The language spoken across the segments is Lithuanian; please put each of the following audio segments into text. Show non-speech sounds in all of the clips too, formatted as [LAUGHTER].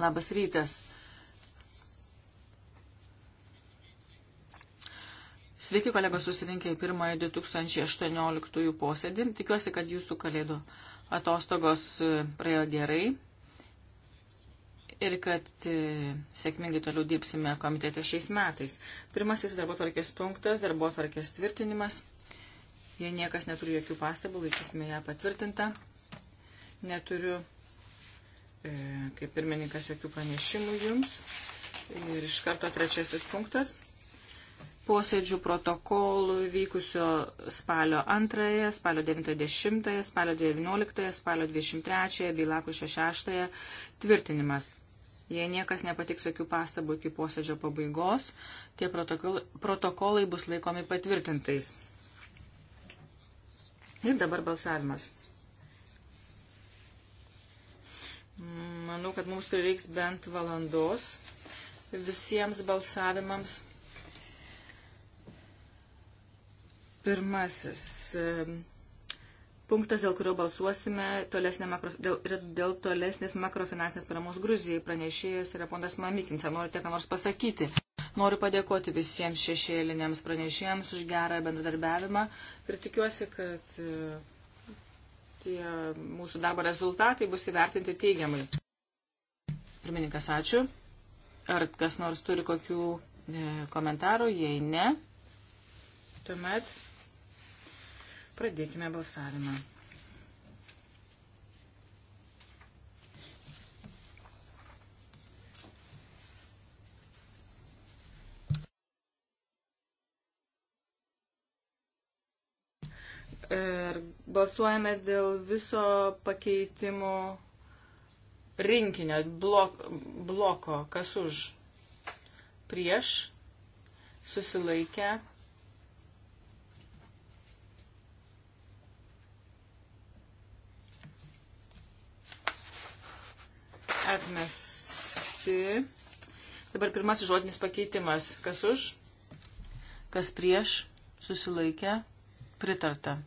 Labas rytas. Sveiki, kolegos, susirinkę į pirmąjį 2018 posėdį. Tikiuosi, kad jūsų kalėdų atostogos e, praėjo gerai ir kad e, sėkmingai toliau dirbsime komitete šiais metais. Pirmasis darbo tvarkės punktas - darbo tvarkės tvirtinimas. Jei niekas neturi jokių pastabų, laikysime ją patvirtintą. Neturiu E, kaip pirmininkas, jokių pranešimų jums. Ir iš karto trečiasis punktas. Posėdžių protokolų vykusio spalio 2, spalio 90, spalio 19, spalio 23 bei lakušio 6 tvirtinimas. Jei niekas nepatiks jokių pastabų iki posėdžio pabaigos, tie protokolai bus laikomi patvirtintais. Ir dabar balsavimas. Manau, kad mums prireiks bent valandos visiems balsavimams. Pirmasis punktas, dėl kurio balsuosime makro, dėl, dėl tolesnės makrofinansinės paramos Gruzijai, pranešėjas yra ponas Mamikins. Ar norite ką nors pasakyti? Noriu padėkoti visiems šešėliniams pranešėjams už gerą bendradarbiavimą ir tikiuosi, kad tie mūsų darbo rezultatai bus įvertinti teigiamai. Pirmininkas, ačiū. Ar kas nors turi kokių e, komentarų? Jei ne, tuomet pradėkime balsavimą. Ir Balsuojame dėl viso pakeitimo rinkinio blok, bloko, kas už, prieš, susilaikę. Atmesti. Dabar pirmasis žodinis pakeitimas. Kas už, kas prieš, susilaikę, pritarta.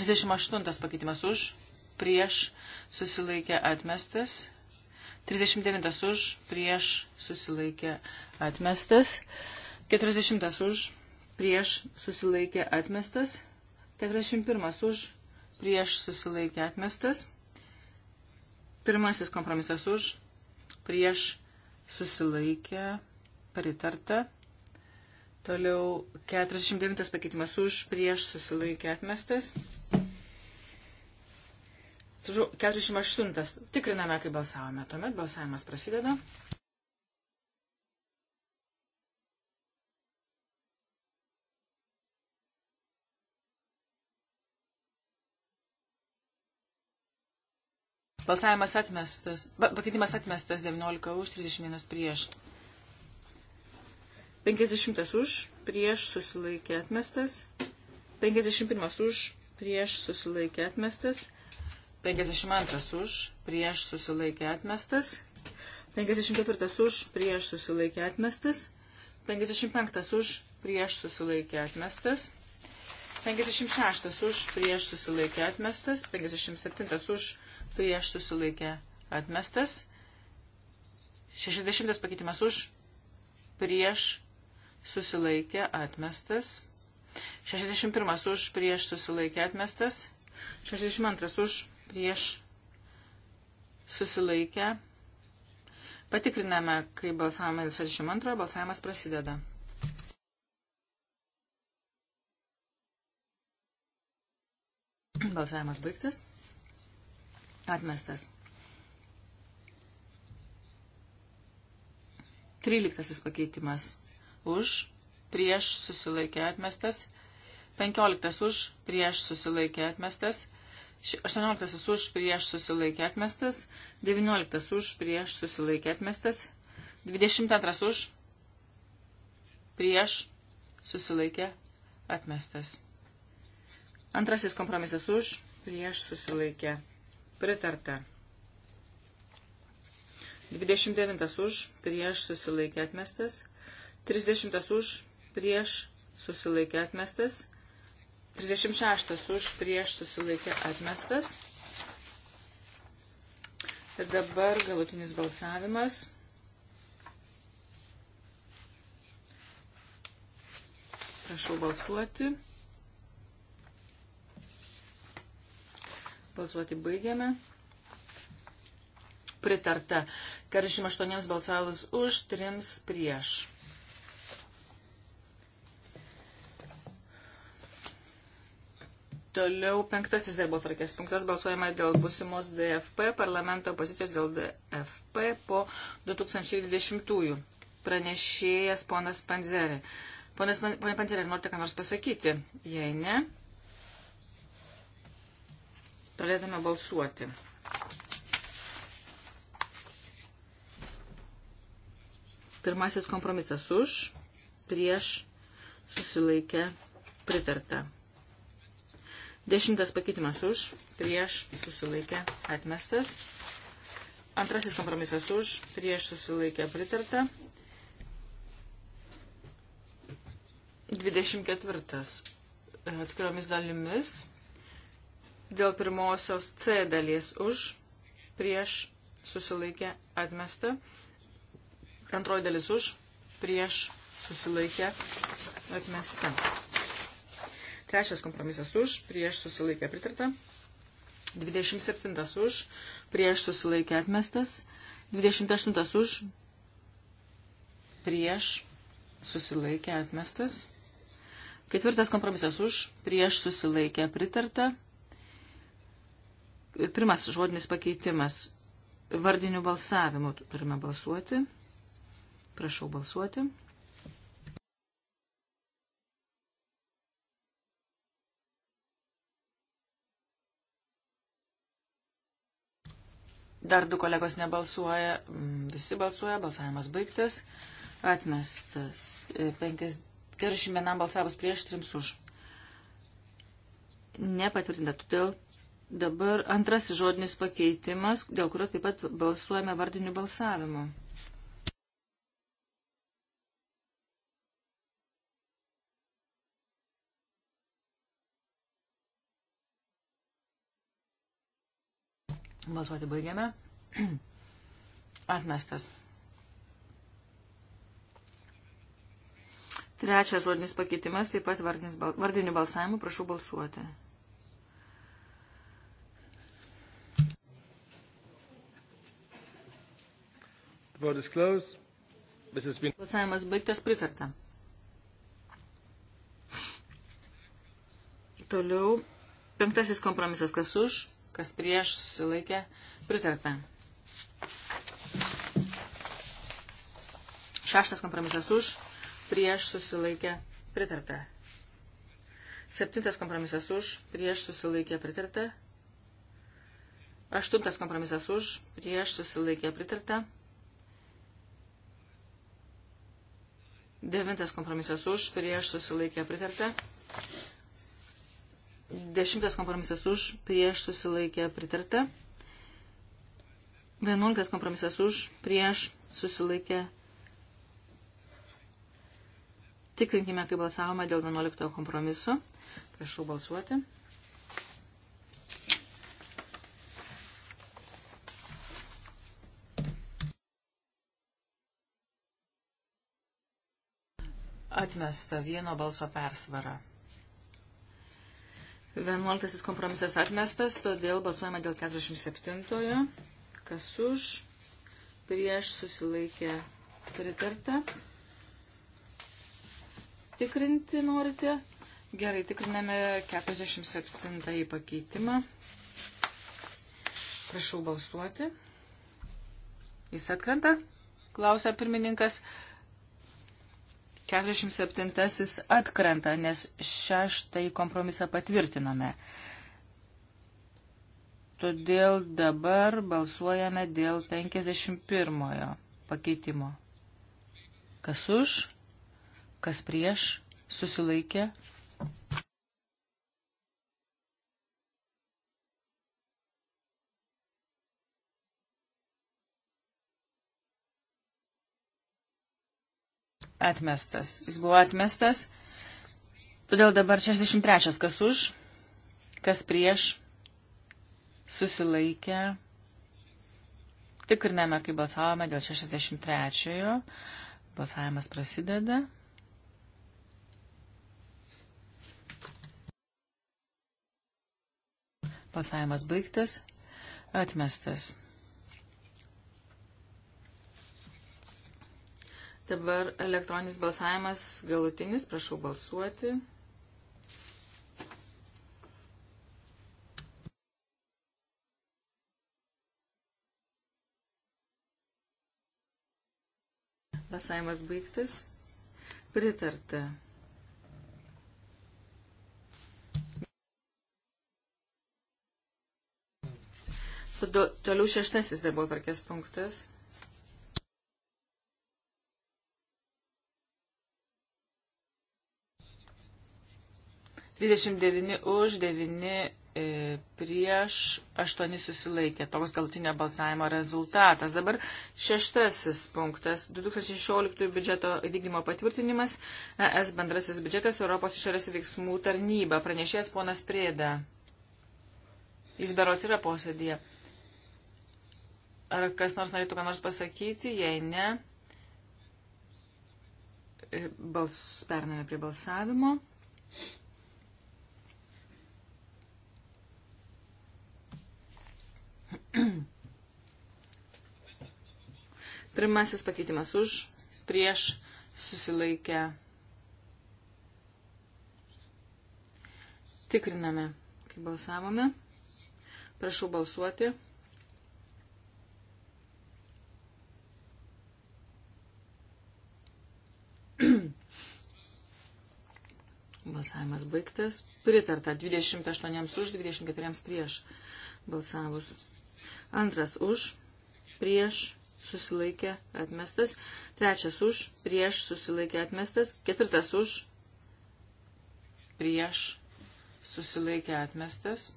38 pakeitimas už, prieš susilaikė atmestas. 39 už, prieš susilaikė atmestas. 40 už, prieš susilaikė atmestas. 41 už, prieš susilaikė atmestas. Pirmasis kompromisas už, prieš susilaikė pritarta. Toliau 49 pakeitimas už, prieš susilaikė atmestas. 48. Tikriname, kaip balsavome. Tuomet balsavimas prasideda. Balsavimas atmestas, pakeitimas atmestas 19 už, 31 prieš. 50 už, prieš susilaikė atmestas. 51 už, prieš susilaikė atmestas. 52 už, prieš susilaikė atmestas. 54 už, prieš susilaikė atmestas. 55 už, prieš susilaikė atmestas. 56 už, prieš susilaikė atmestas. 57 už, prieš susilaikė atmestas. 60 pakeitimas už, prieš susilaikė atmestas. 61 už, prieš susilaikė atmestas. 62 už, prieš susilaikę. Patikriname, kai balsavimas 22, balsavimas prasideda. Balsavimas baigtas. Atmestas. 13 pakeitimas. Už, prieš susilaikė atmestas. 15 už, prieš susilaikė atmestas. 18 už prieš susilaikė atmestas, 19 už prieš susilaikė atmestas, 22 už prieš susilaikė atmestas. Antrasis kompromisas už prieš susilaikė pritarta. 29 už prieš susilaikė atmestas, 30 už prieš susilaikė atmestas, 36 už prieš susilaikė atmestas. Ir dabar galutinis balsavimas. Prašau balsuoti. Balsuoti baigiame. Pritarta. 48 balsavus už, 3 prieš. Toliau penktasis darbo tvarkės punktas balsuojama dėl busimos DFP, parlamento pozicijos dėl DFP po 2020-ųjų. Pranešėjas ponas Panzerė. Ponas ponė Panzerė, ar norite ką nors pasakyti? Jei ne, pradedame balsuoti. Pirmasis kompromisas už, prieš, susilaikę, pritarta. Dešimtas pakeitimas už, prieš susilaikę atmestas. Antrasis kompromisas už, prieš susilaikę pritarta. 24. Atskiromis dalimis. Dėl pirmosios C dalies už, prieš susilaikę atmestą. Antroji dalis už, prieš susilaikę atmestą. Trečias kompromisas už, prieš susilaikę pritarta. 27 už, prieš susilaikę atmestas. 28 už, prieš susilaikę atmestas. Ketvirtas kompromisas už, prieš susilaikę pritarta. Pirmas žodinis pakeitimas. Vardinių balsavimų turime balsuoti. Prašau balsuoti. Dar du kolegos nebalsuoja, mm, visi balsuoja, balsavimas baigtas, atmestas. 51 e, balsavus prieš, 3 už. Nepatvirtinta, todėl dabar antrasis žodinis pakeitimas, dėl kurio taip pat balsuojame vardiniu balsavimu. Balsuoti baigiame. [CLEARS THROAT] Atmestas. Trečias vardinis pakeitimas, taip pat vardinis, vardinių balsavimų, prašau balsuoti. Balsavimas baigtas pritarta. Toliau penktasis kompromisas, kas už? kas prieš susilaikė pritarta. Šeštas kompromisas už, prieš susilaikė pritarta. Septintas kompromisas už, prieš susilaikė pritarta. Aštuntas kompromisas už, prieš susilaikė pritarta. Devintas kompromisas už, prieš susilaikė pritarta. Dešimtas kompromisas už, prieš susilaikė pritarta. Vienuoliktas kompromisas už, prieš susilaikė. Tikrinkime, kaip balsavome dėl vienuoliktojo kompromiso. Prašau balsuoti. Atmesta vieno balso persvara. 11 kompromisas atmestas, todėl balsuojame dėl 47-ojo. Kas už, prieš susilaikė pritarta. Tikrinti norite? Gerai, tikriname 47-ąjį pakeitimą. Prašau balsuoti. Jis atkrenta? Klausia pirmininkas. 47 atkrenta, nes šeštąjį kompromisą patvirtinome. Todėl dabar balsuojame dėl 51 pakeitimo. Kas už, kas prieš, susilaikė, atmestas. Jis buvo atmestas. Todėl dabar 63. Kas už, kas prieš, susilaikė. Tikriname, kai balsavome dėl 63. Balsavimas prasideda. Balsavimas baigtas. Atmestas. Dabar elektroninis balsavimas galutinis, prašau balsuoti. Balsavimas baigtas. Pritarta. Toliau šeštasis darbo tvarkės punktas. 39 už, 9 e, prieš 8 susilaikė. Toks galutinio balsavimo rezultatas. Dabar šeštasis punktas. 2016 biudžeto vykdymo patvirtinimas. ES bendrasis biudžetas Europos išorės veiksmų tarnyba. Pranešėjas ponas Prėda. Jis beros yra posėdėje. Ar kas nors norėtų ką nors pasakyti? Jei ne, e, bals, pername prie balsavimo. Thank you. [CLEARS THROAT] Pirmasis pakeitimas už, prieš, susilaikę. Tikriname, kai balsavome. Prašau balsuoti. [CLEARS THROAT] Balsavimas baigtas. Pritarta 28 už, 24 prieš balsavus. Antras už, prieš, susilaikė atmestas. Trečias už, prieš, susilaikė atmestas. Ketvirtas už, prieš, susilaikė atmestas.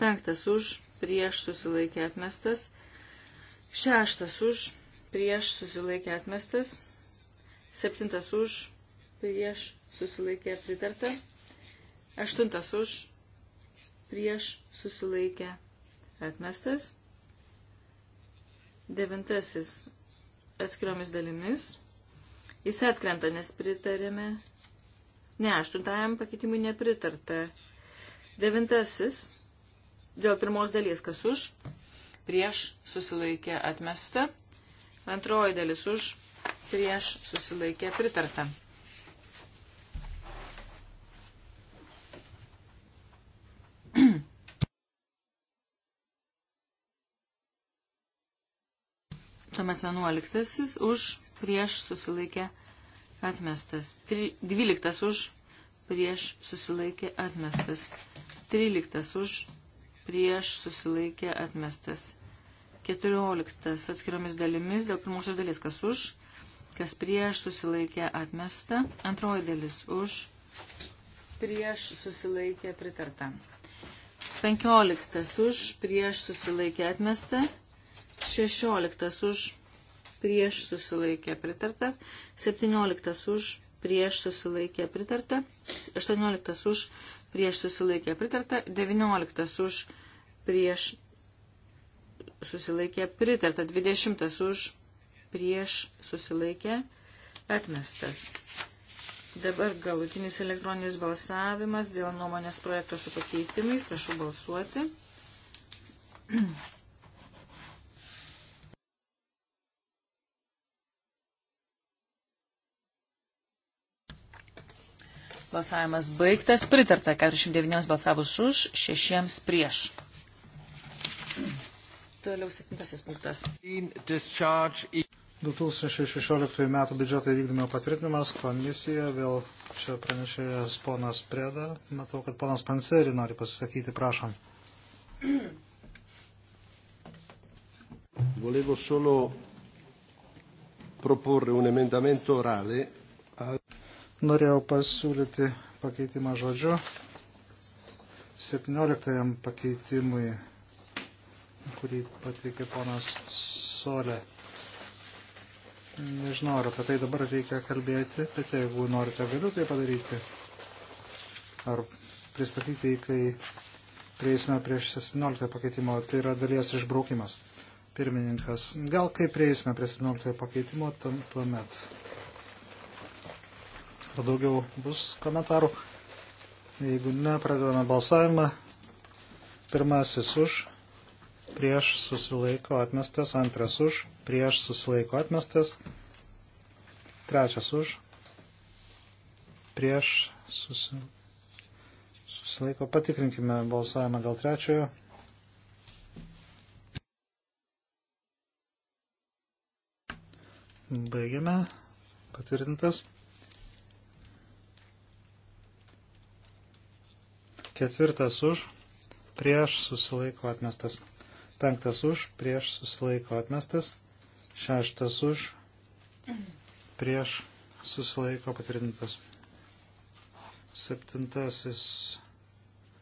Penktas už, prieš, susilaikė atmestas. Šeštas už, prieš, susilaikė atmestas. Septintas už, prieš, susilaikė pritarta. Aštuntas už, prieš, susilaikė atmestas. Devintasis atskiromis dalimis. Jis atkrenta, nes pritarėme. Ne, aštuntajam pakeitimui nepritarta. Devintasis. Dėl pirmos dalies, kas už, prieš susilaikė atmesta. Antroji dalis už, prieš susilaikė pritarta. Tuomet 11 už prieš susilaikė atmestas. 12 už prieš susilaikė atmestas. 13 už prieš susilaikė atmestas. 14 atskiromis dalimis dėl pirmosios dalies kas už, kas prieš susilaikė atmesta. Antroji dalis už prieš susilaikė pritarta. 15 už prieš susilaikė atmesta. 16 už prieš susilaikė pritarta, 17 už prieš susilaikė pritarta, 18 už prieš susilaikė pritarta, 19 už prieš susilaikė pritarta, 20 už prieš susilaikė atmestas. Dabar galutinis elektroninis balsavimas dėl nuomonės projekto su pakeitimais. Prašau balsuoti. [CLEARS THROAT] Balsavimas baigtas. Pritarta 49 balsavus už, 6 prieš. Toliau septintasis punktas. 2016 metų biudžeto įvykdymo patvirtinimas komisija, vėl čia pranešėjas ponas Preda. Matau, kad ponas Panseri nori pasisakyti, prašom. Volevo solo proporre un emendamento orale. A... Norėjau pasiūlyti pakeitimą žodžiu. 17 pakeitimui, kurį pateikė ponas Solė. Nežinau, ar apie tai dabar reikia kalbėti, bet jeigu norite, galiu tai padaryti. Ar pristatyti, kai prieisime prie 17 pakeitimo, tai yra dalies išbraukimas. Pirmininkas, gal kai prieisime prie 17 pakeitimo, tuomet. Ar daugiau bus komentarų? Jeigu ne, pradedame balsavimą. Pirmasis už, prieš susilaiko atmestas, antras už, prieš susilaiko atmestas, trečias už, prieš susi... susilaiko. Patikrinkime balsavimą dėl trečiojo. Baigiame. Patvirtintas. Ketvirtas už, prieš susilaiko atmestas. Penktas už, prieš susilaiko atmestas. Šeštas už, prieš susilaiko patvirtintas. Septintasis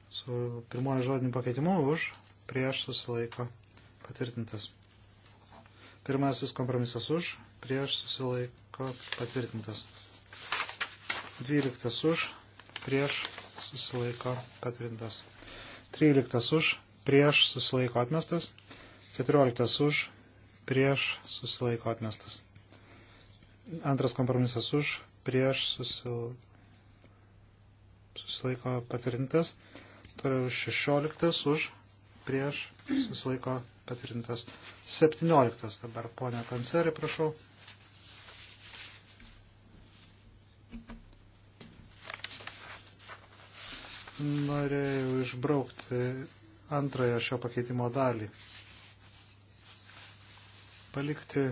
su pirmoji žodiniu pakeitimu už, prieš susilaiko patvirtintas. Pirmasis kompromisas už, prieš susilaiko patvirtintas. Dvyliktas už, prieš susilaiko patvirtintas. 13 už, prieš susilaiko atmestas. 14 už, prieš susilaiko atmestas. Antras kompromisas už, prieš susil... susilaiko patvirtintas. Toliau 16 už, prieš susilaiko patvirtintas. 17 dabar, ponia Kanceri, prašau. norėjau išbraukti antrąją šio pakeitimo dalį. Palikti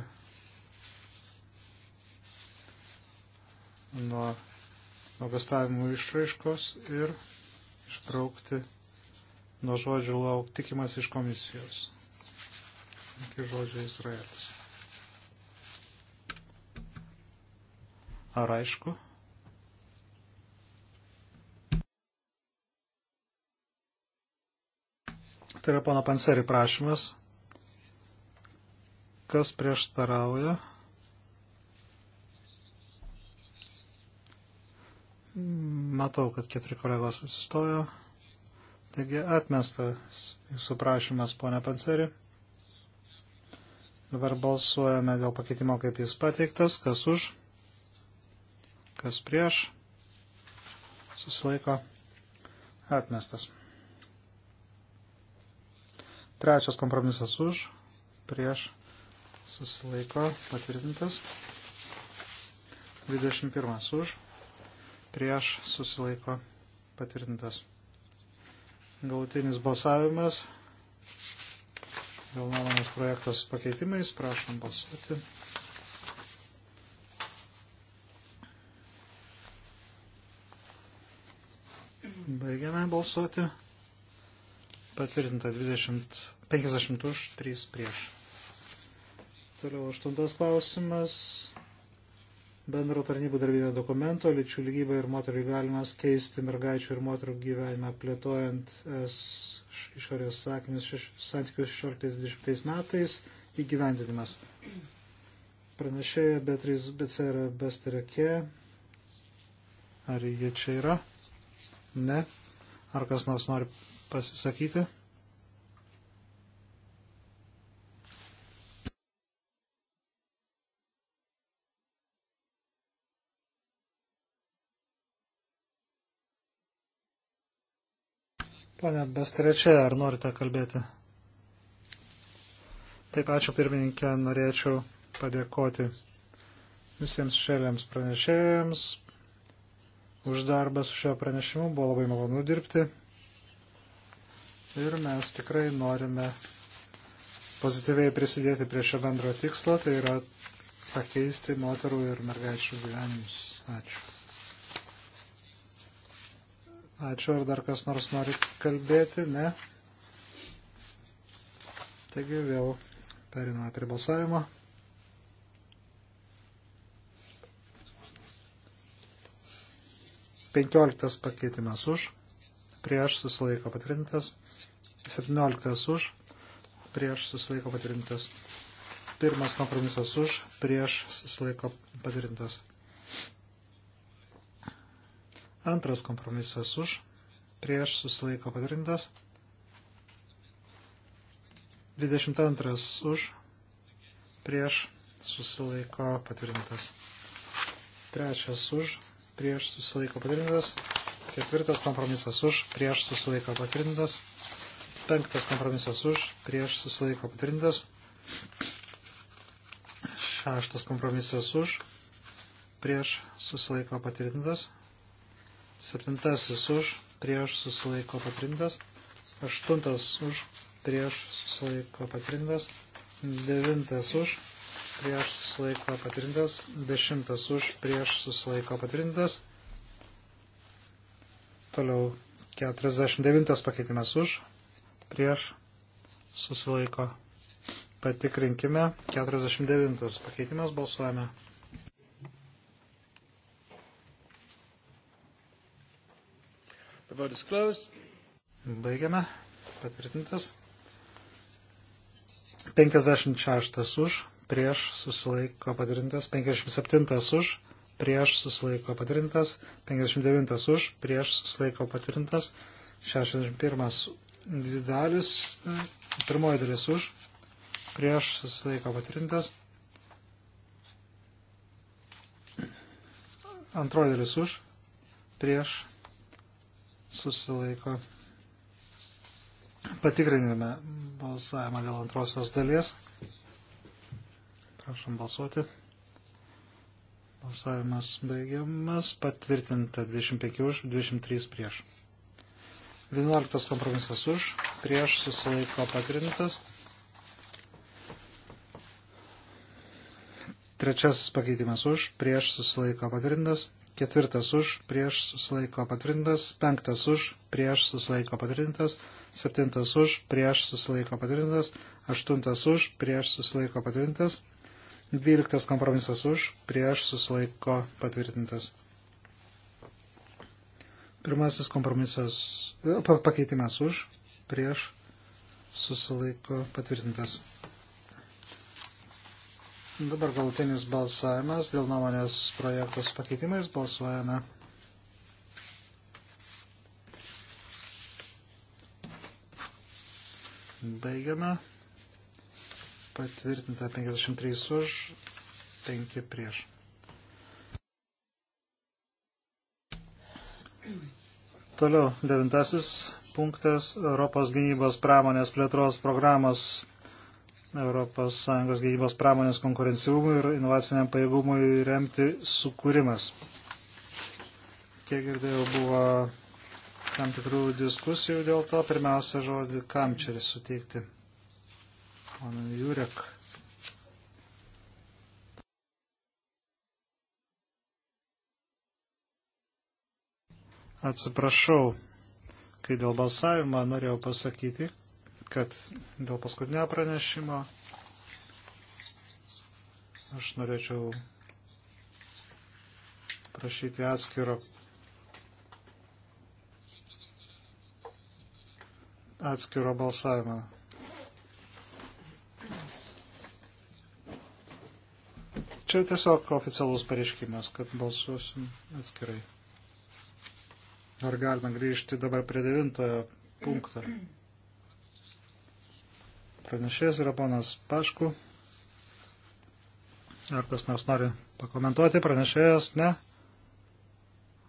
nuo nuogastavimų išraiškos ir išbraukti nuo žodžių lauk tikimas iš komisijos iki žodžio Izraelis. Ar aišku? Tai yra pono Panseri prašymas. Kas prieštarauja? Matau, kad keturi kolegos atsistojo. Taigi atmestas jūsų prašymas, ponia Panseri. Dabar balsuojame dėl pakeitimo, kaip jis pateiktas, kas už, kas prieš, susilaiko, atmestas. Trečias kompromisas už, prieš, susilaiko, patvirtintas. 21 už, prieš, susilaiko, patvirtintas. Galutinis balsavimas dėl nuomonės projektos pakeitimais, prašom balsuoti. Baigiame balsuoti patvirtinta 20, 50 už, 3 prieš. Toliau aštuntas klausimas. Bendro tarnybų darbinio dokumento lyčių lygybė ir moterų įgalimas keisti mergaičių ir moterų gyvenimą plėtojant išorės sakinius santykius 16-20 metais įgyvendinimas. Pranešėja Beatriz Becerė Besterekė. Ar jie čia yra? Ne. Ar kas nors nori pasisakyti? Pane Bestrečia, ar norite kalbėti? Taip, ačiū pirmininkė, norėčiau padėkoti visiems šėliams pranešėjams, už darbą su šio pranešimu. Buvo labai malonu dirbti. Ir mes tikrai norime pozityviai prisidėti prie šio bendro tikslo, tai yra pakeisti moterų ir mergaičių gyvenimus. Ačiū. Ačiū, ar dar kas nors nori kalbėti? Ne. Taigi vėl periname prie balsavimo. 15 pakeitimas už, prieš susilaiko patvirtintas, 17 už, prieš susilaiko patvirtintas, 1 kompromisas už, prieš susilaiko patvirtintas, 2 kompromisas už, prieš susilaiko patvirtintas, 22 už, prieš susilaiko patvirtintas, 3 už, prieš susilaiko patvirtintas. Ketvirtas kompromisas už, prieš susilaiko patvirtintas. Penktas kompromisas už, prieš susilaiko patvirtintas. Šeštas kompromisas už, prieš susilaiko patvirtintas. Septintasis už, prieš susilaiko patvirtintas. Aštuntas už, prieš susilaiko patvirtintas. Devintas už, prieš susilaiko patvirtintas, 10 už prieš susilaiko patvirtintas. Toliau 49 pakeitimas už prieš susilaiko. Patikrinkime. 49 pakeitimas balsuojame. The vote is closed. Baigiame. Patvirtintas. 56 už prieš susilaiko patvirtintas, 57 už, prieš susilaiko patvirtintas, 59 už, prieš susilaiko patvirtintas, 61 dvi dalis, pirmoji dalis už, prieš susilaiko patvirtintas, antroji dalis už, prieš susilaiko. Patikrinime balsavimą dėl antrosios dalies. Prašom balsuoti. Balsavimas baigiamas. Patvirtinta 25 už, 23 prieš. 11 kompromisas už, prieš susilaiko patvirtintas. Trečiasis pakeitimas už, prieš susilaiko patvirtintas. Ketvirtas už, prieš susilaiko patvirtintas. Penktas už, prieš susilaiko patvirtintas. Septintas už, prieš susilaiko patvirtintas. Aštuntas už, prieš susilaiko patvirtintas. 12 kompromisas už, prieš susilaiko patvirtintas. Pirmasis kompromisas, e, pakeitimas už, prieš susilaiko patvirtintas. Dabar galutinis balsavimas dėl nuomonės projektos pakeitimais balsuojame. Baigiame patvirtinta 53 už, 5 prieš. Toliau, devintasis punktas Europos gynybos pramonės plėtros programos ES gynybos pramonės konkurencingumui ir inovaciniam pajėgumui remti sukūrimas. Kiek girdėjau, buvo tam tikrų diskusijų dėl to. Pirmiausia, žodį Kamčeris suteikti. Pana Jurek. Atsiprašau, kai dėl balsavimo norėjau pasakyti, kad dėl paskutinio pranešimo aš norėčiau prašyti atskiro atskiro balsavimo. Čia tiesiog oficialus pareiškimas, kad balsuosim atskirai. Ar galima grįžti dabar prie devintojo punkto? Pranešėjas yra ponas Pašku. Ar kas nors nori pakomentuoti? Pranešėjas ne.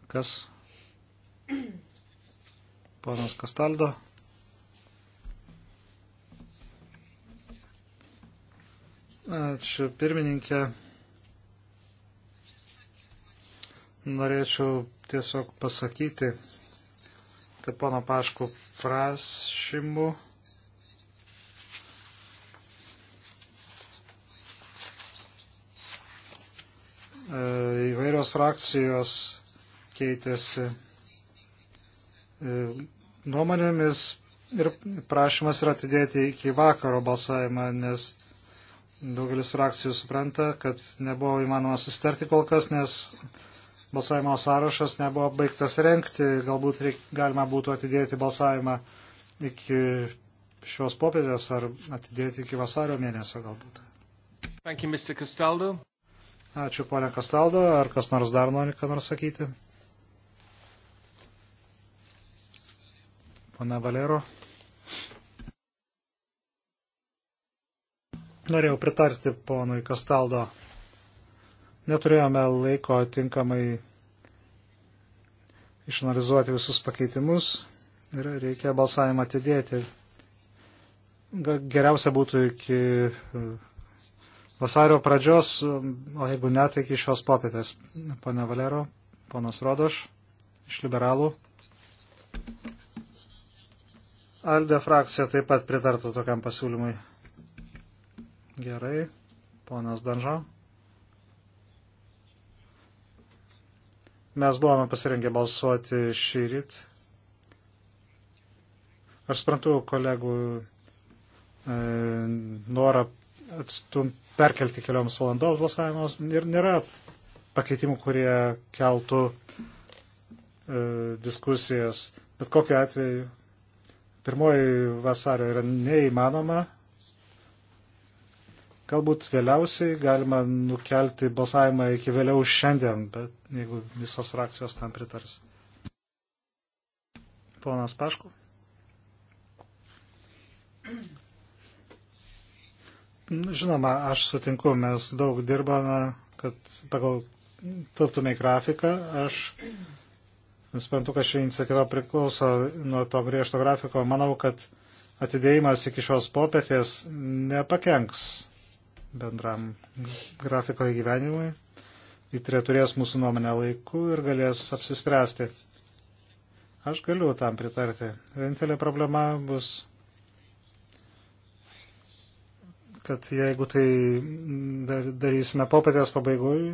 Kas? Ponas Kastaldo. Ačiū pirmininkė. Norėčiau tiesiog pasakyti, kad pono Paškų prašymų e, įvairios frakcijos keitėsi e, nuomonėmis ir prašymas yra atidėti iki vakaro balsavimą, nes daugelis frakcijų supranta, kad nebuvo įmanoma susitarti kol kas, nes balsavimo sąrašas nebuvo baigtas renkti, galbūt reik, galima būtų atidėti balsavimą iki šios popietės ar atidėti iki vasario mėnesio galbūt. Thank you, Mr. Castaldo. Ačiū, ponia Kastaldo. Ar kas nors dar nori ką nors sakyti? Pana Valero. Norėjau pritarti ponui Kastaldo Neturėjome laiko tinkamai išanalizuoti visus pakeitimus ir reikia balsavimą atidėti. Geriausia būtų iki uh, vasario pradžios, o jeigu ne, tai iki šios popietės. Pane Valero, ponas Rodoš iš liberalų. Alde frakcija taip pat pritartų tokiam pasiūlymui. Gerai, ponas Danžo. Mes buvome pasirengę balsuoti šį ryt. Aš suprantu kolegų e, norą atstum, perkelti kelioms valandoms balsavimus ir nėra pakeitimų, kurie keltų e, diskusijas. Bet kokiu atveju, pirmoji vasario yra neįmanoma, Galbūt vėliausiai galima nukelti balsavimą iki vėliau šiandien, bet jeigu visos frakcijos tam pritars. Ponas Pašku. Nu, žinoma, aš sutinku, mes daug dirbame, kad pagal tilptume į grafiką. Aš suprantu, kad ši iniciatyva priklauso nuo to griežto grafiko. Manau, kad atidėjimas iki šios popietės nepakenks bendram grafiko įgyvenimui. Įtrė turės mūsų nuomonę laiku ir galės apsispręsti. Aš galiu tam pritarti. Vienintelė problema bus, kad jeigu tai darysime popietės pabaigoje,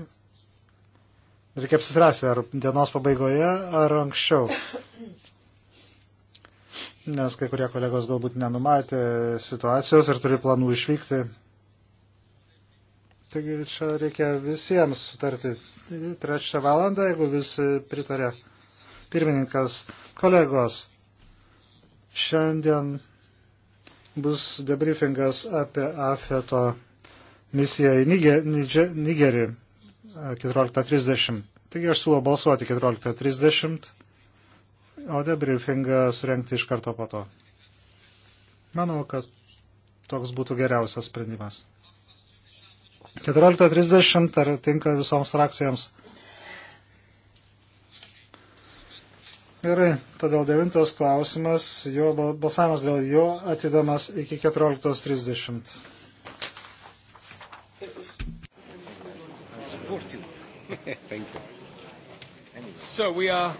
reikia apsispręsti ar dienos pabaigoje, ar anksčiau nes kai kurie kolegos galbūt nenumatė situacijos ir turi planų išvykti. Taigi čia reikia visiems sutarti. Trečią valandą, jeigu visi pritarė. Pirmininkas, kolegos, šiandien bus debriefingas apie AFETO misiją į Nigerį 14.30. Taigi aš siūlau balsuoti 14.30, o debriefingą surenkti iš karto po to. Manau, kad toks būtų geriausias sprendimas. 14.30 ar tinka visoms frakcijoms? Gerai, todėl devintas klausimas, jo balsavimas dėl jo atidamas iki 14.30. So we are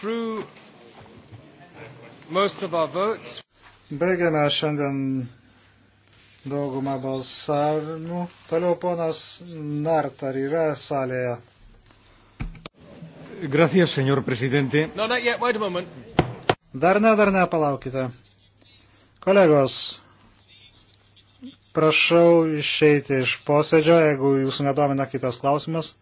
through most of our votes. Baigiame šiandien daugumą balsavimų. Toliau ponas Nart, ar yra salėje? Gracias, senor prezidentė. No, not yet. Wait a moment. Dar ne, dar ne, palaukite. Kolegos, prašau išeiti iš posėdžio, jeigu jūsų nedomina kitas klausimas.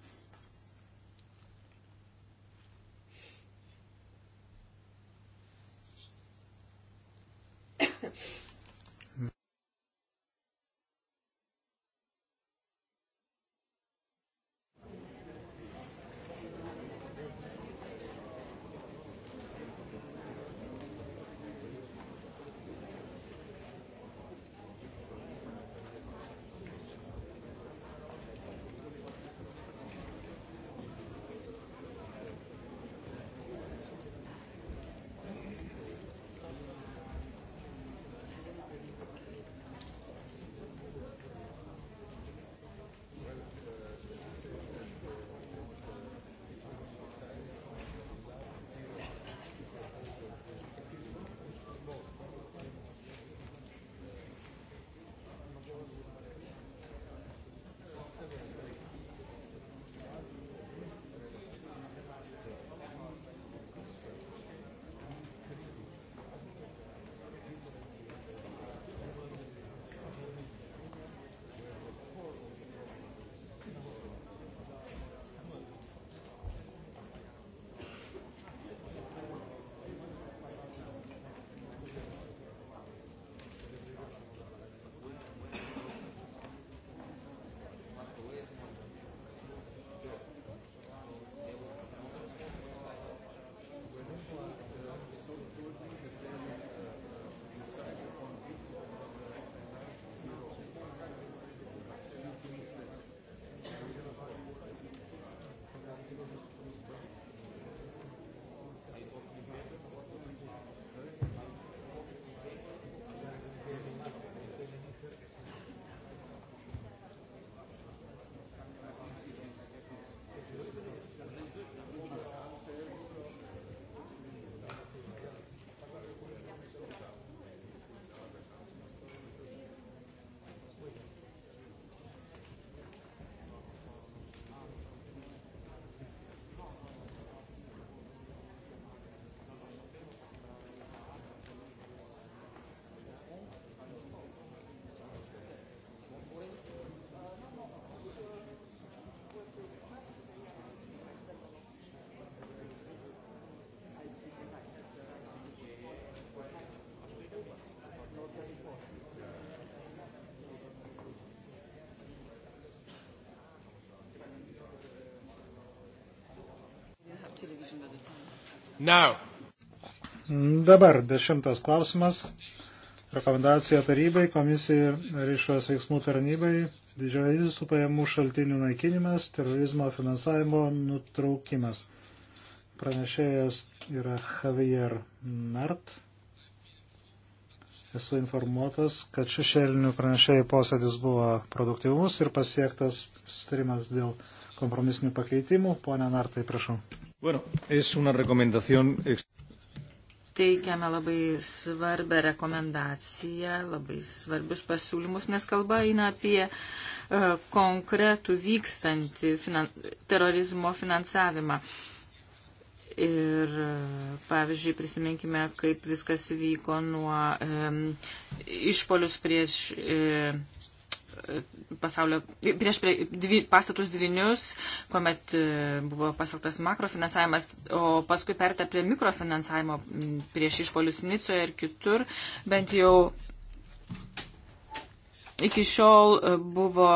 Now. Dabar dešimtas klausimas. Rekomendacija tarybai, komisijai ir išorės veiksmų tarnybai. Didžiausių pajamų šaltinių naikinimas, terorizmo finansavimo nutraukimas. Pranešėjas yra Javier Nart. Esu informuotas, kad šešėlinių pranešėjų posėdis buvo produktyvus ir pasiektas sustarimas dėl kompromisinių pakeitimų. Pone Nartai, prašau. Bueno, es una recomendación. Teikiame labai svarbę rekomendaciją, labai svarbius pasiūlymus, nes kalba eina apie uh, konkretų vykstantį finan terorizmo finansavimą. Ir, e, pavyzdžiui, prisiminkime, kaip viskas vyko nuo um, išpolius prieš um, pasaulio, prieš prie, dvi, pastatus dvinius, kuomet e, buvo pasiltas makrofinansavimas, o paskui perta prie mikrofinansavimo prieš išpolius Nicoje ir kitur, bent jau iki šiol e, buvo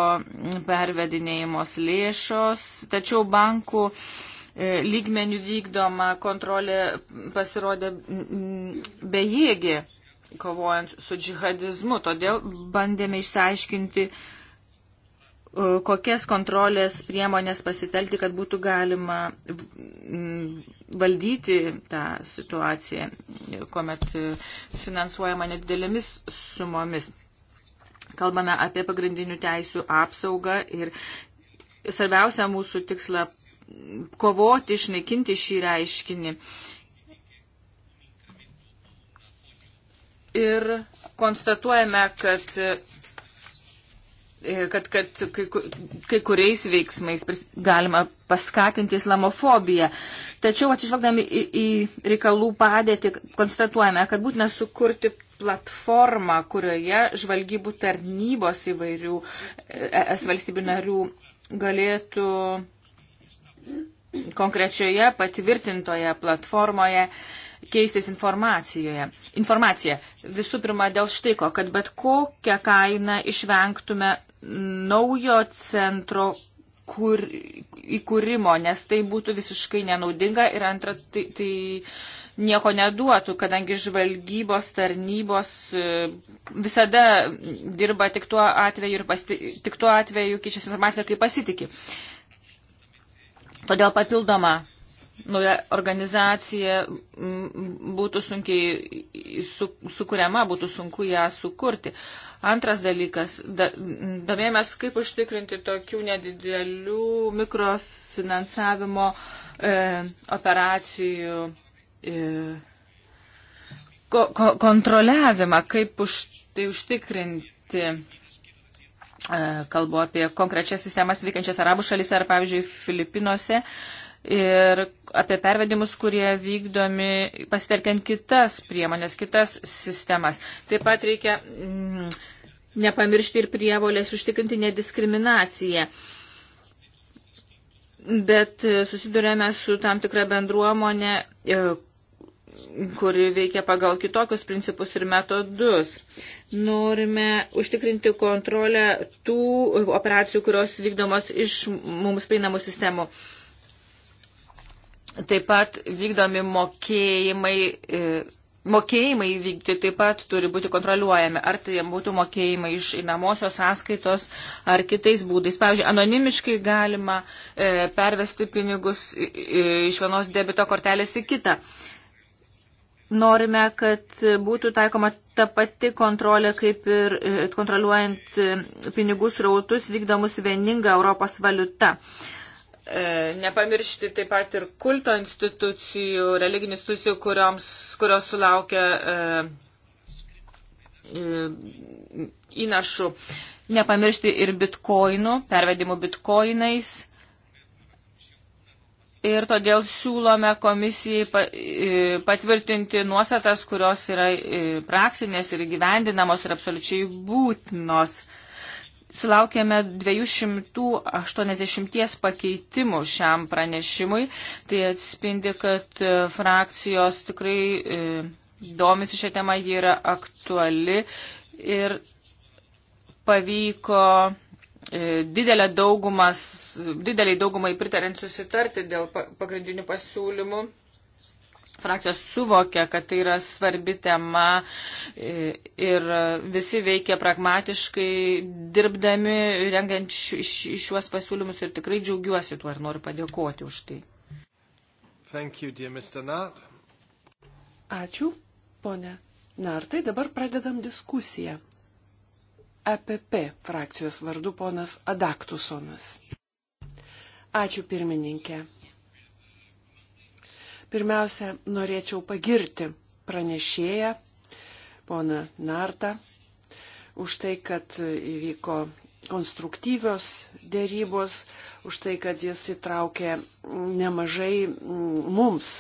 pervedinėjimos lėšos, tačiau bankų e, lygmenių vykdoma kontrolė pasirodė bejėgė kovojant su džihadizmu. Todėl bandėme išsiaiškinti, e, kokias kontrolės priemonės pasitelkti, kad būtų galima valdyti tą situaciją, kuomet e, finansuojama nedidelėmis sumomis. Kalbame apie pagrindinių teisų apsaugą ir svarbiausia mūsų tiksla kovoti, išnaikinti šį reiškinį ir konstatuojame, kad e, kad, kad kai, kai kuriais veiksmais galima paskatinti islamofobiją. Tačiau atsižvelgdami į, į reikalų padėtį, konstatuojame, kad būtina sukurti platformą, kurioje žvalgybų tarnybos įvairių e, es valstybių narių galėtų konkrečioje patvirtintoje platformoje uh, keistis informacijoje. Informacija visų pirma dėl štiko, kad bet kokią kainą išvengtume naujo centro kur, įkūrimo, nes tai būtų visiškai nenaudinga ir antra, tai, tai nieko neduotų, kadangi žvalgybos tarnybos e, visada dirba tik tuo atveju ir pasti, tik tuo atveju keičiasi informacija, kai pasitikė. Todėl papildoma nauja organizacija būtų sunkiai su, sukuriama, būtų sunku ją sukurti. Antras dalykas, da, domėjomės, kaip užtikrinti tokių nedidelių mikrofinansavimo e, operacijų e, ko, ko, kontroliavimą, kaip už, tai užtikrinti. E, kalbu apie konkrečias sistemas veikiančias arabų šalyse ar, pavyzdžiui, Filipinuose. E, ir apie pervedimus, kurie vykdomi pasitelkiant kitas priemonės, kitas sistemas. Taip pat reikia mm, nepamiršti ir prievolės užtikrinti nediskriminaciją. Bet e, susidurėme su tam tikra bendruomonė, e, kuri veikia pagal kitokius principus ir metodus. Norime užtikrinti kontrolę tų operacijų, kurios vykdomos iš mums prieinamų sistemų. Taip pat vykdomi mokėjimai, e, mokėjimai vykti taip pat turi būti kontroliuojami, ar tai būtų mokėjimai iš įnamosios sąskaitos ar kitais būdais. Pavyzdžiui, anonimiškai galima e, pervesti pinigus iš vienos debito kortelės į kitą. Norime, kad būtų taikoma ta pati kontrolė, kaip ir e, kontroliuojant pinigų srautus vykdomus vieninga Europos valiuta. Uh, E, nepamiršti taip pat ir kulto institucijų, religinių institucijų, kurioms, kurios sulaukia e, e, įnašų. Nepamiršti ir bitkoinų, pervedimų bitkoinais. Ir todėl siūlome komisijai patvirtinti nuostatas, kurios yra praktinės ir gyvendinamos ir absoliučiai būtinos sulaukėme 280 pakeitimų šiam pranešimui. Tai atspindi, kad e, frakcijos tikrai e, domisi šią temą, ji yra aktuali ir pavyko e, didelę daugumą, dideliai daugumai pritarint susitarti dėl pagrindinių pasiūlymų frakcijos suvokia, kad tai yra svarbi tema e, ir visi veikia pragmatiškai, dirbdami, rengiant šiuos pasiūlymus ir tikrai džiaugiuosi tuo ir noriu padėkoti už tai. Thank you, Ačiū, ponė Nartai. Dabar pradedam diskusiją. EPP frakcijos vardu ponas Adaktusonas. Ačiū pirmininkė. Pirmiausia, norėčiau pagirti pranešėją, poną Nartą, už tai, kad įvyko konstruktyvios dėrybos, už tai, kad jis įtraukė nemažai mums,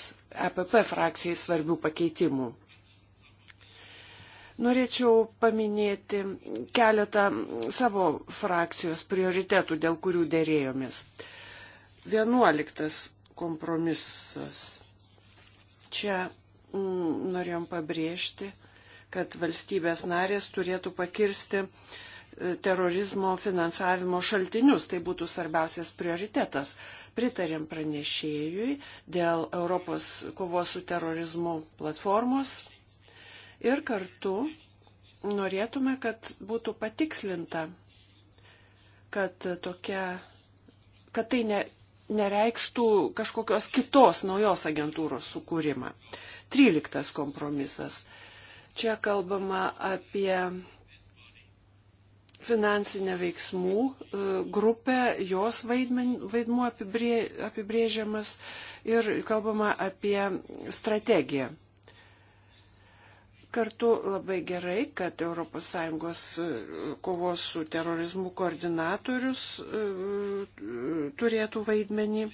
EPP frakcijai, svarbių pakeitimų. Norėčiau paminėti keletą savo frakcijos prioritetų, dėl kurių dėrėjomės. Vienuoliktas kompromisas. Čia mm, norėjom pabrėžti, kad valstybės narės turėtų pakirsti e, terorizmo finansavimo šaltinius. Tai būtų svarbiausias prioritetas. Pritarėm pranešėjui dėl Europos kovos su terorizmu platformos ir kartu norėtume, kad būtų patikslinta, kad tokia kad tai ne, nereikštų kažkokios kitos naujos agentūros sukūrimą. Tryliktas kompromisas. Čia kalbama apie finansinę veiksmų e, grupę, jos vaidmen, vaidmuo apibrė, apibrėžiamas ir kalbama apie strategiją Kartu labai gerai, kad ES e, kovos su terorizmu koordinatorius e, turėtų vaidmenį e,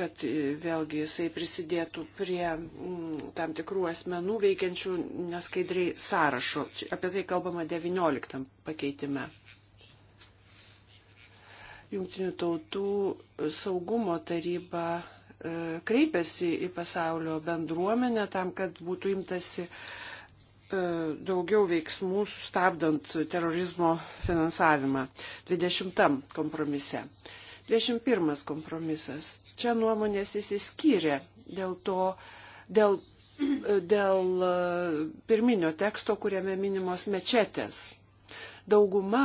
kad vėlgi jisai prisidėtų prie tam tikrų asmenų veikiančių neskaidriai sąrašo. Apie tai kalbama 19 pakeitime. Jungtinių tautų saugumo taryba E, kreipiasi į pasaulio bendruomenę tam, kad būtų imtasi e, daugiau veiksmų sustabdant terorizmo finansavimą. 20 kompromise. 21 kompromisas. Čia nuomonės įsiskyrė dėl to, dėl, e, dėl pirminio teksto, kuriame minimos mečetės. Dauguma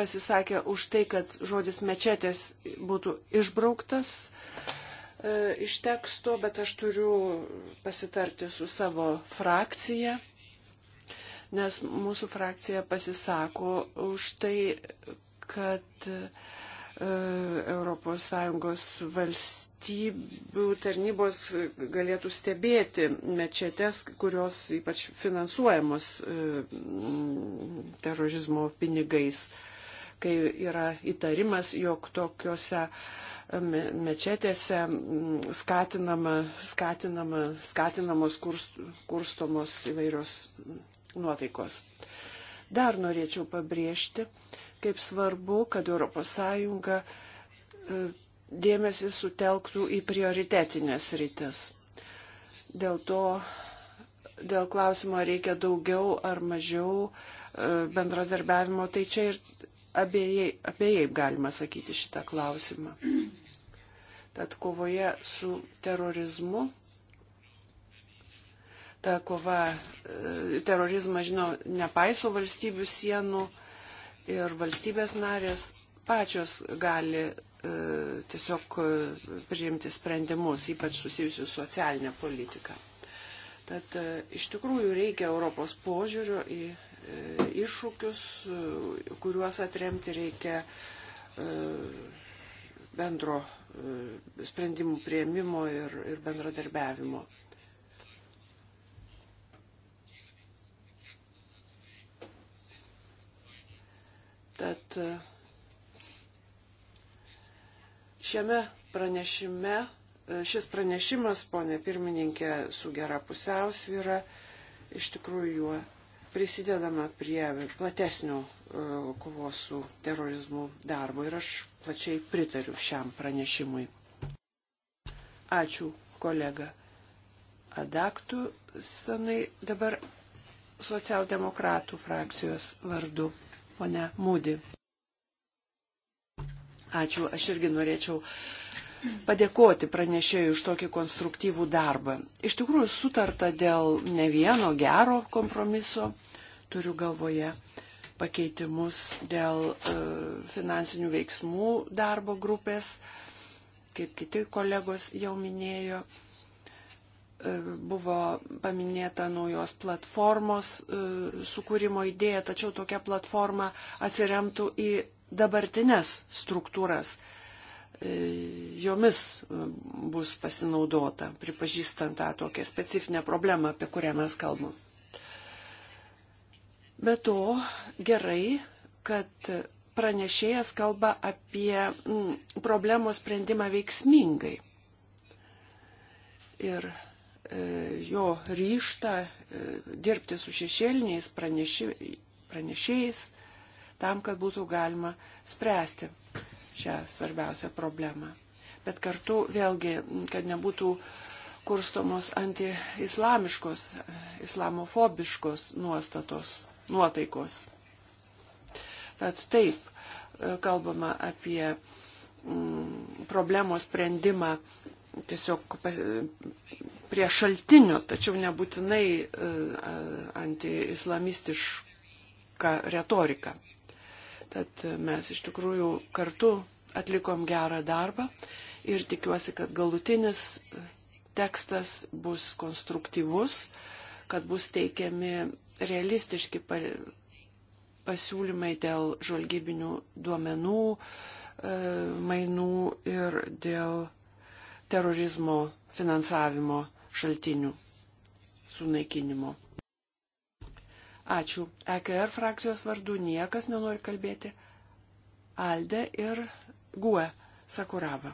pasisakė už tai, kad žodis mečetės būtų išbrauktas E, iš teksto, bet aš turiu pasitarti su savo frakcija, nes mūsų frakcija pasisako už tai, kad ES valstybių tarnybos galėtų stebėti mečetės, kurios ypač finansuojamos e, terorizmo pinigais, kai yra įtarimas, jog tokiuose uh, mečetėse mm, skatinama, skatinama, skatinamos kurst, kurstomos įvairios mm, nuotaikos. Dar norėčiau pabrėžti, kaip svarbu, kad ES e, dėmesį sutelktų į prioritetinės rytis. Dėl to, dėl klausimo reikia daugiau ar mažiau e, bendradarbiavimo, tai čia ir abiejai, abiejai galima sakyti šitą klausimą. Tad kovoje su terorizmu ta kova, e, terorizmas, žinau, nepaiso valstybių sienų ir valstybės narės pačios gali e, tiesiog e, priimti sprendimus, ypač susijusius socialinę politiką. Tad iš tikrųjų reikia Europos požiūrio į E, iššūkius, e, kuriuos atremti reikia e, bendro sprendimų prieimimo ir, ir bendradarbiavimo. Tad šiame pranešime, šis pranešimas, ponė pirmininkė, su gera pusiausvyra, iš tikrųjų juo prisidedame prie platesnio e, kovos su terorizmu darbo ir aš plačiai pritariu šiam pranešimui. Ačiū, kolega. Adaktų senai dabar socialdemokratų frakcijos vardu, pone Mūdi. Ačiū, aš irgi norėčiau padėkoti pranešėjui už tokį konstruktyvų darbą. Iš tikrųjų, sutarta dėl ne vieno gero kompromiso turiu galvoje pakeitimus dėl e, finansinių veiksmų darbo grupės, kaip kiti kolegos jau minėjo, e, buvo paminėta naujos platformos e, sukūrimo idėja, tačiau tokia platforma atsiremtų į dabartines struktūras. Jomis bus pasinaudota, pripažįstant tą tokią specifinę problemą, apie kurią mes kalbame. Be to, gerai, kad pranešėjas kalba apie m, mm, problemos sprendimą veiksmingai. Ir e, jo ryštą e, dirbti su šešėliniais praneši, pranešėjais tam, kad būtų galima spręsti šią svarbiausią problemą. Bet kartu vėlgi, kad nebūtų kurstomos antiislamiškos, islamofobiškos nuostatos nuotaikos. Tad taip, e, kalbama apie mm, problemos sprendimą tiesiog prie šaltinio, tačiau nebūtinai e, antiislamistišką retoriką. Tad e, mes iš tikrųjų kartu atlikom gerą darbą ir tikiuosi, kad galutinis tekstas bus konstruktyvus, kad bus teikiami realistiški pasiūlymai dėl žvalgybinių duomenų, e, mainų ir dėl terorizmo finansavimo šaltinių sunaikinimo. Ačiū. EKR frakcijos vardu niekas nenori kalbėti. Alde ir Gue Sakurava.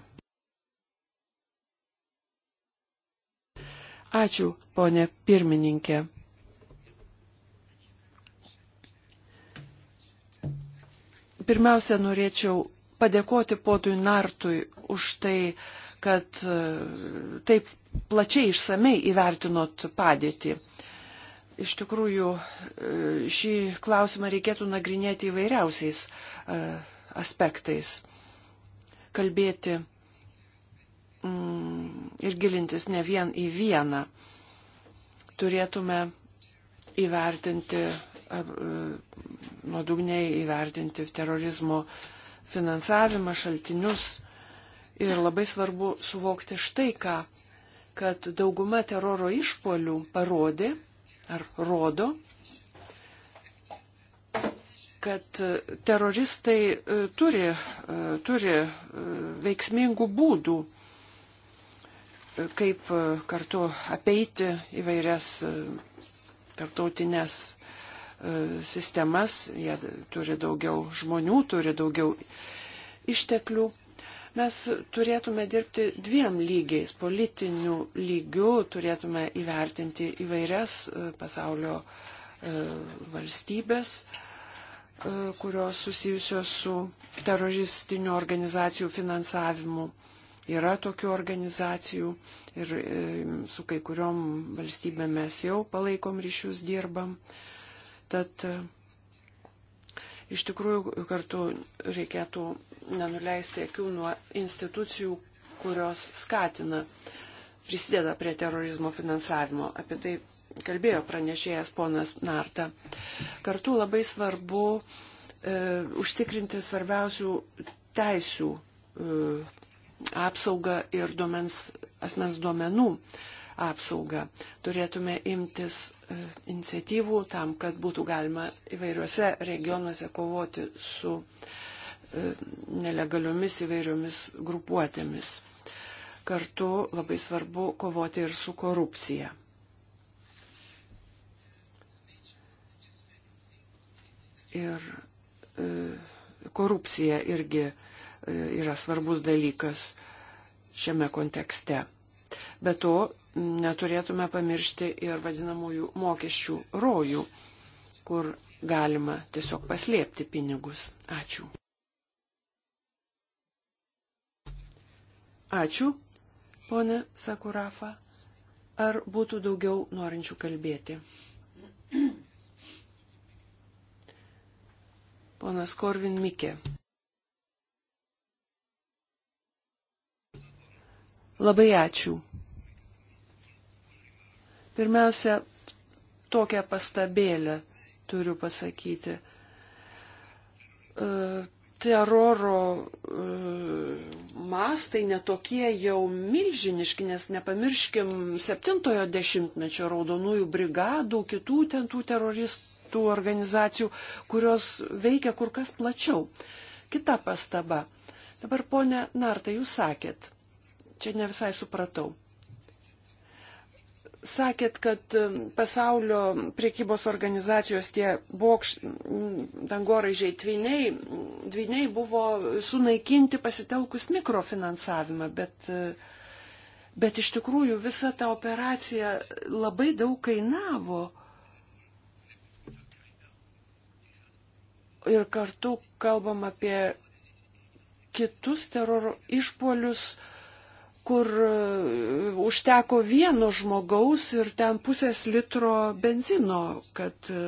Ačiū, ponė pirmininkė. Pirmiausia, norėčiau padėkoti podui Nartui už tai, kad e, taip plačiai išsamei įvertinot padėtį. Iš tikrųjų, e, šį klausimą reikėtų nagrinėti įvairiausiais e, aspektais. Kalbėti mm, ir gilintis ne vien į vieną. Turėtume įvertinti nuodugniai įvertinti terorizmo finansavimą, šaltinius. Ir labai svarbu suvokti štai ką, kad dauguma teroro išpolių parodė ar rodo, kad teroristai e, turi, e, turi e, veiksmingų būdų, kaip kartu apeiti įvairias tarptautinės E, sistemas, jie turi daugiau žmonių, turi daugiau išteklių. Mes turėtume dirbti dviem lygiais. Politiniu lygiu turėtume įvertinti įvairias e, pasaulio e, valstybės, kurios susijusios su teroristinių organizacijų finansavimu. Yra tokių organizacijų ir su kai kuriom valstybėm mes jau palaikom ryšius dirbam. Uh, Tad iš tikrųjų kartu reikėtų nenuleisti akių nuo institucijų, kurios skatina, prisideda prie terorizmo finansavimo. Apie tai kalbėjo pranešėjas ponas Narta. Kartu labai svarbu e, užtikrinti svarbiausių teisių e, apsaugą ir duomens, asmens duomenų. E, apsaugą. Turėtume imtis e, iniciatyvų tam, kad būtų galima įvairiuose regionuose kovoti su e, nelegaliomis įvairiomis grupuotėmis. Kartu labai svarbu kovoti ir su korupcija. Ir e, korupcija irgi e, yra svarbus dalykas šiame kontekste. Be to, neturėtume pamiršti ir vadinamųjų mokesčių rojų, kur galima tiesiog paslėpti pinigus. Ačiū. Ačiū, ponė Sakurafa. Ar būtų daugiau norinčių kalbėti? Ponas Korvin Mikė. Labai ačiū. Pirmiausia, tokią pastabėlę turiu pasakyti. E, teroro e, mastai netokie jau milžiniški, nes nepamirškim septintojo dešimtmečio raudonųjų brigadų, kitų ten tų teroristų organizacijų, kurios veikia kur kas plačiau. Kita pastaba. Dabar, ponė Narta, jūs sakėt, čia ne visai supratau. Sakėt, kad um, pasaulio priekybos organizacijos tie bokš, mm, dangoraižiai dviniai, mm, dviniai buvo sunaikinti pasitelkus mikrofinansavimą, bet, uh, bet iš tikrųjų visa ta operacija labai daug kainavo. Ir kartu kalbam apie kitus teroro išpolius, uh, kur e, užteko vieno žmogaus ir ten pusės litro benzino, kad e,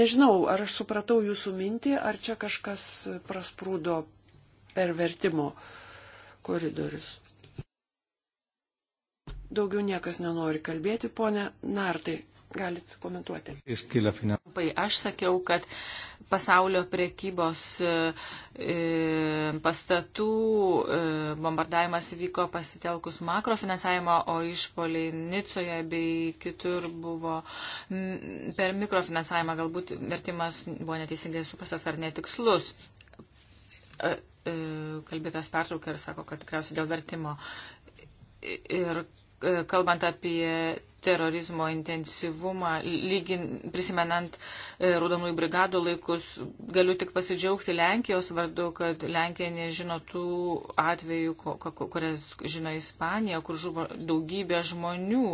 nežinau, ar aš supratau jūsų mintį, ar čia kažkas prasprūdo per vertimo koridorius. Daugiau niekas nenori kalbėti, ponė Nartai galit komentuoti. Aš sakiau, kad pasaulio priekybos e, e, pastatų e, bombardavimas vyko pasitelkus makrofinansavimo, o išpoliai Nicoje bei kitur buvo per mikrofinansavimą. Galbūt vertimas buvo neteisingai suprastas ar netikslus. Kalbėtas pertraukė ir sako, kad tikriausiai dėl vertimo. Ir E, kalbant apie terorizmo intensyvumą, lygin, prisimenant e, Raudonųjų brigadų laikus, galiu tik pasidžiaugti Lenkijos vardu, kad Lenkija nežino tų atvejų, kurias žino Ispanija, kur žuvo daugybė žmonių,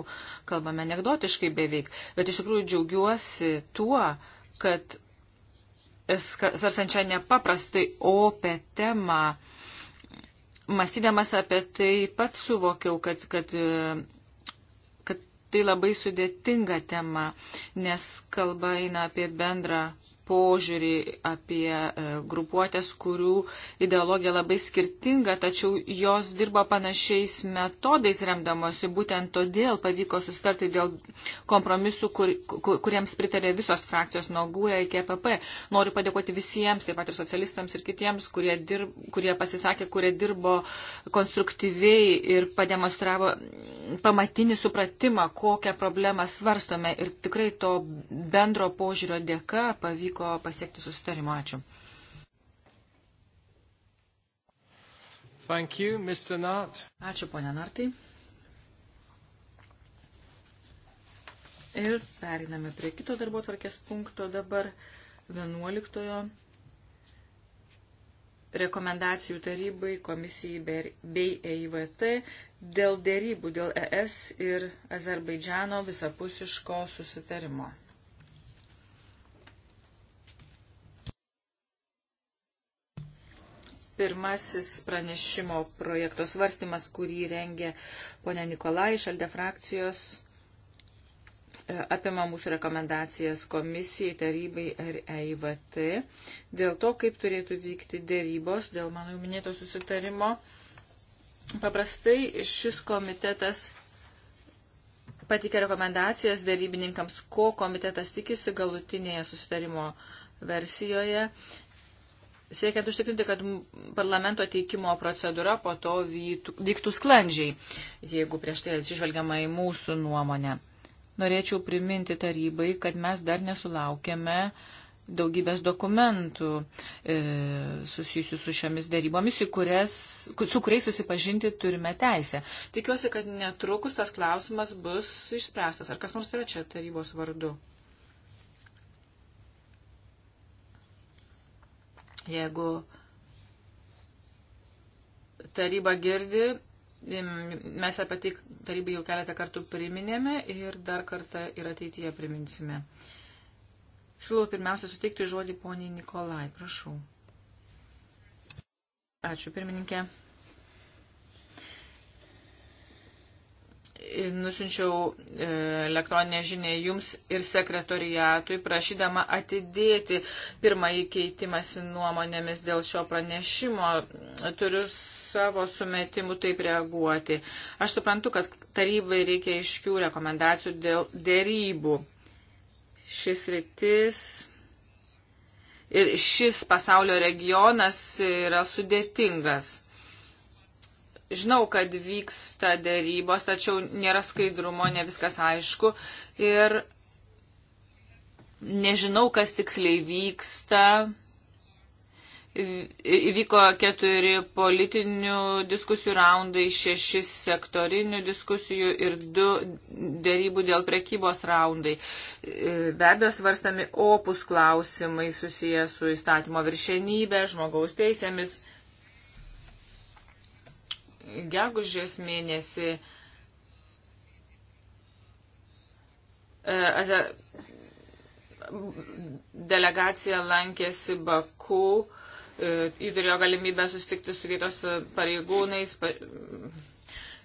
kalbame anegdotiškai beveik. Bet iš tikrųjų džiaugiuosi tuo, kad svarsančią nepaprastai opę temą, mąstydamas apie tai pats suvokiau, kad, kad, kad tai labai sudėtinga tema, nes kalba eina apie bendrą požiūrį apie e, grupuotės, kurių ideologija labai skirtinga, tačiau jos dirba panašiais metodais remdamosi. Būtent todėl pavyko sustarti dėl kompromisų, kur, kur, kuriems pritarė visos frakcijos nuo GUE iki EPP. Noriu padėkoti visiems, taip pat ir socialistams ir kitiems, kurie, dirb, kurie pasisakė, kurie dirbo konstruktyviai ir pademonstravo pamatinį supratimą, kokią problemą svarstome. Ir tikrai to bendro požiūrio dėka pavyko pavyko pasiekti susitarimo. Ačiū. Thank you, Mr. Nart. Ačiū, ponia Nartai. Ir periname prie kito darbo tvarkės punkto dabar 11. Rekomendacijų tarybai, komisijai bei EIVT dėl dėrybų dėl ES ir Azerbaidžiano visapusiško susitarimo. pirmasis pranešimo projekto svarstymas, kurį rengė ponė Nikolai iš Alde frakcijos, e, apima mūsų rekomendacijas komisijai, tarybai ir EIVT dėl to, kaip turėtų vykti dėrybos dėl mano jau minėto susitarimo. Paprastai šis komitetas patikė rekomendacijas darybininkams, ko komitetas tikisi galutinėje susitarimo versijoje siekiant užtikrinti, kad parlamento teikimo procedūra po to vyktų sklandžiai, jeigu prieš tai atsižvelgiama į mūsų nuomonę. Norėčiau priminti tarybai, kad mes dar nesulaukėme daugybės dokumentų e, susijusių su šiomis darybomis, kurias, su kuriais susipažinti turime teisę. Tikiuosi, kad netrukus tas klausimas bus išspręstas. Ar kas nors yra čia tarybos vardu? Jeigu taryba girdi, mes apie tai tarybai jau keletą kartų priminėme ir dar kartą ir ateityje priminsime. Siūlau pirmiausia suteikti žodį poniai Nikolai, prašau. Ačiū, pirmininkė. nusinčiau e, elektroninę žinę jums ir sekretoriatui, prašydama atidėti pirmąjį keitimąsi nuomonėmis dėl šio pranešimo. Turiu savo sumetimų taip reaguoti. Aš suprantu, kad tarybai reikia iškių rekomendacijų dėl dėrybų. Šis rytis. Ir šis pasaulio regionas yra sudėtingas Žinau, kad vyksta dėrybos, tačiau nėra skaidrumo, ne viskas aišku. Ir nežinau, kas tiksliai vyksta. Įvyko keturi politinių diskusijų raundai, šeši sektorinių diskusijų ir du dėrybų dėl prekybos raundai. Be abejo, svarstami opus klausimai susijęs su įstatymo viršenybė, žmogaus teisėmis gegužės mėnesį e, delegacija lankėsi Baku, e, turėjo galimybę sustikti su vietos pareigūnais ir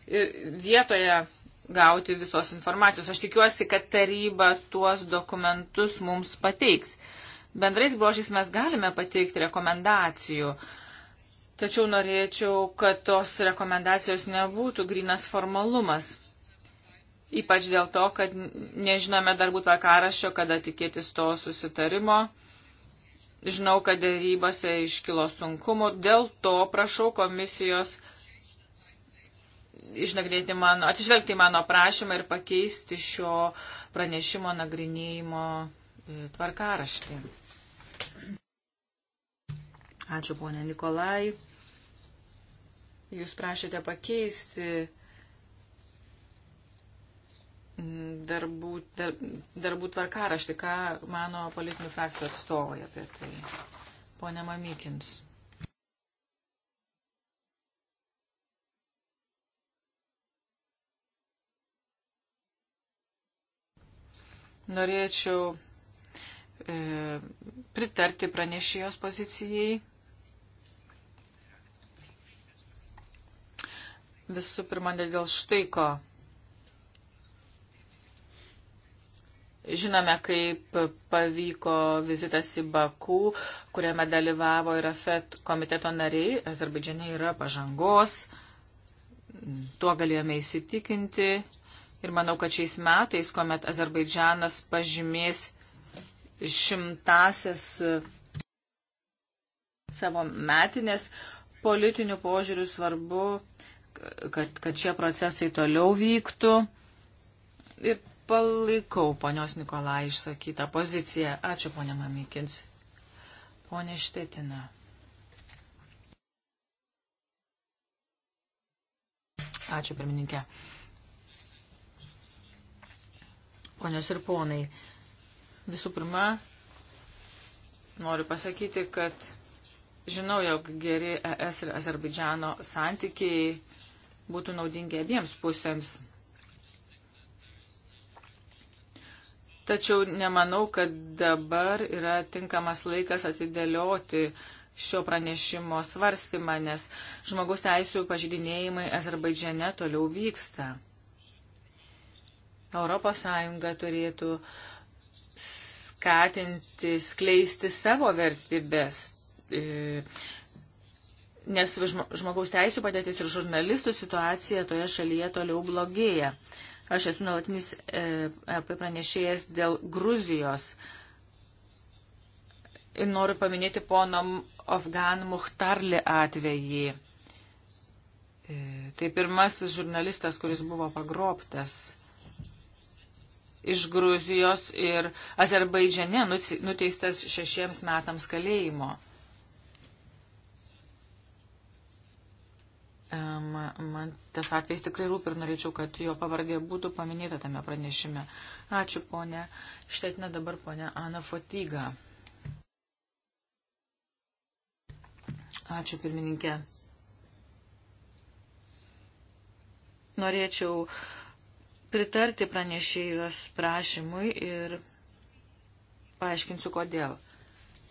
e, vietoje gauti visos informacijos. Aš tikiuosi, kad taryba tuos dokumentus mums pateiks. Bendrais brožiais mes galime pateikti rekomendacijų. Uh, Tačiau norėčiau, kad tos rekomendacijos nebūtų grinas formalumas. Ypač dėl to, kad nežinome darbų tvarkaraščio, kada tikėtis to susitarimo. Žinau, kad dėrybose iškilo sunkumų. Dėl to prašau komisijos išnagrinėti mano, atsižvelgti mano prašymą ir pakeisti šio pranešimo nagrinėjimo e, tvarkaraštį. Ačiū, ponė Nikolai. Jūs prašėte pakeisti darbų, dar, darbų tvarkaraštį, ką mano politinių frakcijų atstovai apie tai. Pone Mamykins. Norėčiau e, pritarti pranešėjos pozicijai Visų pirma, dėl štai ko. Žinome, kaip pavyko vizitas į Bakų, kuriame dalyvavo ir AFET komiteto nariai. Azerbaidžiane yra pažangos, tuo galėjome įsitikinti. Ir manau, kad šiais metais, kuomet Azerbaidžianas pažymės šimtasias savo metinės, politinių požiūrių svarbu kad, kad šie procesai toliau vyktų. Ir palaikau ponios Nikolai išsakytą poziciją. Ačiū, ponia Mamikins. Pone Štetina. Ačiū, pirmininkė. Ponios ir ponai, visų pirma, noriu pasakyti, kad žinau, jog geri ES ir Azerbaidžiano santykiai būtų naudingi abiems pusėms. Tačiau nemanau, kad dabar yra tinkamas laikas atidėlioti šio pranešimo svarstymą, nes žmogus teisų pažydinėjimai Azerbaidžiane toliau vyksta. ES turėtų skatinti, skleisti savo vertybės, e, nes žmogaus teisų padėtis ir žurnalistų situacija toje šalyje toliau blogėja. Aš esu nuolatinis EP e pranešėjas dėl Gruzijos. Ir noriu paminėti pono Afgan Muhtarli atvejį. E, tai pirmasis žurnalistas, kuris buvo pagroptas iš Gruzijos ir Azerbaidžiane nuteistas šešiems metams kalėjimo. E, man tas atvejs tikrai rūpi ir norėčiau, kad jo pavardė būtų paminėta tame pranešime. Ačiū, ponė. Štetina dabar ponė Ana Fotyga. Ačiū, pirmininkė. Norėčiau pritarti pranešėjos prašymui ir paaiškinsiu, kodėl.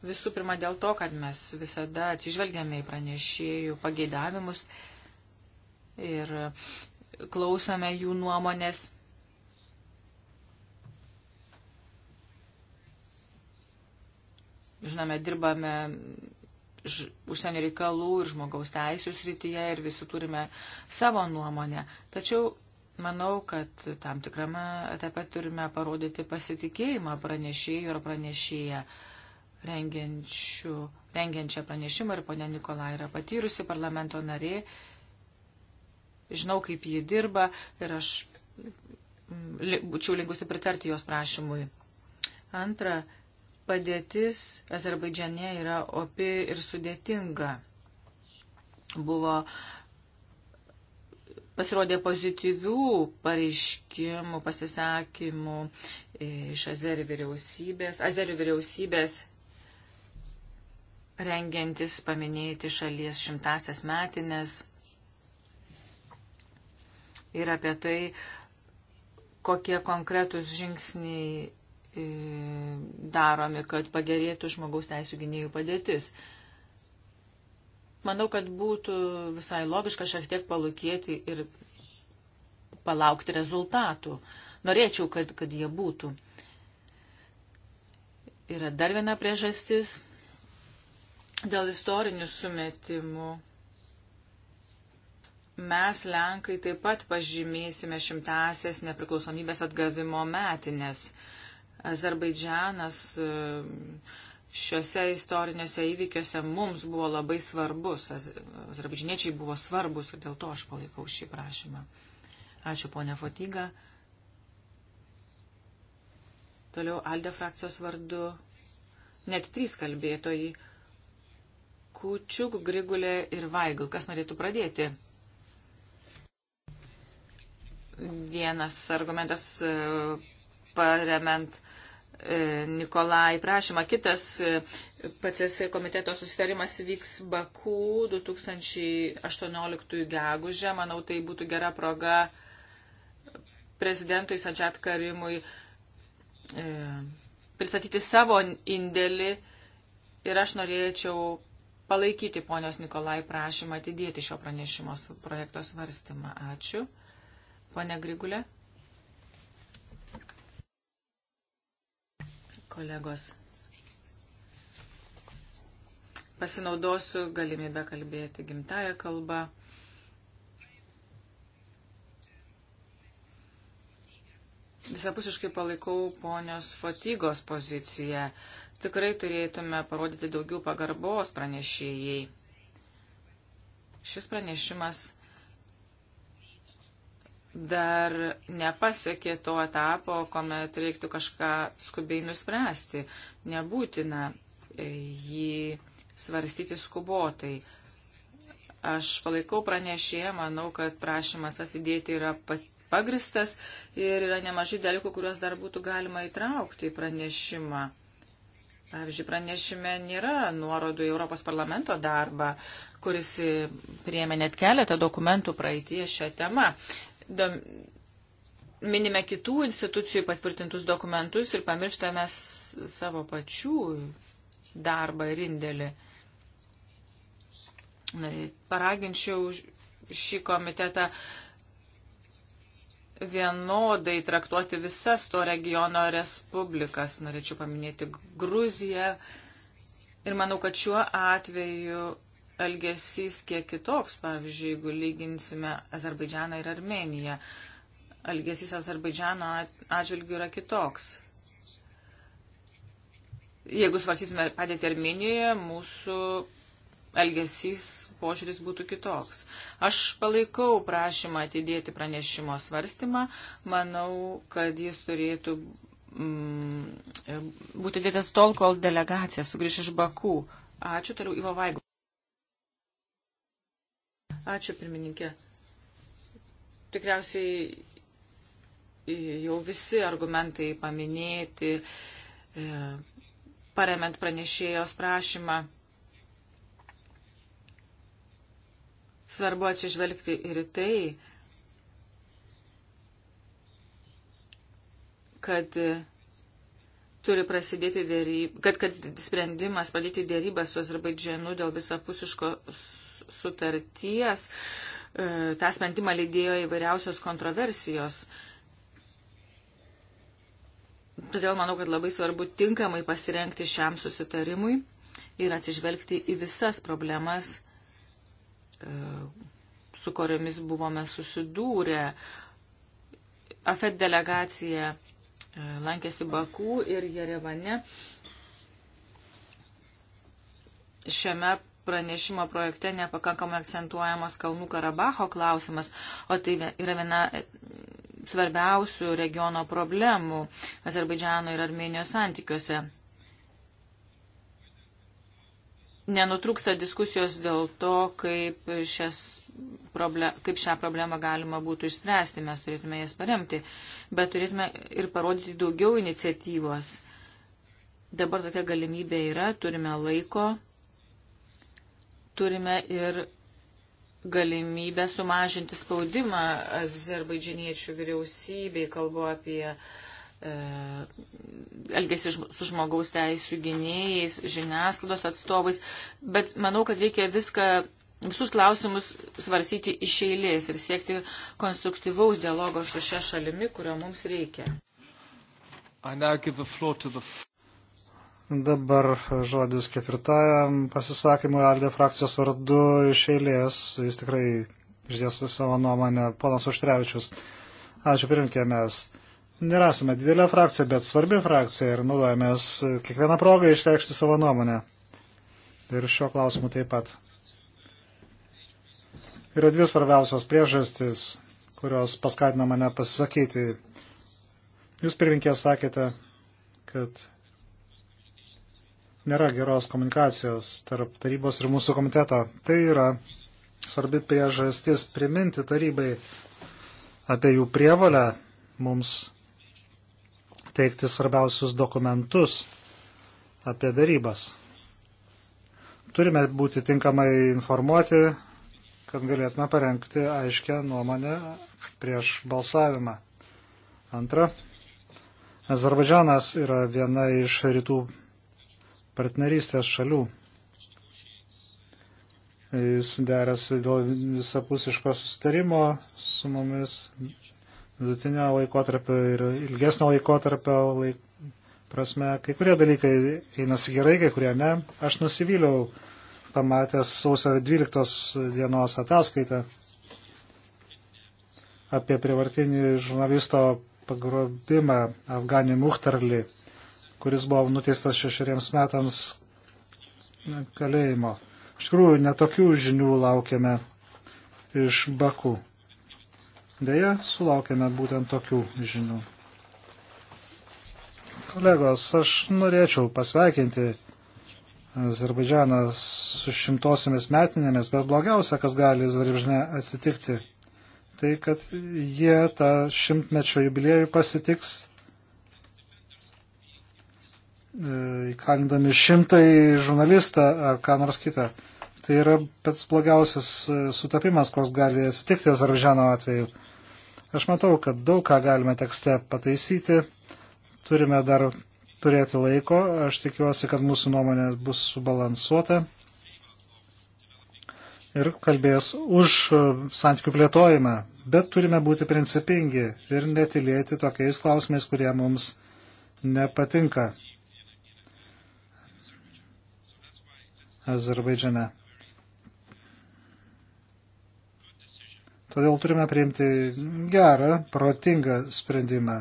Visų pirma, dėl to, kad mes visada atsižvelgiame į pranešėjų pageidavimus ir klausome jų nuomonės. Žinome, dirbame užsienio reikalų ir žmogaus teisų srityje ir visi turime savo nuomonę. Tačiau manau, kad tam tikrame etape turime parodyti pasitikėjimą pranešėjų ir pranešėją rengiančią pranešimą ir ponia Nikolai yra patyrusi parlamento narė žinau, kaip ji dirba ir aš mm, būčiau linkusi pritarti jos prašymui. Antra, padėtis Azerbaidžiane yra opi ir sudėtinga. Buvo pasirodė pozityvių pareiškimų, pasisakymų iš Azerių vyriausybės, Azerių vyriausybės rengiantis paminėti šalies šimtasias metinės ir apie tai, kokie konkretūs žingsniai e, daromi, kad pagerėtų žmogaus teisų gynėjų padėtis. Manau, kad būtų visai logiška šiek tiek palūkėti ir palaukti rezultatų. Norėčiau, kad, kad jie būtų. Yra dar viena priežastis dėl istorinių sumetimų Mes, Lenkai, taip pat pažymėsime šimtasias nepriklausomybės atgavimo metinės. Azerbaidžianas e, šiuose istoriniuose įvykiuose mums buvo labai svarbus. Azerbaidžiniečiai buvo svarbus ir dėl to aš palaikau šį prašymą. Ačiū, ponia Fotyga. Toliau Alde frakcijos vardu net trys kalbėtojai. Kučiuk, Grigulė ir Vaigl. Kas norėtų pradėti? vienas argumentas e, paremant e, Nikolai prašymą. Kitas e, PCC komiteto susitarimas vyks Baku 2018 gegužę. Manau, tai būtų gera proga prezidentui Sadžat Karimui pristatyti savo indėlį ir aš norėčiau palaikyti ponios Nikolai prašymą atidėti šio pranešimo projekto svarstymą. Ačiū. Pone Grigulė. Kolegos. Pasinaudosiu galimybę kalbėti gimtają kalbą. Visapusiškai palaikau ponios Fotygos poziciją. Tikrai turėtume parodyti daugiau pagarbos pranešėjai. Šis pranešimas dar nepasiekė to etapo, kuomet reiktų kažką skubiai nuspręsti. Nebūtina e, jį svarstyti skubotai. Aš palaikau pranešėją, manau, kad prašymas atidėti yra pagristas ir yra nemažai dalykų, kuriuos dar būtų galima įtraukti į pranešimą. Pavyzdžiui, pranešime nėra nuorodų į Europos parlamento darbą, kuris priemė net keletą dokumentų praeitie šią temą minime kitų institucijų patvirtintus dokumentus ir pamirštame savo pačių darbą ir indėlį. Paraginčiau šį komitetą vienodai traktuoti visas to regiono respublikas. Norėčiau paminėti Gruziją. Ir manau, kad šiuo atveju elgesys kiek kitoks, pavyzdžiui, jeigu lyginsime Azerbaidžianą ir Armeniją. Elgesys Azerbaidžiano atžvilgių yra kitoks. Jeigu svarstytume padėti Armenijoje, mūsų elgesys požiūris būtų kitoks. Aš palaikau prašymą atidėti pranešimo svarstymą. Manau, kad jis turėtų mm, būti dėtas tol, kol delegacija sugrįž iš Bakų. Ačiū, toliau Ivo Vaigu. Ačiū, pirmininkė. Tikriausiai jau visi argumentai paminėti, e, paremant pranešėjos prašymą. Svarbu atsižvelgti ir tai, kad turi prasidėti dėryb, kad, kad sprendimas padėti dėrybą su Azerbaidžianu dėl visapusiško sutarties e, tą sprendimą lydėjo įvairiausios kontroversijos. Todėl manau, kad labai svarbu tinkamai pasirenkti šiam susitarimui ir atsižvelgti į visas problemas, e, su kuriomis buvome susidūrę. AFED delegacija e, lankėsi Bakų ir Jerevane. Šiame pranešimo projekte nepakankamai akcentuojamas Kalnų Karabacho klausimas, o tai yra viena e, svarbiausių regiono problemų Azerbaidžiano ir Armenijos santykiuose. Nenutrūksta diskusijos dėl to, kaip, šias, problem, kaip šią problemą galima būtų išspręsti. Mes turėtume jas paremti, bet turėtume ir parodyti daugiau iniciatyvos. Dabar tokia galimybė yra, turime laiko turime ir galimybę sumažinti spaudimą azerbaidžianiečių vyriausybei, kalbu apie e, elgesi su žmogaus teisų gynėjais, žiniasklaidos atstovais, bet manau, kad reikia viską, visus klausimus svarsyti iš eilės ir siekti konstruktyvaus dialogo su šia šalimi, kurio mums reikia. The... Dabar žodis ketvirtajam pasisakymui Aldė frakcijos vardu iš eilės. Jis tikrai išdės savo nuomonę, ponas Užtrevičius. Ačiū pirmkė, mes nerasime didelę frakciją, bet svarbi frakcija ir naudojamės kiekvieną progą išreikšti savo nuomonę. Ir šiuo klausimu taip pat. Yra dvi svarbiausios priežastys, kurios paskatina mane pasisakyti. Jūs pirminkė sakėte, kad nėra geros komunikacijos tarp tarybos ir mūsų komiteto. Tai yra svarbi priežastis priminti tarybai apie jų prievalę mums teikti svarbiausius dokumentus apie darybas. Turime būti tinkamai informuoti, kad galėtume parengti aiškę nuomonę prieš balsavimą. Antra, Azerbaidžanas yra viena iš rytų partnerystės šalių. Jis derasi dėl visapusiško sustarimo su mumis vidutinio laikotarpio ir ilgesnio laikotarpio laik... prasme. Kai kurie dalykai einasi gerai, kai kurie ne. Aš nusivyliau pamatęs sausio 12 dienos ataskaitą apie privartinį žurnalisto pagrobimą Afganį Muhtarlį kuris buvo nuteistas šešeriems metams kalėjimo. Iš tikrųjų, netokių žinių laukiame iš Baku. Deja, sulaukėme būtent tokių žinių. Kolegos, aš norėčiau pasveikinti Azerbaidžianą su šimtosiamis metinėmis, bet blogiausia, kas gali Azerbaidžiane atsitikti, tai kad jie tą šimtmečio jubiliejų pasitiks E, įkalindami šimtai žurnalistą ar ką nors kitą. Tai yra pats blogiausias e, sutapimas, koks gali atsitikti Azerbaidžiano atveju. Aš matau, kad daug ką galime tekste pataisyti, turime dar turėti laiko, aš tikiuosi, kad mūsų nuomonė bus subalansuota ir kalbės už e, santykių plėtojimą, bet turime būti principingi ir netilėti tokiais klausimais, kurie mums nepatinka. Azerbaidžiane. Todėl turime priimti gerą, protingą sprendimą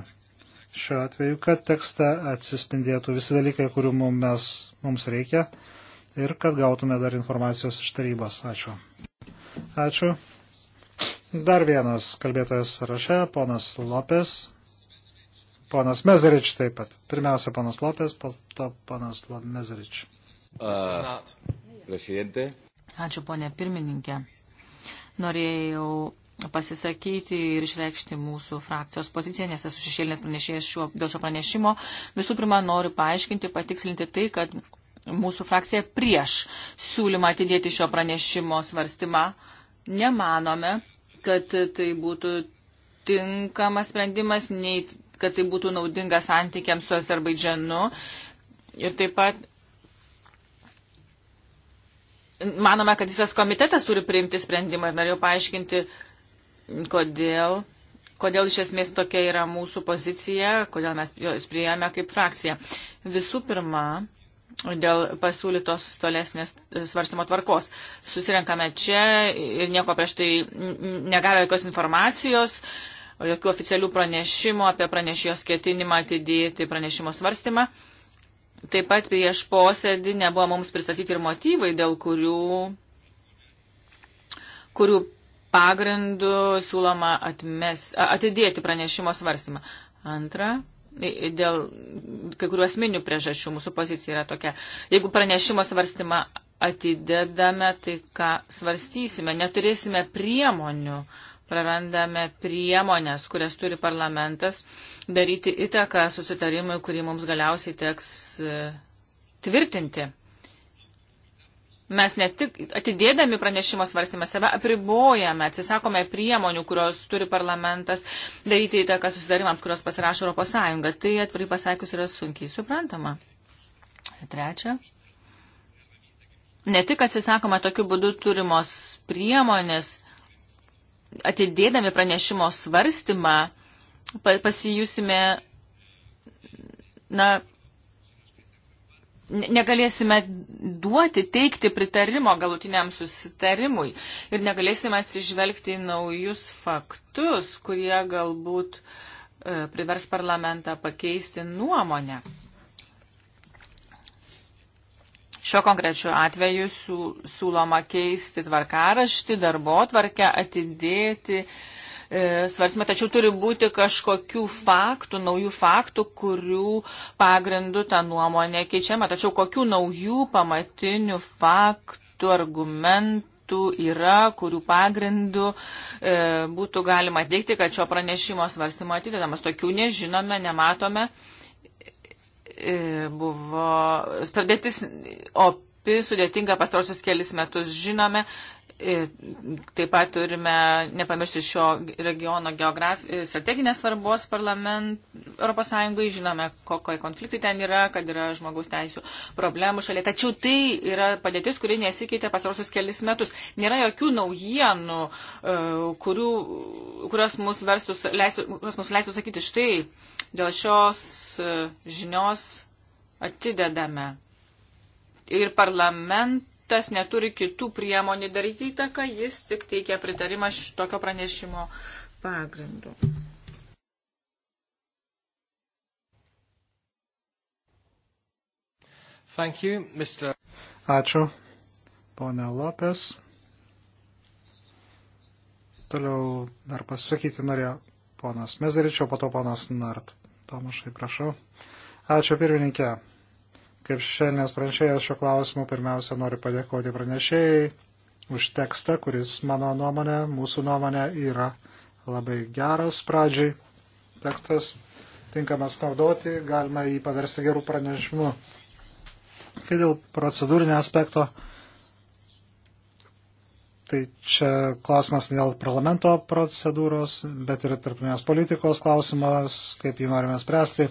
šiuo atveju, kad tekste atsispindėtų visi dalykai, kurių mums, mums reikia ir kad gautume dar informacijos iš tarybos. Ačiū. Ačiū. Dar vienas kalbėtojas sąraše, ponas Lopes. Ponas Mezerič taip pat. Pirmiausia, ponas Lopes, po to ponas Mezerič. Uh, Presidente. Ačiū, ponė pirmininkė. Norėjau pasisakyti ir išreikšti mūsų frakcijos poziciją, nes esu šešėlinės pranešėjas šiuo, dėl šio pranešimo. Visų pirma, noriu paaiškinti, patikslinti tai, kad mūsų frakcija prieš siūlymą atidėti šio pranešimo svarstymą. Nemanome, kad tai būtų tinkamas sprendimas, nei kad tai būtų naudinga santykiams su Azerbaidžianu. Ir taip pat manome, kad visas komitetas turi priimti sprendimą ir norėjau paaiškinti, kodėl, kodėl iš esmės tokia yra mūsų pozicija, kodėl mes jos priėmėme kaip frakcija. Visų pirma, dėl pasiūlytos tolesnės svarstymo tvarkos. Susirenkame čia ir nieko prieš tai negavę jokios informacijos. Jokių oficialių pranešimų apie pranešėjos ketinimą atidėti pranešimo svarstymą. Uh, Taip pat prieš posėdį nebuvo mums pristatyti ir motyvai, dėl kurių, kurių pagrindų siūloma atmes, atidėti pranešimo svarstymą. Antra, dėl kai kurių asmeninių priežasčių mūsų pozicija yra tokia. Jeigu pranešimo svarstymą atidedame, tai ką svarstysime, neturėsime priemonių uh, prarandame priemonės, kurias turi parlamentas daryti įtaką susitarimui, kurį mums galiausiai teks e, tvirtinti. Mes ne tik atidėdami pranešimo svarstymą save apribojame, atsisakome priemonių, kurios turi parlamentas daryti įtaką susidarimams, kurios pasirašo Europos Sąjunga. Tai atvirai pasakius yra sunkiai suprantama. Trečia. Ne tik atsisakome tokiu būdu turimos priemonės, atidėdami pranešimo svarstymą pasijusime, na, negalėsime duoti, teikti pritarimo galutiniam susitarimui ir negalėsime atsižvelgti į naujus faktus, kurie galbūt e, privers parlamentą pakeisti nuomonę. Šiuo konkrečiu atveju siūloma keisti tvarkaraštį, darbo tvarkę, atidėti e, svarstymą, tačiau turi būti kažkokių faktų, naujų faktų, kurių pagrindų ta nuomonė keičiama. Tačiau kokių naujų pamatinių faktų, argumentų faktų yra, kurių pagrindų e, būtų galima teikti, kad šio pranešimo svarstymo atidedamas. Tokių nežinome, nematome. E, buvo padėtis opi, sudėtinga pastarosius kelis metus žinome, E, taip pat turime nepamiršti šio regiono e, strateginės svarbos parlament ES, žinome, kokie konfliktai ten yra, kad yra žmogaus teisų problemų šalia. Tačiau tai yra padėtis, kuri nesikeitė pasarosius kelis metus. Nėra jokių naujienų, e, kurių, kurios mus verstų, leistų, kurios mus leistų sakyti štai, dėl šios žinios atidedame. Ir parlament tas neturi kitų priemonių daryti įtaką, jis tik teikia pritarimą šitokio pranešimo pagrindu. Thank you, Mr. Ačiū, ponia Lopes. Toliau dar pasakyti norėjo ponas Mezeričio, po to ponas Nart. Tomašai, prašau. Ačiū pirmininkė. Kaip šiandien pranešėjas šio klausimu, pirmiausia, noriu padėkoti pranešėjai už tekstą, kuris mano nuomonė, mūsų nuomonė yra labai geras pradžiai. Tekstas tinkamas naudoti, galima jį paversti gerų pranešimų. Kai dėl procedūrinio aspekto, tai čia klausimas dėl parlamento procedūros, bet ir tarpinės politikos klausimas, kaip jį norime spręsti.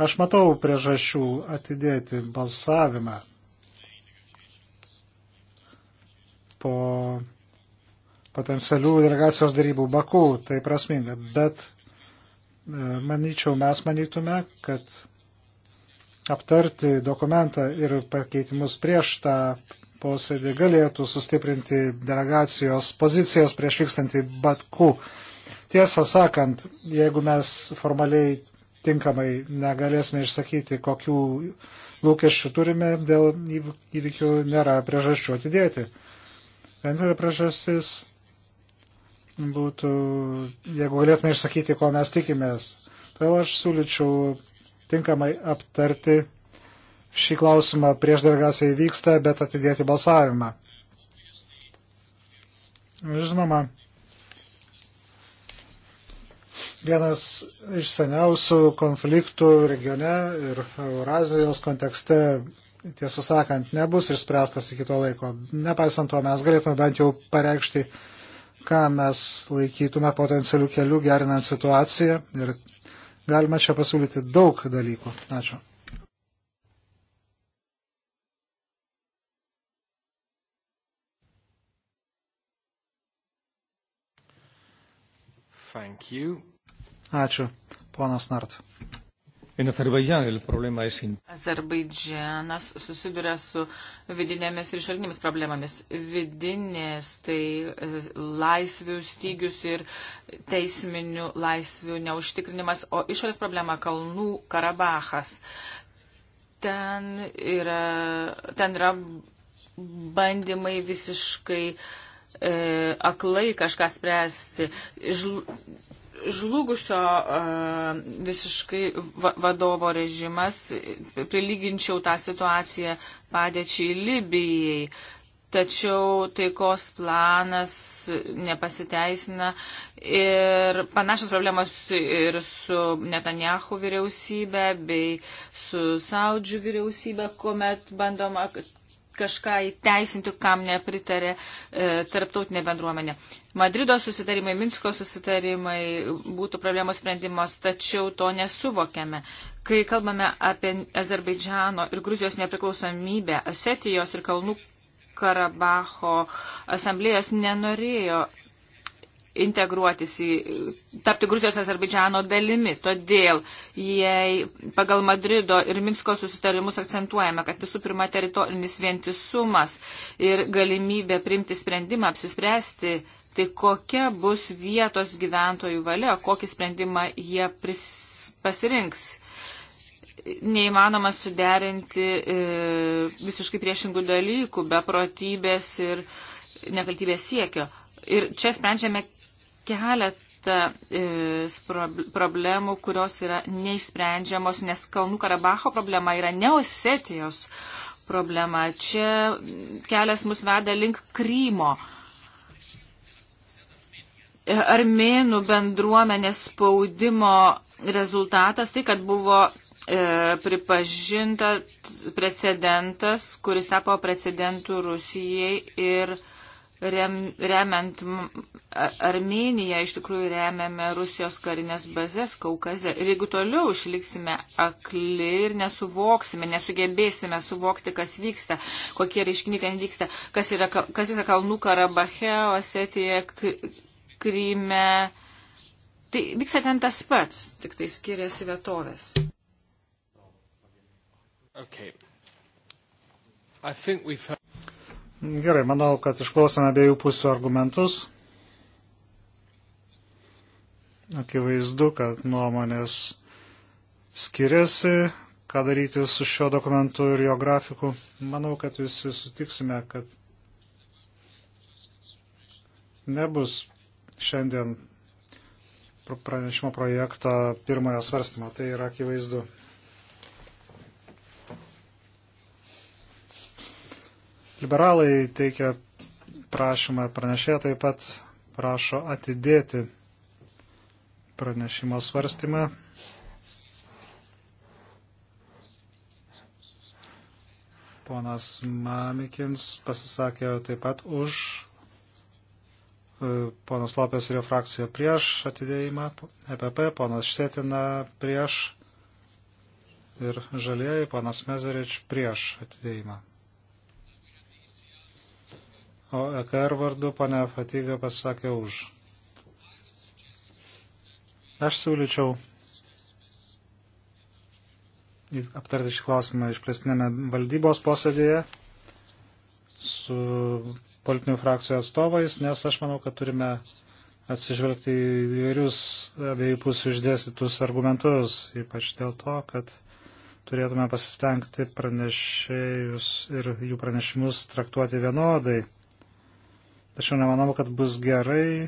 Aš matau priežasčių atidėti balsavimą po potencialių delegacijos darybų Baku, tai prasminga, bet e, manyčiau, mes manytume, kad aptarti dokumentą ir pakeitimus prieš tą posėdį galėtų sustiprinti delegacijos pozicijas prieš vykstantį Baku. Tiesą sakant, jeigu mes formaliai tinkamai negalėsime išsakyti, kokių lūkesčių turime, dėl įvykių nėra priežasčių atidėti. Vienintelė priežastis būtų, jeigu galėtume išsakyti, ko mes tikimės. Todėl aš siūlyčiau tinkamai aptarti šį klausimą prieš delegaciją įvyksta, bet atidėti balsavimą. Žinoma, vienas iš seniausių konfliktų regione ir Eurazijos kontekste, tiesą sakant, nebus išspręstas iki to laiko. Nepaisant to, mes galėtume bent jau pareikšti, ką mes laikytume potencialių kelių gerinant situaciją ir galime čia pasiūlyti daug dalykų. Ačiū. Thank you. Ačiū, ponas Nart. Azerbaidžianas susiduria su vidinėmis ir išorinėmis problemomis. Vidinės tai e, laisvių stygius ir teisminių laisvių neužtikrinimas, o išorės problema Kalnų Karabachas. Ten yra, ten yra bandymai visiškai e, aklai kažką spręsti. Žl žlugusio uh, visiškai va vadovo režimas, prilyginčiau tą situaciją padėčiai Libijai. Tačiau taikos planas nepasiteisina ir panašios problemos ir su Netanjahu vyriausybė bei su Saudžių vyriausybė, kuomet bandoma kažką įteisinti, kam nepritarė e, tarptautinė bendruomenė. Madrido susitarimai, Minsko susitarimai būtų problemos sprendimas, tačiau to nesuvokiame. Kai kalbame apie Azerbaidžiano ir Gruzijos nepriklausomybę, Osetijos ir Kalnų Karabaho asamblėjos nenorėjo integruotis į, tapti Gruzijos Azerbaidžiano dalimi. Todėl, jei pagal Madrido ir Minsko susitarimus akcentuojame, kad visų pirma teritorinis vientisumas ir galimybė priimti sprendimą, apsispręsti, tai kokia bus vietos gyventojų valia, kokį sprendimą jie pris, pasirinks. Neįmanoma suderinti e, visiškai priešingų dalykų, beprotybės ir nekaltybės siekio. Ir čia sprendžiame keletą e, problemų, kurios yra neišsprendžiamos, nes Kalnų Karabacho problema yra ne Osetijos problema. Čia kelias mus veda link Krymo. E, armėnų bendruomenės spaudimo rezultatas tai, kad buvo e, pripažinta precedentas, kuris tapo precedentu Rusijai ir e, rem, remiant Armeniją, iš tikrųjų remiame Rusijos karinės bazės Kaukaze. Ir jeigu toliau išliksime akli ir nesuvoksime, nesugebėsime suvokti, kas vyksta, kokie reiškiniai ten vyksta, kas, yra, kas yra Kalnų Karabache, Osetijoje, Kryme. Tai vyksta ten tas pats, tik tai skiriasi vietovės. Okay. I think we've heard Gerai, manau, kad išklausome abiejų pusių argumentus. Akivaizdu, kad nuomonės skiriasi, ką daryti su šiuo dokumentu ir jo grafiku. Manau, kad visi sutiksime, kad nebus šiandien pranešimo projekto pirmojo svarstymo. Tai yra akivaizdu. Liberalai teikia prašymą pranešė, taip pat prašo atidėti pranešimo svarstymą. Ponas Mamikins pasisakė taip pat už, e, ponas Lopės ir jo frakcija prieš atidėjimą, EPP, ponas Štetina prieš ir žalieji, ponas Mezerič prieš atidėjimą. O EKR vardu pane Fatiga pasakė už. Aš siūlyčiau aptarti šį klausimą išplėstinėme valdybos posėdėje su politinių frakcijų atstovais, nes aš manau, kad turime atsižvelgti į įvairius abiejų pusių išdėstytus argumentus, ypač dėl to, kad turėtume pasistengti pranešėjus ir jų pranešimus traktuoti vienodai. Tačiau nemanau, kad bus gerai.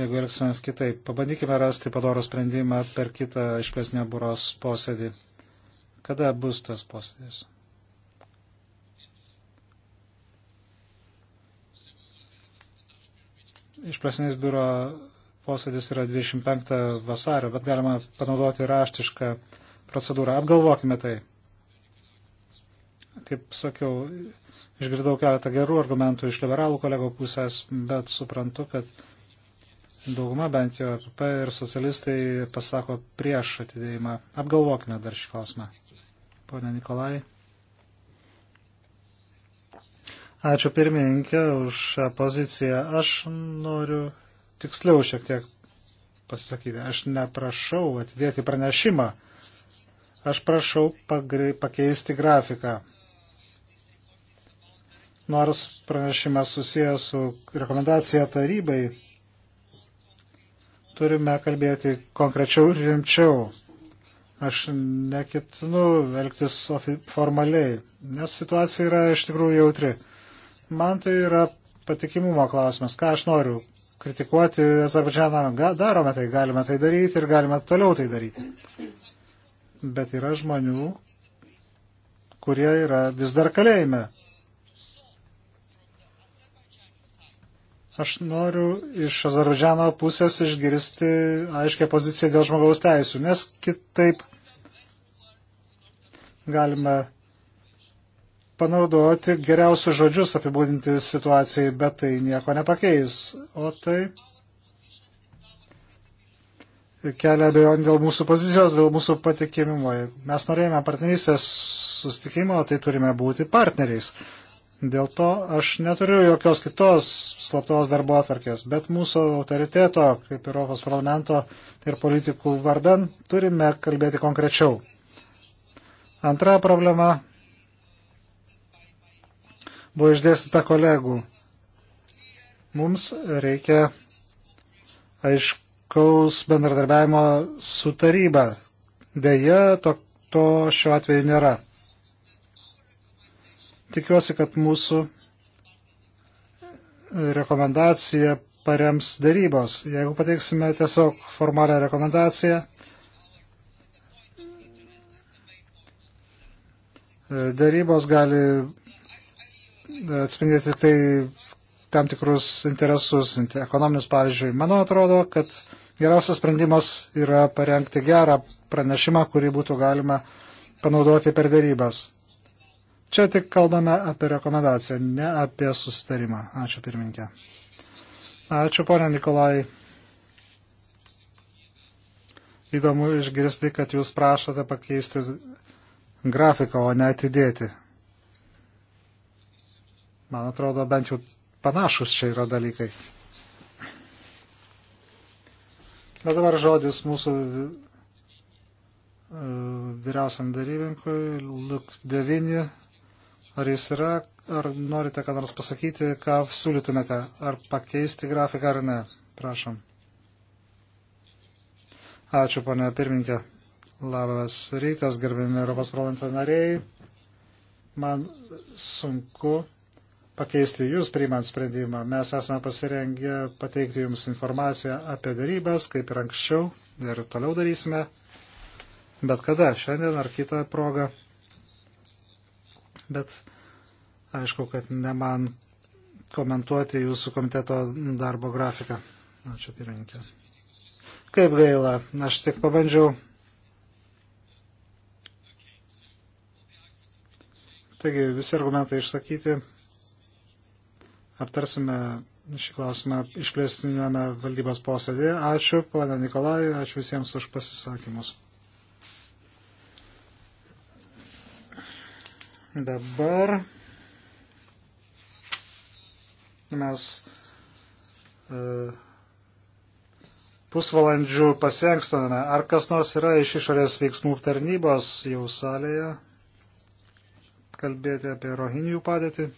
Jeigu elgsimės kitaip, pabandykime rasti padorų sprendimą per kitą išplėsnio buros posėdį. Kada bus tas posėdis? Išplėsnės biuro posėdis yra 25 vasario, bet galima panaudoti raštišką procedūrą. Apgalvokime tai. Kaip sakiau, išgirdau keletą gerų argumentų iš liberalų kolegų pusės, bet suprantu, kad dauguma bent jau APP ir socialistai pasako prieš atidėjimą. Apgalvokime dar šį klausimą. Pone Nikolai. Ačiū pirmininkė už šią poziciją. Aš noriu tiksliau šiek tiek pasakyti. Aš neprašau atidėti pranešimą. Aš prašau pagri, pakeisti grafiką. Nors pranešimas susijęs su rekomendacija tarybai, turime kalbėti konkrečiau ir rimčiau. Aš nekitinu elgtis formaliai, nes situacija yra iš tikrųjų jautri. Man tai yra patikimumo klausimas, ką aš noriu, kritikuoti Azerbaidžianą, darome tai, galime tai daryti ir galime toliau tai daryti. Bet yra žmonių, kurie yra vis dar kalėjime. Aš noriu iš Azerbaidžiano pusės išgirsti aiškę poziciją dėl žmogaus teisų, nes kitaip galime panaudoti geriausius žodžius apibūdinti situacijai, bet tai nieko nepakeis. O tai kelia abejonių dėl mūsų pozicijos, dėl mūsų patikimimo. Mes norėjome partnerystės sustikimo, tai turime būti partneriais. Dėl to aš neturiu jokios kitos slaptos darbo atvarkės, bet mūsų autoriteto, kaip ir Europos parlamento ir politikų vardan, turime kalbėti konkrečiau. Antra problema buvo išdėstyta kolegų. Mums reikia aiškaus bendradarbiavimo su taryba. Deja, to, to šiuo atveju nėra. Tikiuosi, kad mūsų rekomendacija parems darybos. Jeigu pateiksime tiesiog formalią rekomendaciją, darybos gali atspindėti tik tai tam tikrus interesus, ekonominius pavyzdžiui. Manau, atrodo, kad geriausias sprendimas yra parengti gerą pranešimą, kurį būtų galima panaudoti per dėrybas. Čia tik kalbame apie rekomendaciją, ne apie susitarimą. Ačiū pirmininkė. Ačiū ponė Nikolai. Įdomu išgirsti, kad jūs prašote pakeisti grafiką, o ne atidėti. Man atrodo, bent jau panašus čia yra dalykai. Bet dabar žodis mūsų e, vyriausiam darybininkui, Luk 9. Ar jis yra, ar norite ką nors pasakyti, ką siūlytumėte, ar pakeisti grafiką ar ne? Prašom. Ačiū, ponė pirmininkė. Labas rytas, gerbimi Europos parlamento nariai. Man sunku pakeisti jūs priimant sprendimą. Mes esame pasirengę pateikti jums informaciją apie darybas, kaip ir anksčiau, ir toliau darysime. Bet kada, šiandien ar kitą progą. Bet aišku, kad ne man komentuoti jūsų komiteto darbo grafiką. Ačiū, pirmininkė. Kaip gaila, aš tik pabandžiau. Taigi, visi argumentai išsakyti aptarsime šį klausimą išplėstinėme valdybos posėdėje. Ačiū, pana Nikolaju, ačiū visiems už pasisakymus. Dabar mes e, pusvalandžių pasiengstumėme. Ar kas nors yra iš išorės veiksmų tarnybos jau salėje kalbėti apie rohinijų padėtį?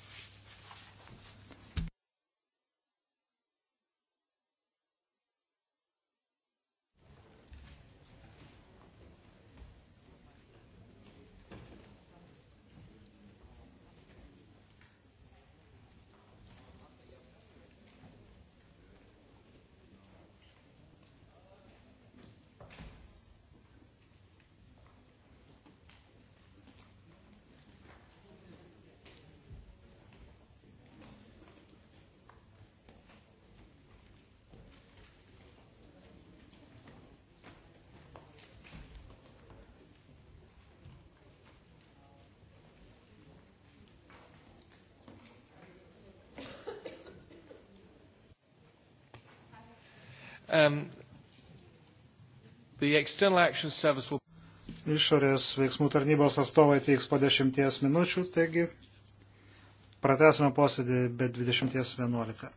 Will... Išorės veiksmų tarnybos atstovai atvyks po 10 minučių, taigi pratesime posėdį be 20.11.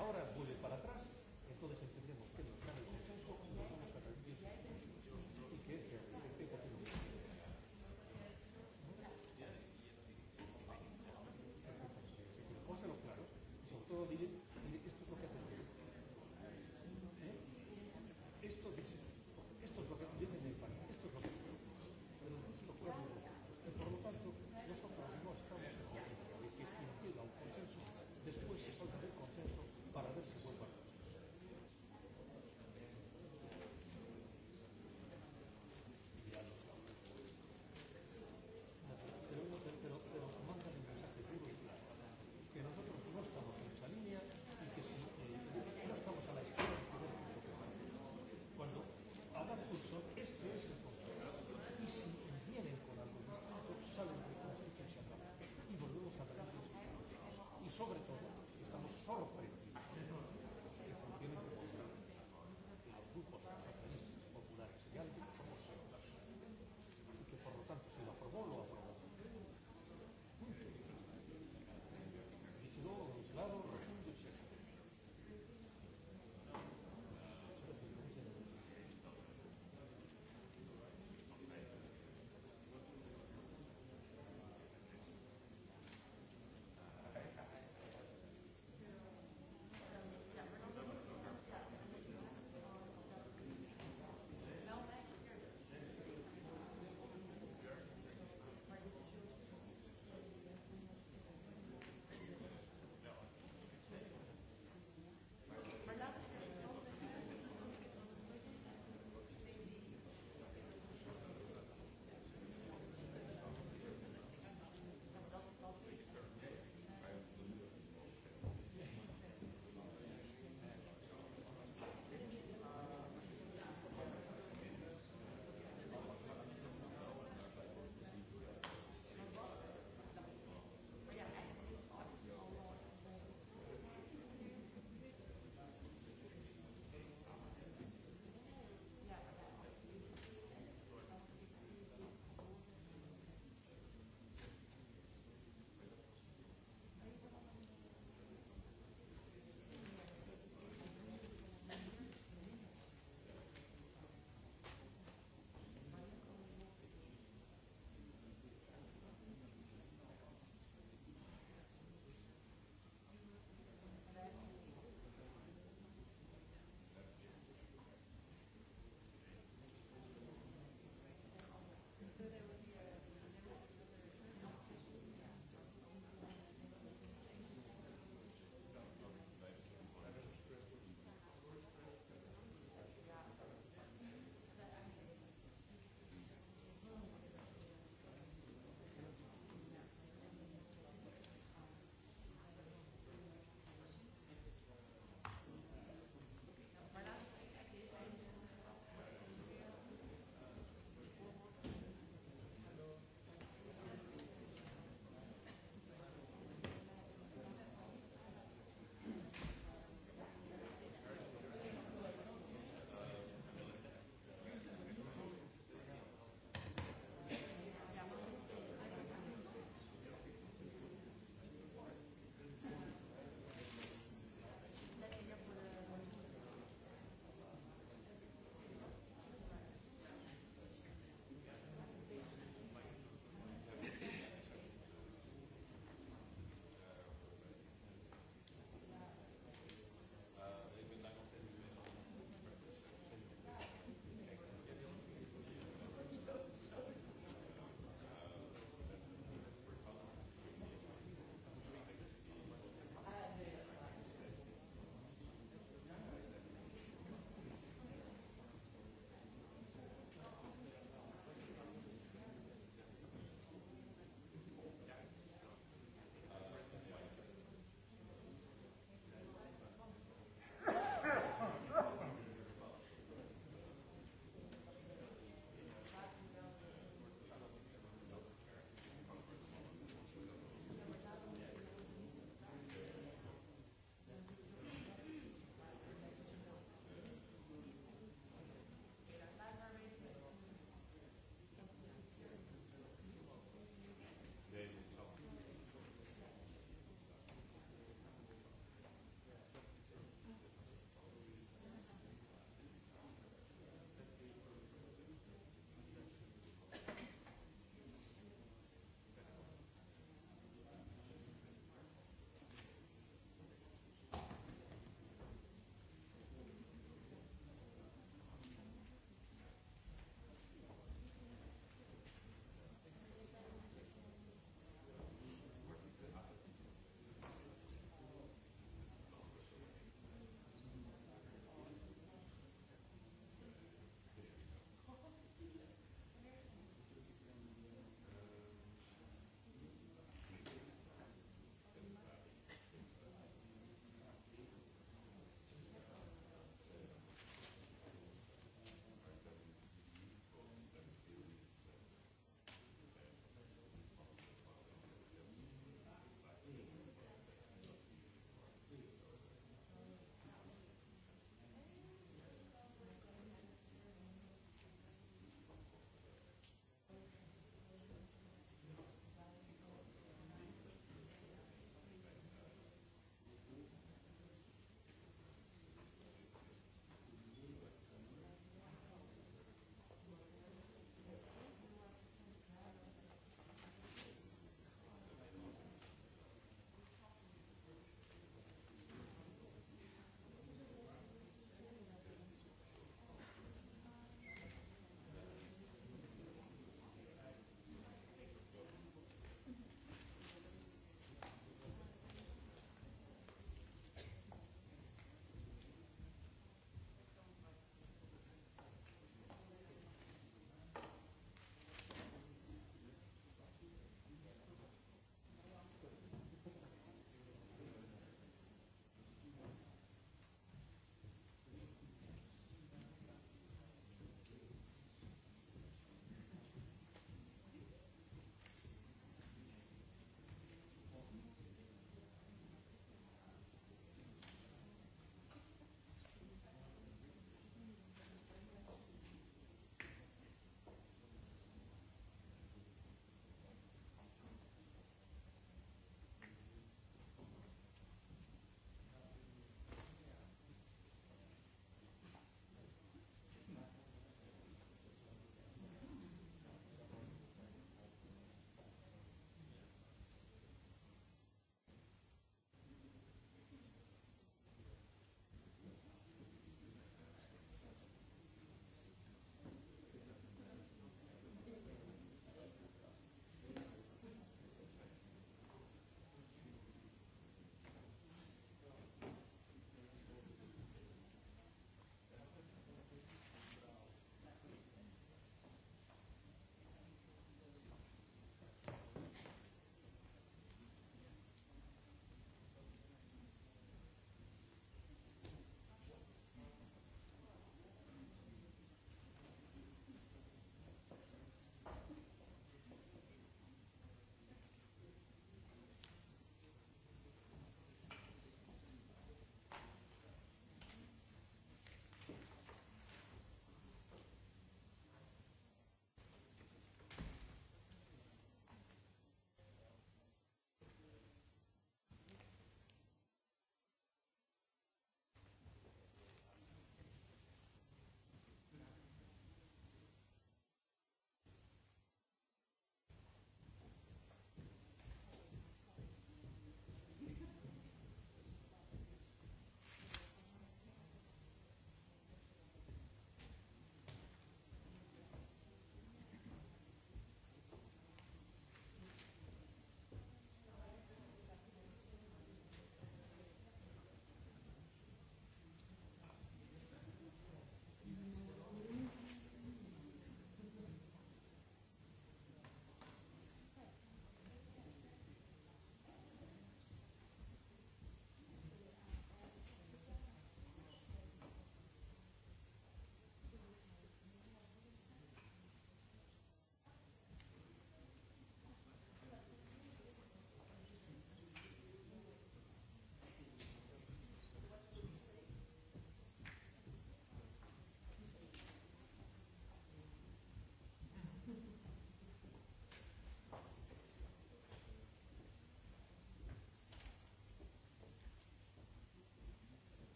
ahora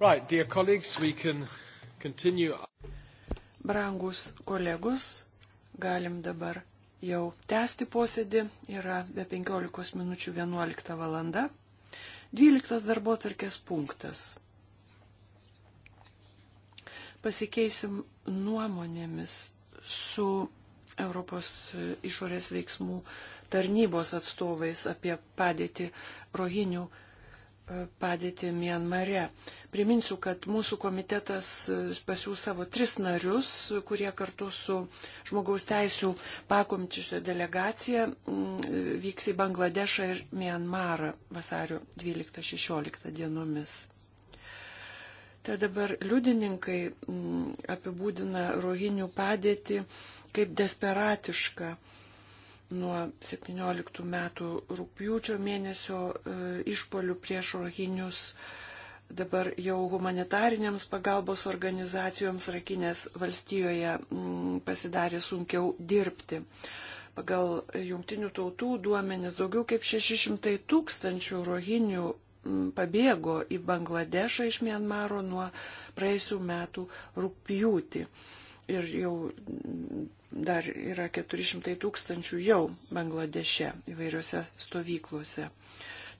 Right, dear colleagues, we can continue. Brangus kolegos, galim dabar jau tęsti posėdį. Yra be 15 minučių 11 valanda. 12 darbo tarkės punktas. Pasikeisim nuomonėmis su Europos išorės veiksmų tarnybos atstovais apie padėtį rohinių padėtį Mianmare. Priminsiu, kad mūsų komitetas e, pasiūs savo tris narius, kurie kartu su žmogaus teisų pakomčišio delegacija mm, e, vyks į Bangladešą ir Mianmarą vasario 12-16 dienomis. Tai dabar liudininkai mm, apibūdina rohinių padėtį kaip desperatišką nuo 17 metų rūpjūčio mėnesio e, išpolių prieš rohinius dabar jau humanitariniams pagalbos organizacijoms Rakinės valstijoje mm, pasidarė sunkiau dirbti. Pagal jungtinių tautų duomenis daugiau kaip 600 tūkstančių rohinių mm, pabėgo į Bangladešą iš Mianmaro nuo praėjusių metų rūpjūtį ir jau dar yra 400 tūkstančių jau Bangladeše įvairiose stovyklose.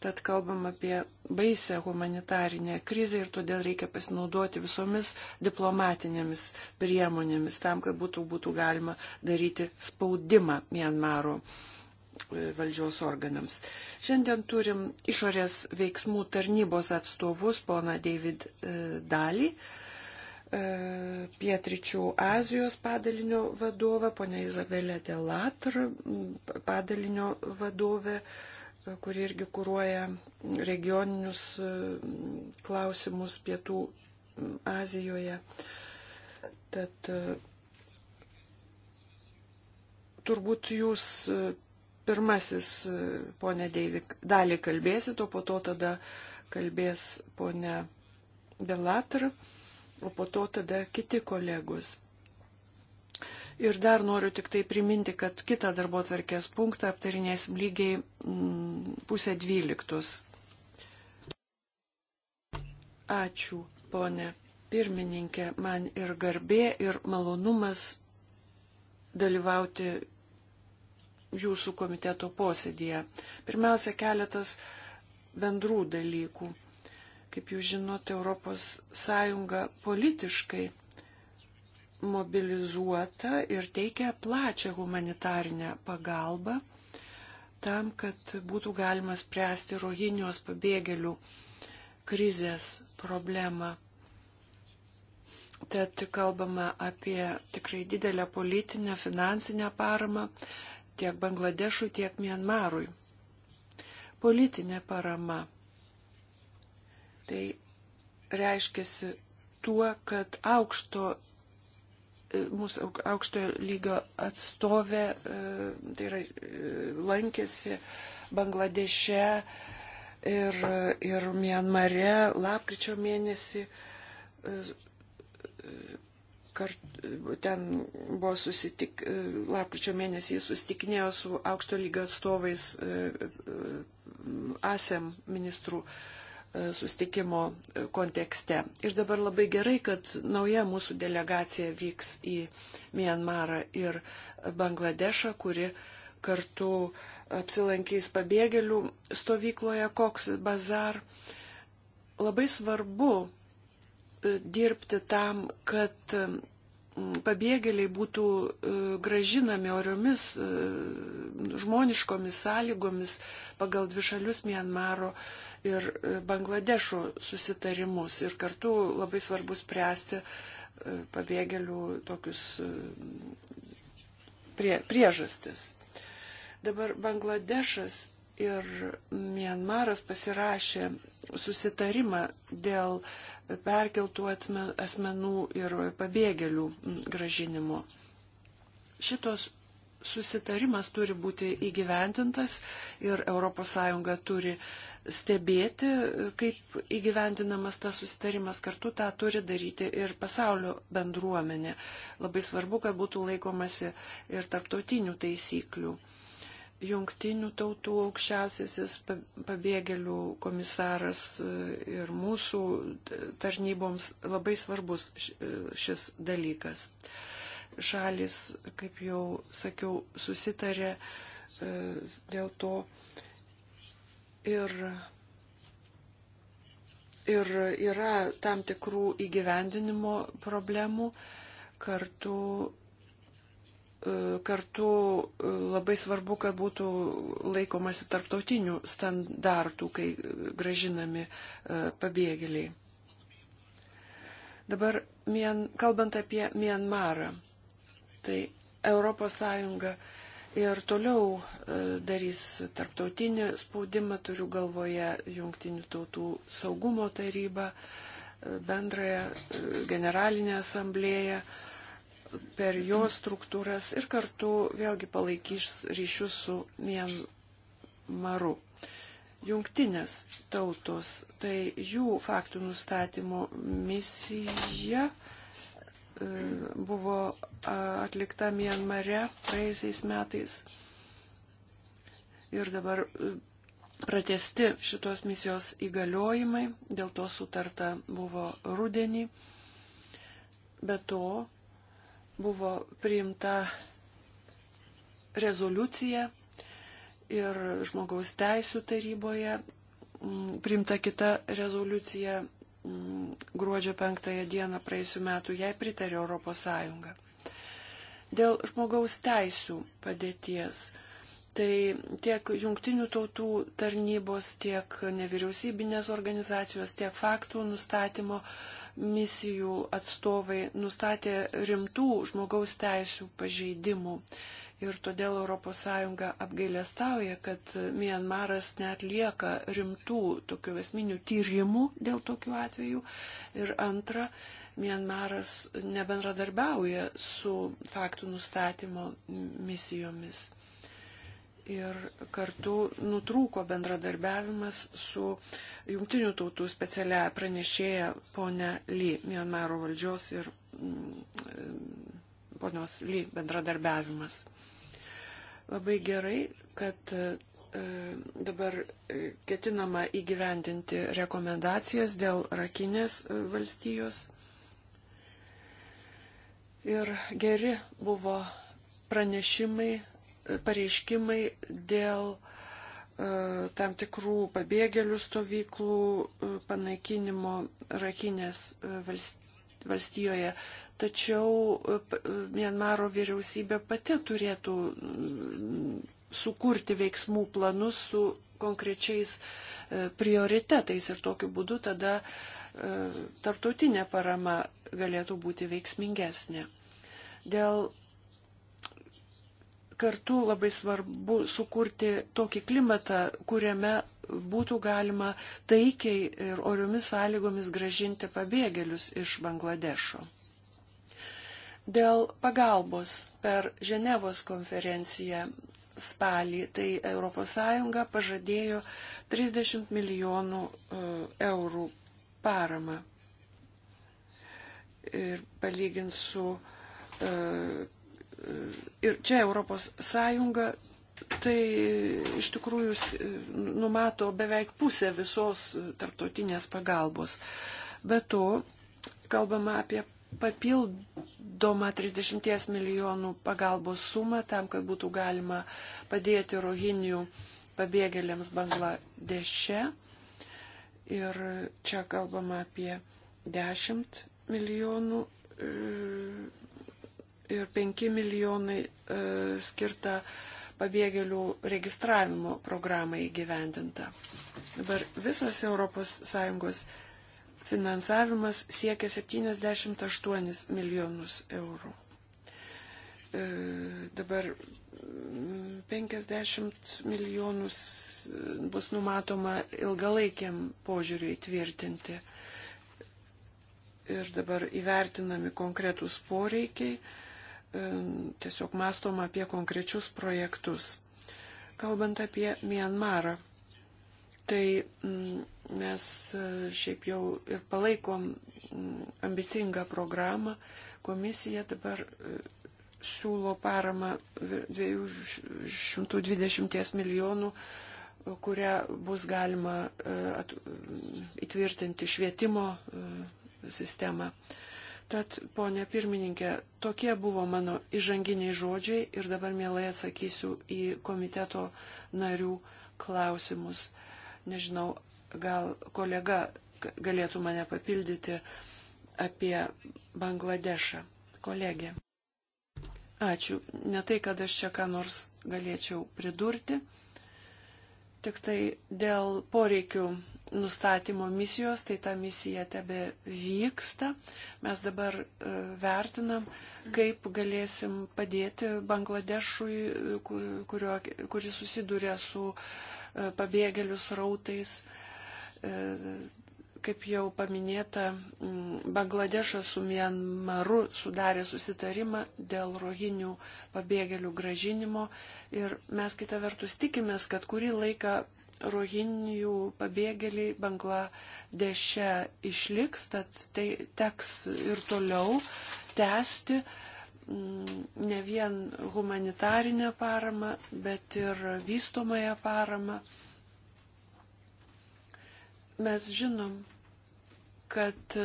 Tad kalbam apie baisę humanitarinę krizę ir todėl reikia pasinaudoti visomis diplomatinėmis priemonėmis tam, kad būtų, būtų galima daryti spaudimą Mianmaro e, valdžios organams. Šiandien turim išorės veiksmų tarnybos atstovus, pona David Dalį. E, E, Pietričių Azijos padalinio vadovą, ponia Izabelė Delatr, padalinio vadovę, e, kuri irgi kūruoja regioninius e, klausimus Pietų Azijoje. Tad turbūt jūs pirmasis, ponia Deivik, dalį kalbėsit, o po to tada kalbės ponia Delatr. Uh, o po to tada kiti kolegos. Ir dar noriu tik tai priminti, kad kitą darbo tvarkės punktą aptarinėsim lygiai mm, pusę dvyliktus. Ačiū, ponė pirmininkė, man ir garbė, ir malonumas dalyvauti jūsų komiteto posėdėje. Pirmiausia, keletas bendrų dalykų. Kaip jūs žinote, ES politiškai mobilizuota ir teikia plačią humanitarinę pagalbą tam, kad būtų galima spręsti rohinios pabėgėlių krizės problemą. Tad kalbama apie tikrai didelę politinę, finansinę paramą tiek Bangladešui, tiek Mianmarui. Politinė parama Tai reiškiasi tuo, kad aukšto e, mūsų aukštojo lygio atstovė, e, tai yra e, lankėsi Bangladeše ir, ir Mianmare lapkričio mėnesį. Kart, ten buvo susitik, lapkričio mėnesį jis susitikinėjo su aukšto lygio atstovais ASEM ministrų E, sustikimo e, kontekste. Ir dabar labai gerai, kad nauja mūsų delegacija vyks į Mianmarą ir Bangladešą, kuri kartu apsilankys pabėgėlių stovykloje Koks Bazar. Labai svarbu e, dirbti tam, kad pabėgėliai būtų gražinami oriomis žmoniškomis sąlygomis pagal dvišalius Mianmaro uh, ir e, Bangladešo susitarimus ir kartu labai svarbu spręsti e, pabėgėlių tokius e, prie, priežastis. Dabar Bangladešas ir Mienmaras pasirašė susitarimą dėl perkeltų asmenų ir pabėgėlių gražinimo. Šitos susitarimas turi būti įgyvendintas ir ES turi stebėti, kaip įgyvendinamas tas susitarimas. Kartu tą turi daryti ir pasaulio bendruomenė. Labai svarbu, kad būtų laikomasi ir tarptautinių taisyklių. Jungtinių tautų aukščiausiasis pabėgėlių komisaras e, ir mūsų tarnyboms labai svarbus e, šis dalykas šalis, kaip jau sakiau, susitarė e, dėl to ir, ir yra tam tikrų įgyvendinimo problemų kartu e, kartu e, labai svarbu, kad būtų laikomasi tarptautinių standartų, kai gražinami pabėgėliai. Dabar kalbant apie Mianmarą. Tai ES ir toliau e, darys tarptautinį spaudimą, turiu galvoje Junktinių tautų saugumo tarybą, e, bendrąją e, generalinę asamblėją per jo struktūras ir kartu vėlgi palaikys ryšius su Mienmaru. Jungtinės tautos, tai jų faktų nustatymo misija E, buvo atlikta Mianmare praeisiais metais. Ir dabar e, pratesti šitos misijos įgaliojimai, dėl to sutarta buvo rudenį. Be to buvo priimta rezoliucija ir žmogaus teisų taryboje priimta kita rezoliucija Mm, gruodžio 5 dieną praėjusiu metu jai pritarė Europos Sąjunga. Dėl žmogaus teisų padėties, tai tiek jungtinių tautų tarnybos, tiek nevyriausybinės organizacijos, tiek faktų nustatymo misijų atstovai nustatė rimtų žmogaus teisų pažeidimų ir todėl ES apgailestauja, kad Mianmaras netlieka rimtų tokių esminių tyrimų dėl tokių atvejų. Ir antra, Mianmaras nebendradarbiauja su faktų nustatymo misijomis. Ir kartu nutrūko bendradarbiavimas su Junktinių tautų specialia pranešėja ponia Ly, Mianmaro valdžios ir ponios Ly bendradarbiavimas. Labai gerai, kad e, dabar e, ketinama įgyvendinti rekomendacijas dėl rakinės e, valstijos. Ir geri buvo pranešimai, pareiškimai dėl tam tikrų pabėgėlių stovyklų panaikinimo rakinės valstijoje tačiau e, e, Mienmaro vyriausybė pati turėtų mm, sukurti veiksmų planus su konkrečiais e, prioritetais ir tokiu būdu tada tarptautinė parama galėtų būti veiksmingesnė. Dėl kartu labai svarbu sukurti tokį klimatą, kuriame būtų galima taikiai ir oriomis sąlygomis gražinti pabėgėlius iš Bangladešo. Dėl pagalbos per Ženevos konferenciją spalį, tai ES pažadėjo 30 milijonų e, eurų paramą. Ir palygint su. E, e, ir čia ES tai iš tikrųjų numato beveik pusę visos tarptautinės pagalbos. Be to, kalbama apie papildomą 30 milijonų pagalbos sumą tam, kad būtų galima padėti rohinių pabėgėliams Bangladeše. Ir čia kalbama apie 10 milijonų e, ir 5 milijonai e, skirta pabėgėlių registravimo programai įgyvendinta. Dabar visas ES finansavimas siekia 78 milijonus eurų. E, dabar 50 mm, milijonus e, bus numatoma ilgalaikiam požiūriui tvirtinti. Ir dabar įvertinami konkretūs poreikiai, e, tiesiog mastoma apie konkrečius projektus. Kalbant apie Mianmarą, tai mm, Mes e, šiaip jau ir palaikom mm, ambicingą programą. Komisija dabar e, siūlo paramą 220 milijonų, e, kurią bus galima įtvirtinti švietimo sistemą. Tad, ponė pirmininkė, tokie buvo mano įžanginiai žodžiai ir dabar mielai atsakysiu į komiteto narių klausimus. Nežinau, gal kolega galėtų mane papildyti apie Bangladešą. Kolegė. Ačiū. Ne tai, kad aš čia ką nors galėčiau pridurti. Tik tai dėl poreikių nustatymo misijos, tai ta misija tebe vyksta. Mes dabar e, vertinam, kaip galėsim padėti Bangladešui, kurio, kuris susiduria su e, pabėgėlius rautais E, kaip jau paminėta, Bangladešas su Mianmaru sudarė susitarimą dėl rohinių pabėgėlių gražinimo ir mes kitą vertus tikimės, kad kurį laiką rohinių pabėgėliai Bangladeše išliks, tad tai teks ir toliau tęsti ne vien humanitarinę paramą, bet ir vystomąją paramą Mes žinom, kad e,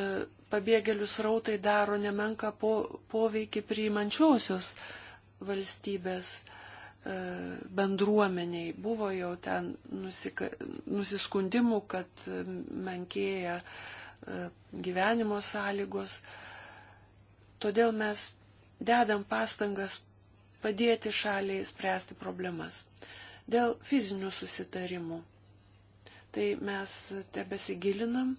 pabėgėlių srautai daro nemenka po, poveikį priimančiosios valstybės e, bendruomeniai. Buvo jau ten nusika, nusiskundimų, kad e, menkėja gyvenimo sąlygos. Todėl mes dedam pastangas padėti šaliai spręsti problemas. Dėl fizinių susitarimų. Tai mes tebesigilinam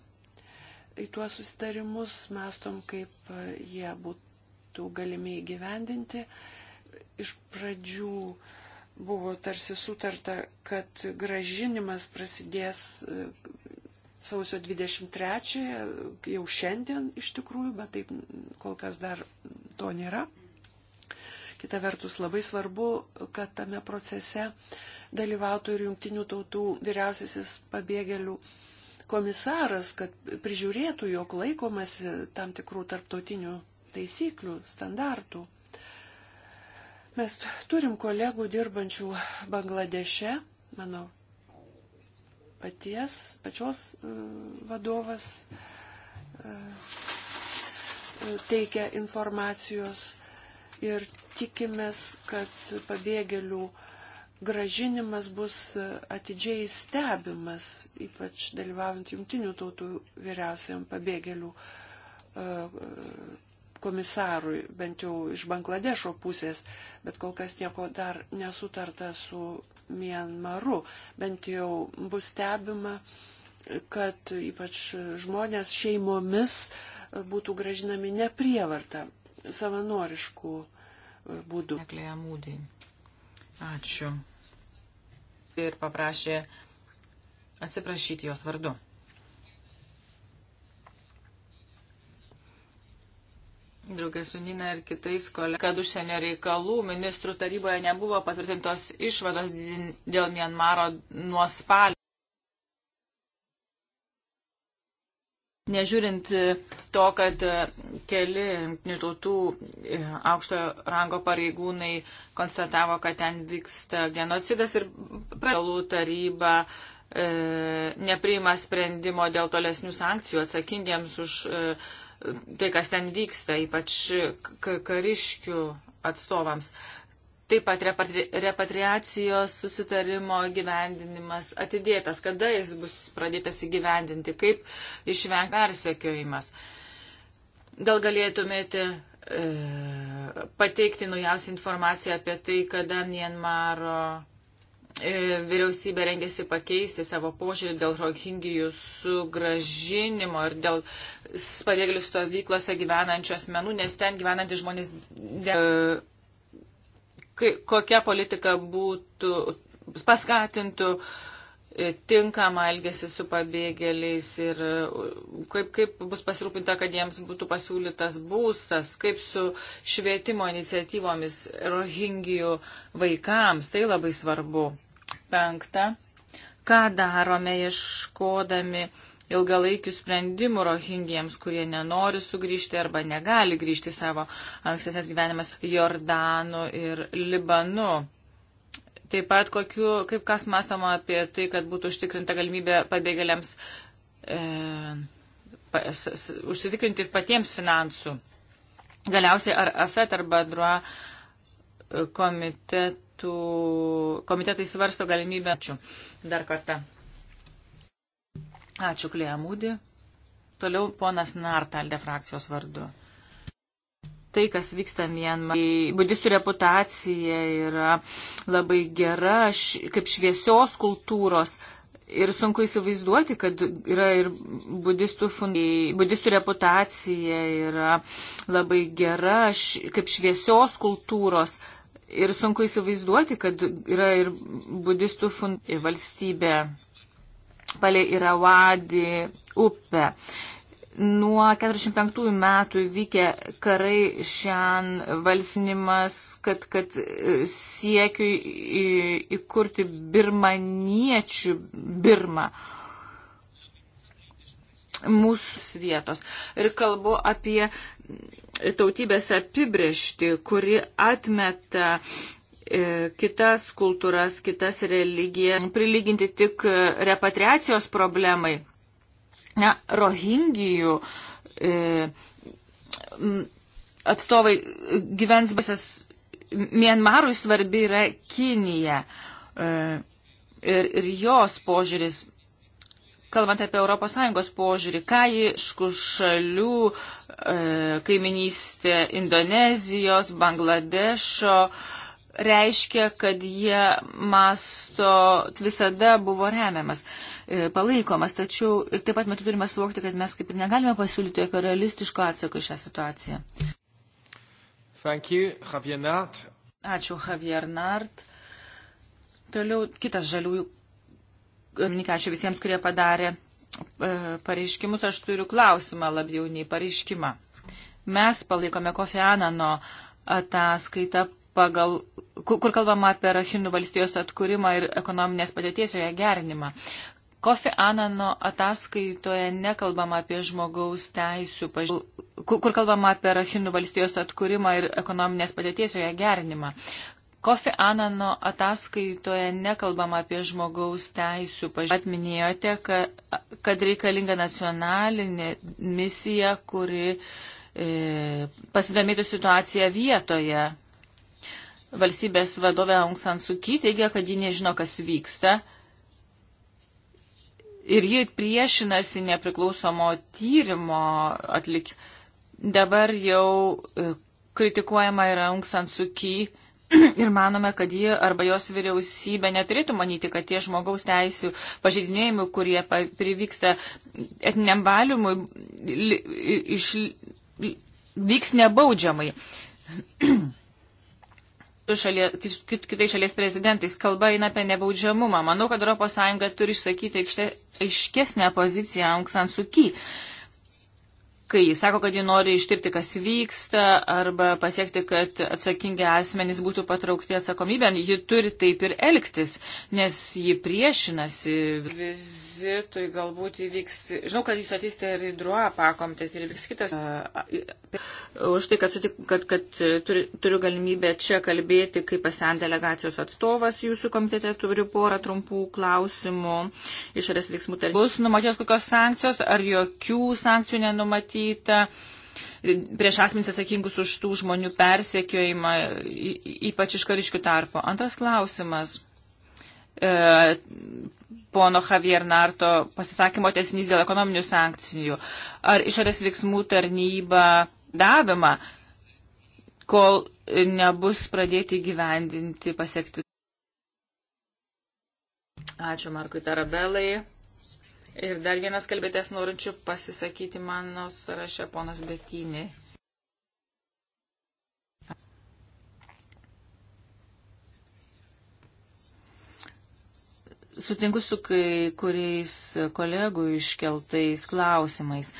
į tuos susitarimus, mastom, kaip jie būtų galimi įgyvendinti. Iš pradžių buvo tarsi sutarta, kad gražinimas prasidės e, sausio 23, jau šiandien iš tikrųjų, bet taip kol kas dar to nėra. Kita vertus, labai svarbu, kad tame procese dalyvautų ir jungtinių tautų vyriausiasis pabėgėlių komisaras, kad prižiūrėtų, jog laikomasi tam tikrų tarptautinių taisyklių, standartų. Mes turim kolegų dirbančių Bangladeše, mano paties, pačios e, vadovas e, teikia informacijos ir tikimės, kad pabėgėlių gražinimas bus atidžiai stebimas, ypač dalyvaujant jungtinių tautų vyriausiam pabėgėlių e, komisarui, bent jau iš Bangladešo pusės, bet kol kas nieko dar nesutarta su Mienmaru, bent jau bus stebima kad ypač žmonės šeimomis būtų gražinami ne prievarta savanoriškų e, būdų. Neklėja mūdį. Ačiū. Ir paprašė atsiprašyti jos vardu. Draugai su Nina ir kitais kolegais, kad užsienio reikalų ministrų taryboje nebuvo patvirtintos išvados dėl Mianmaro nuo spalio. Nežiūrint e, to, kad e, keli tautų e, aukšto rango pareigūnai konstatavo, kad ten vyksta genocidas ir pralų taryba e, nepriima sprendimo dėl tolesnių sankcijų atsakingiems už e, tai, kas ten vyksta, ypač kariškių atstovams. E, Taip pat repatri, repatriacijos susitarimo gyvendinimas atidėtas, kada jis bus pradėtas įgyvendinti, kaip išvengti persekiojimas. Gal galėtumėte e, pateikti naujausią informaciją apie tai, kada Mienmaro e, vyriausybė rengėsi pakeisti savo požiūrį dėl rohingijų sugražinimo ir dėl pabėgėlių stovyklose gyvenančių asmenų, nes ten gyvenantys žmonės. De, e, kai, kokia politika būtų paskatintų e, tinkamą elgesį su pabėgėliais ir e, kaip, kaip bus pasirūpinta, kad jiems būtų pasiūlytas būstas, kaip su švietimo iniciatyvomis rohingijų vaikams. Tai labai svarbu. Penkta. Ką darome ieškodami ilgalaikių sprendimų rohingiems, kurie nenori sugrįžti arba negali grįžti savo ankstesnės gyvenimas Jordanu ir Libanu. Taip pat, kokiu, kaip kas mąstoma apie tai, kad būtų užtikrinta galimybė pabėgėliams e, pas, užsitikrinti patiems finansų. Galiausiai, ar AFET arba DRUA e, komitetų, komitetai svarsto galimybę. Ačiū dar kartą. Ačiū, Klėja Mūdi. Toliau ponas Nartaldė frakcijos vardu. Tai, kas vyksta Mienmarai, budistų reputacija yra labai gera, kaip šviesios kultūros. Ir sunku įsivaizduoti, kad yra ir budistų, fundai, budistų reputacija yra labai gera, kaip šviesios kultūros. Ir sunku įsivaizduoti, kad yra ir budistų fund, valstybė palei Iravadi upę. Nuo 45 metų vykę karai šian valsinimas, kad, kad e, siekiu įkurti birmaniečių Birmą mūsų vietos. Ir kalbu apie tautybės apibriešti, kuri atmeta E, kitas kultūras, kitas religijas, prilyginti tik repatriacijos problemai. Na, rohingijų e, atstovai gyvens basas Mienmarui svarbi yra Kinija e, ir, ir jos požiūris, kalbant apie ES požiūrį, ką iš šalių e, kaiminystė Indonezijos, Bangladešo, e, reiškia, kad jie masto visada buvo remiamas, e, palaikomas. Tačiau ir taip pat metu turime suvokti, kad mes kaip ir negalime pasiūlyti jokio realistiško atsako į šią situaciją. Thank you, Javier Nart. Ačiū, Javier Nart. Toliau kitas žaliųjų. Ačiū visiems, kurie padarė e, pareiškimus. Aš turiu klausimą labiau nei pareiškimą. Mes palaikome Kofi Anano ataskaitą pagal, kur kalbama apie Rahinų valstijos atkūrimą ir ekonominės padėties joje gerinimą. Kofi Anano ataskaitoje nekalbama apie žmogaus teisų, kur kalbama apie Rahinų valstijos atkūrimą ir ekonominės padėties joje gerinimą. Kofi Anano ataskaitoje nekalbama apie žmogaus teisų. Atminėjote, kad, kad reikalinga nacionalinė misija, kuri e, pasidomėtų situaciją vietoje valstybės vadovė Aung San Suu Kyi teigia, kad ji nežino, kas vyksta. Ir ji priešinasi nepriklausomo tyrimo atlikti. Dabar jau e, kritikuojama yra Aung San Suu Kyi [CLEARS THROAT] ir manome, kad ji arba jos vyriausybė neturėtų manyti, kad tie žmogaus teisų pažeidinėjimai, kurie privyksta etiniam valiumui, iš, vyks nebaudžiamai. [CLEARS THROAT] šalie, kit, kitais šalies prezidentais. Kalba eina apie nebaudžiamumą. Manau, kad ES turi išsakyti aiškesnę poziciją Aung San Suu Kyi kai jis sako, kad jie nori ištirti, kas vyksta, arba pasiekti, kad atsakingi asmenys būtų patraukti atsakomybę, ji turi taip ir elgtis, nes ji priešinasi vizitui, galbūt įvyks, žinau, kad jūs atysite ir į Druą pakomitetį, ir vyks kitas. Už tai, kad, sutik, kad, kad turi, turiu galimybę čia kalbėti, kaip pasen delegacijos atstovas jūsų komitete, turiu porą trumpų klausimų išorės veiksmų tarybos. Bus numatytos kokios sankcijos, ar jokių sankcijų nenumatytos? numatyta prieš asmenys atsakingus už tų žmonių persekiojimą, ypač iš kariškių tarpo. Antras klausimas. E, pono Javier Narto pasisakymo tesinys dėl ekonominių sankcijų. Ar išorės veiksmų tarnyba davimą, kol nebus pradėti gyvendinti pasiekti. Ačiū Markui Tarabelai. Ir dar vienas kalbėtės norinčių pasisakyti mano sąraše, ponas Betinė. Sutinku su kai kuriais kolegų iškeltais klausimais.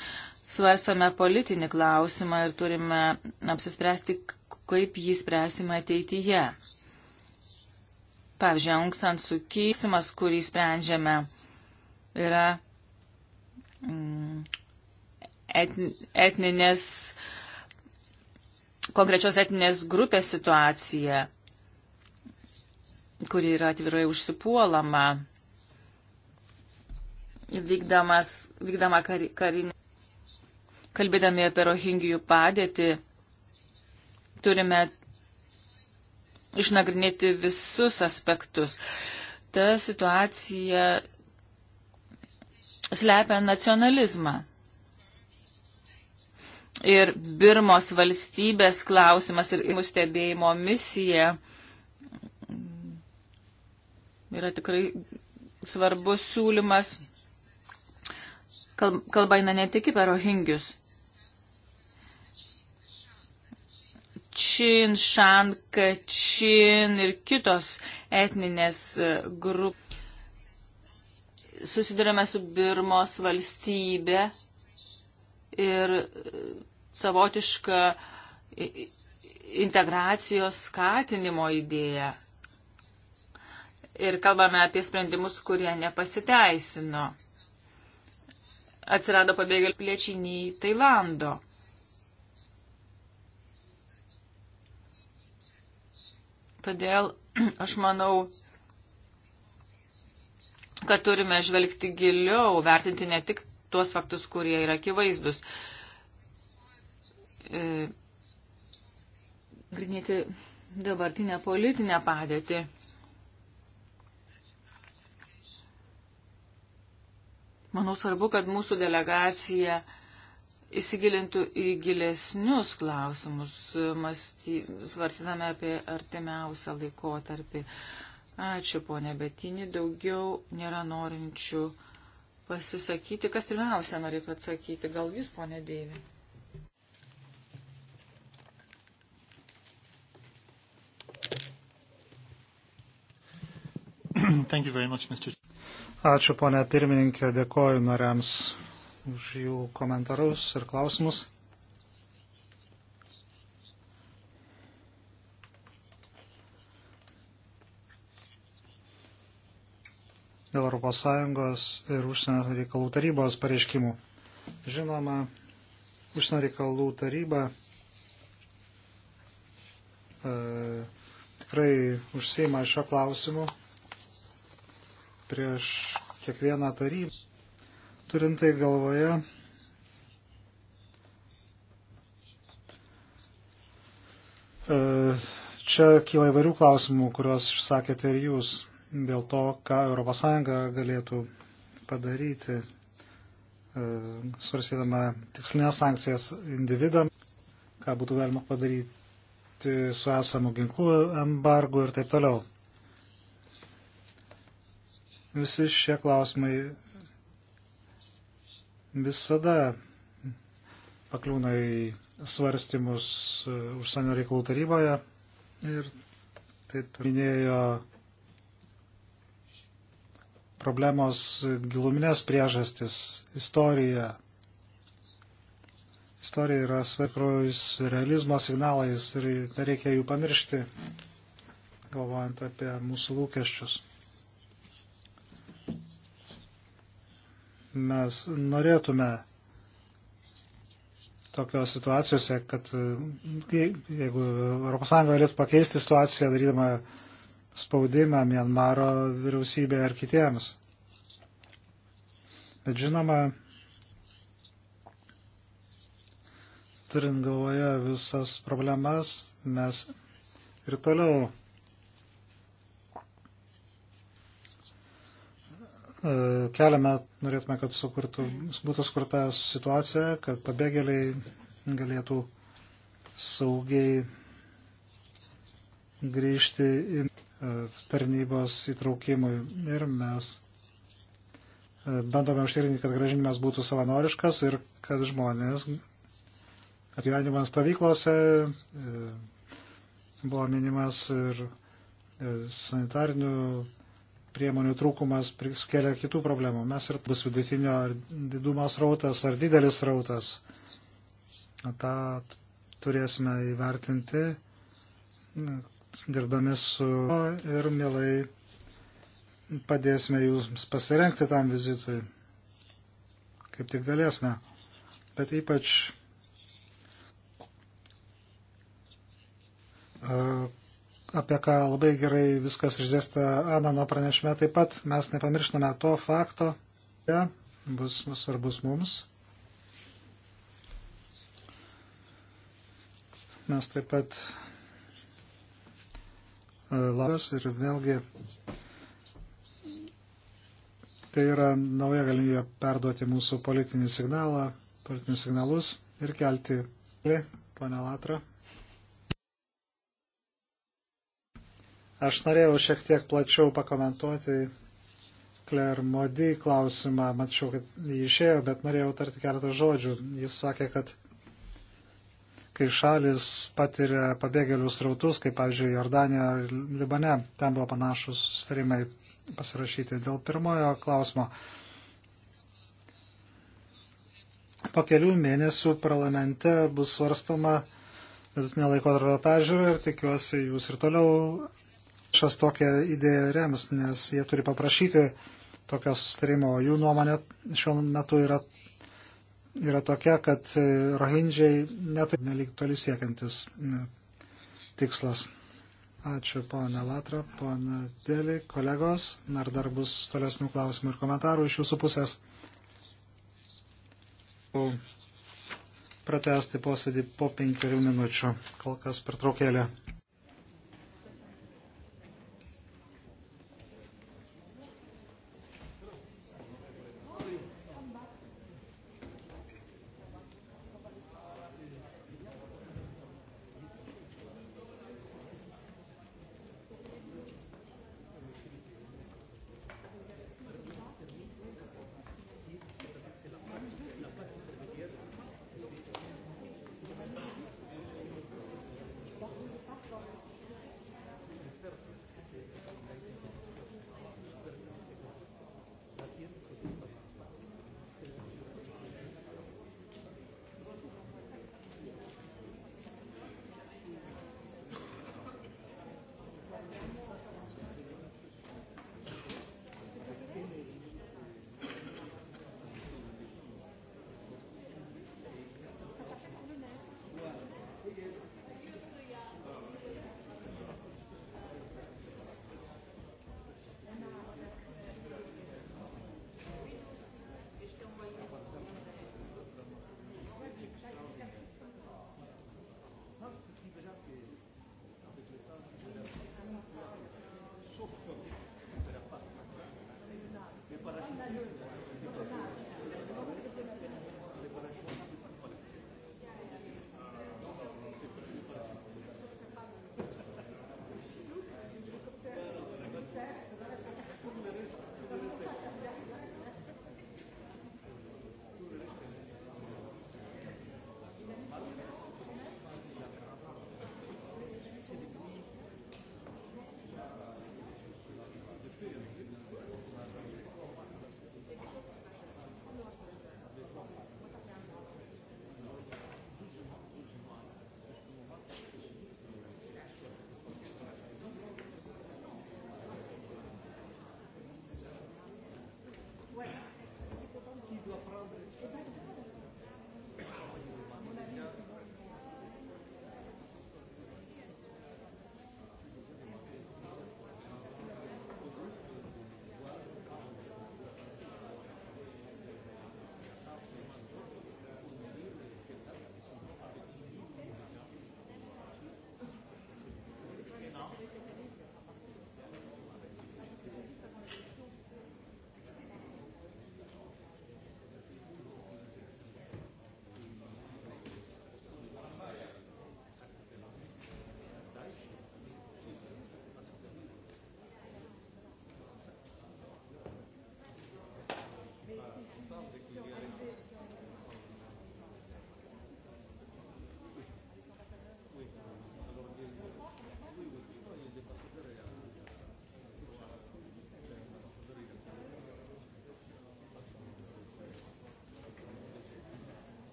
Svarstome politinį klausimą ir turime apsispręsti, kaip jį spręsime ateityje. Pavyzdžiui, Aung San Suu Kyi, kurį sprendžiame yra mm, etninės, konkrečios etninės grupės situacija, kuri yra atvirai užsipuolama, vykdamas, vykdama kar, karinė. Kalbėdami apie rohingijų padėtį, turime išnagrinėti visus aspektus. Ta situacija slepia nacionalizmą. Ir Birmos valstybės klausimas ir mūsų stebėjimo misija yra tikrai svarbus siūlymas. Kalba eina ne tik apie rohingius. Čin, Šanka, Čin ir kitos etninės e, grupės susidurėme su Birmos valstybė ir e, savotiška integracijos skatinimo idėja. Ir kalbame apie sprendimus, kurie nepasiteisino. Atsirado pabėgėlių piliečiniai Tailando. Todėl [CLEARS THROAT] aš manau, kad turime žvelgti giliau, vertinti ne tik tuos faktus, kurie yra akivaizdus. E, grinėti dabartinę politinę padėtį. Manau svarbu, kad mūsų delegacija įsigilintų į gilesnius klausimus, svarstydame apie artimiausią laikotarpį. tarpį Ačiū, ponė Betini. Daugiau nėra norinčių pasisakyti. Kas pirmiausia norėtų atsakyti? Gal jūs, ponė Deivi? [CLEARS THROAT] Much, Mr. Ačiū, ponė pirmininkė. Dėkoju nariams už jų komentarus ir klausimus. dėl ES ir užsienio reikalų tarybos pareiškimų. Žinoma, užsienio reikalų taryba e, tikrai užsima šio klausimu prieš kiekvieną tarybą. Turintai galvoje, e, Čia kyla įvairių klausimų, kuriuos išsakėte ir jūs dėl to, ką ES galėtų padaryti, e, svarstydama tikslinės sankcijas individams, ką būtų galima padaryti su esamu ginklų embargu ir taip toliau. Visi šie klausimai visada pakliūna į svarstymus užsienio reikalų taryboje ir taip minėjo problemos giluminės priežastis, istorija. Istorija yra svarbiaus realizmo signalais ir nereikia jų pamiršti, galvojant apie mūsų lūkesčius. Mes norėtume tokios situacijose, kad jeigu ES galėtų pakeisti situaciją, darydama uh, spaudimą Mianmaro vyriausybė ar kitiems. Bet žinoma, turint galvoje visas problemas, mes ir toliau e, keliame, norėtume, kad sukurtų, būtų skurta situacija, kad pabėgėliai galėtų saugiai grįžti į E, tarnybos įtraukimui ir mes e, bandome užtikrinti, kad gražinimas būtų savanoriškas ir kad žmonės atgyvenimas stovyklose e, buvo minimas ir sanitarinių priemonių trūkumas kelia kitų problemų. Mes ir bus vidutinio didumas rautas ar didelis rautas. Ta turėsime įvertinti, dirbdami su ir mielai padėsime jums pasirenkti tam vizitui, kaip tik galėsime. Bet ypač apie ką labai gerai viskas išdėsta Anano pranešime, taip pat mes nepamirštame to fakto, ja, bus svarbus mums. Mes taip pat E, labas ir vėlgi tai yra nauja galimybė perduoti mūsų politinį signalą, politinius signalus ir kelti. Pane Latra. Aš norėjau šiek tiek plačiau pakomentuoti Claire Modi klausimą. Mačiau, kad jį išėjo, bet norėjau tarti keletą žodžių. Jis sakė, kad kai šalis patiria pabėgėlius rautus, kaip pavyzdžiui Jordanija ar Libane, ten buvo panašus sustarimai pasirašyti. Dėl pirmojo klausimo. Po kelių mėnesių parlamente bus svarstoma vidutinė laiko tarpo peržiūra ir tikiuosi jūs ir toliau šias tokią idėją rems, nes jie turi paprašyti tokio sustarimo, o jų nuomonė šiuo metu yra yra tokia, kad e, rohindžiai netaip nelik toli siekiantis tikslas. Ačiū ponė Latra, ponė Dėlį, kolegos. Ar dar bus tolesnių klausimų ir komentarų iš jūsų pusės? Pratesti posėdį po penkerių minučių. Kol kas pertraukėlė.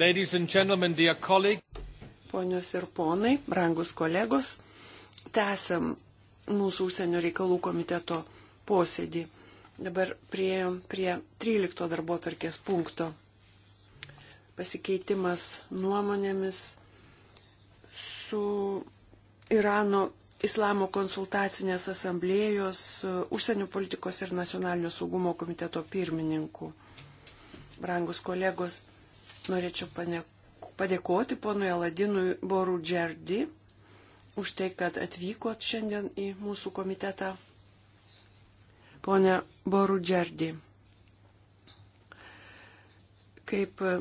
Ladies and gentlemen, dear colleague. Ponios ir ponai, brangus kolegos, tęsiam mūsų užsienio reikalų komiteto posėdį. Dabar prieėjom prie 13 darbo tarkės punkto. Pasikeitimas nuomonėmis su Irano Islamo konsultacinės asamblėjos e, užsienio politikos ir nacionalinio saugumo komiteto pirmininku. Brangus kolegos, Norėčiau padėkoti ponui Aladinui Boru Džerdi už tai, kad atvykot šiandien į mūsų komitetą. Pone Boru Džerdi, kaip e,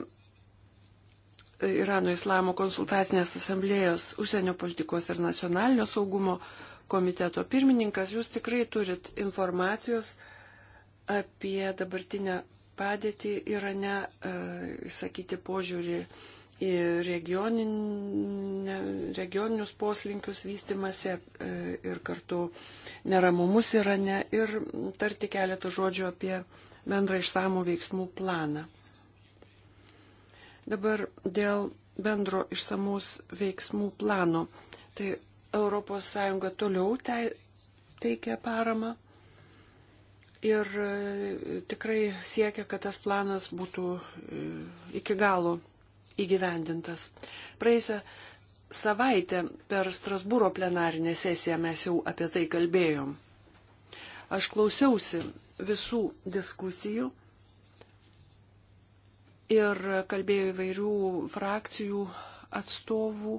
Irano Islamo konsultacinės asamblėjos užsienio politikos ir nacionalinio saugumo komiteto pirmininkas, jūs tikrai turit informacijos apie dabartinę padėtį Irane, išsakyti e, požiūrį į regioninius poslinkius vystimasi e, ir kartu neramumus Irane ir tarti keletą žodžių apie bendrą išsamų veiksmų planą. Dabar dėl bendro išsamaus veiksmų plano. Tai ES toliau teikia paramą ir e, tikrai siekia, kad tas planas būtų e, iki galo įgyvendintas. Praėjusią savaitę per Strasbūro plenarinę sesiją mes jau apie tai kalbėjom. Aš klausiausi visų diskusijų ir kalbėjau įvairių frakcijų atstovų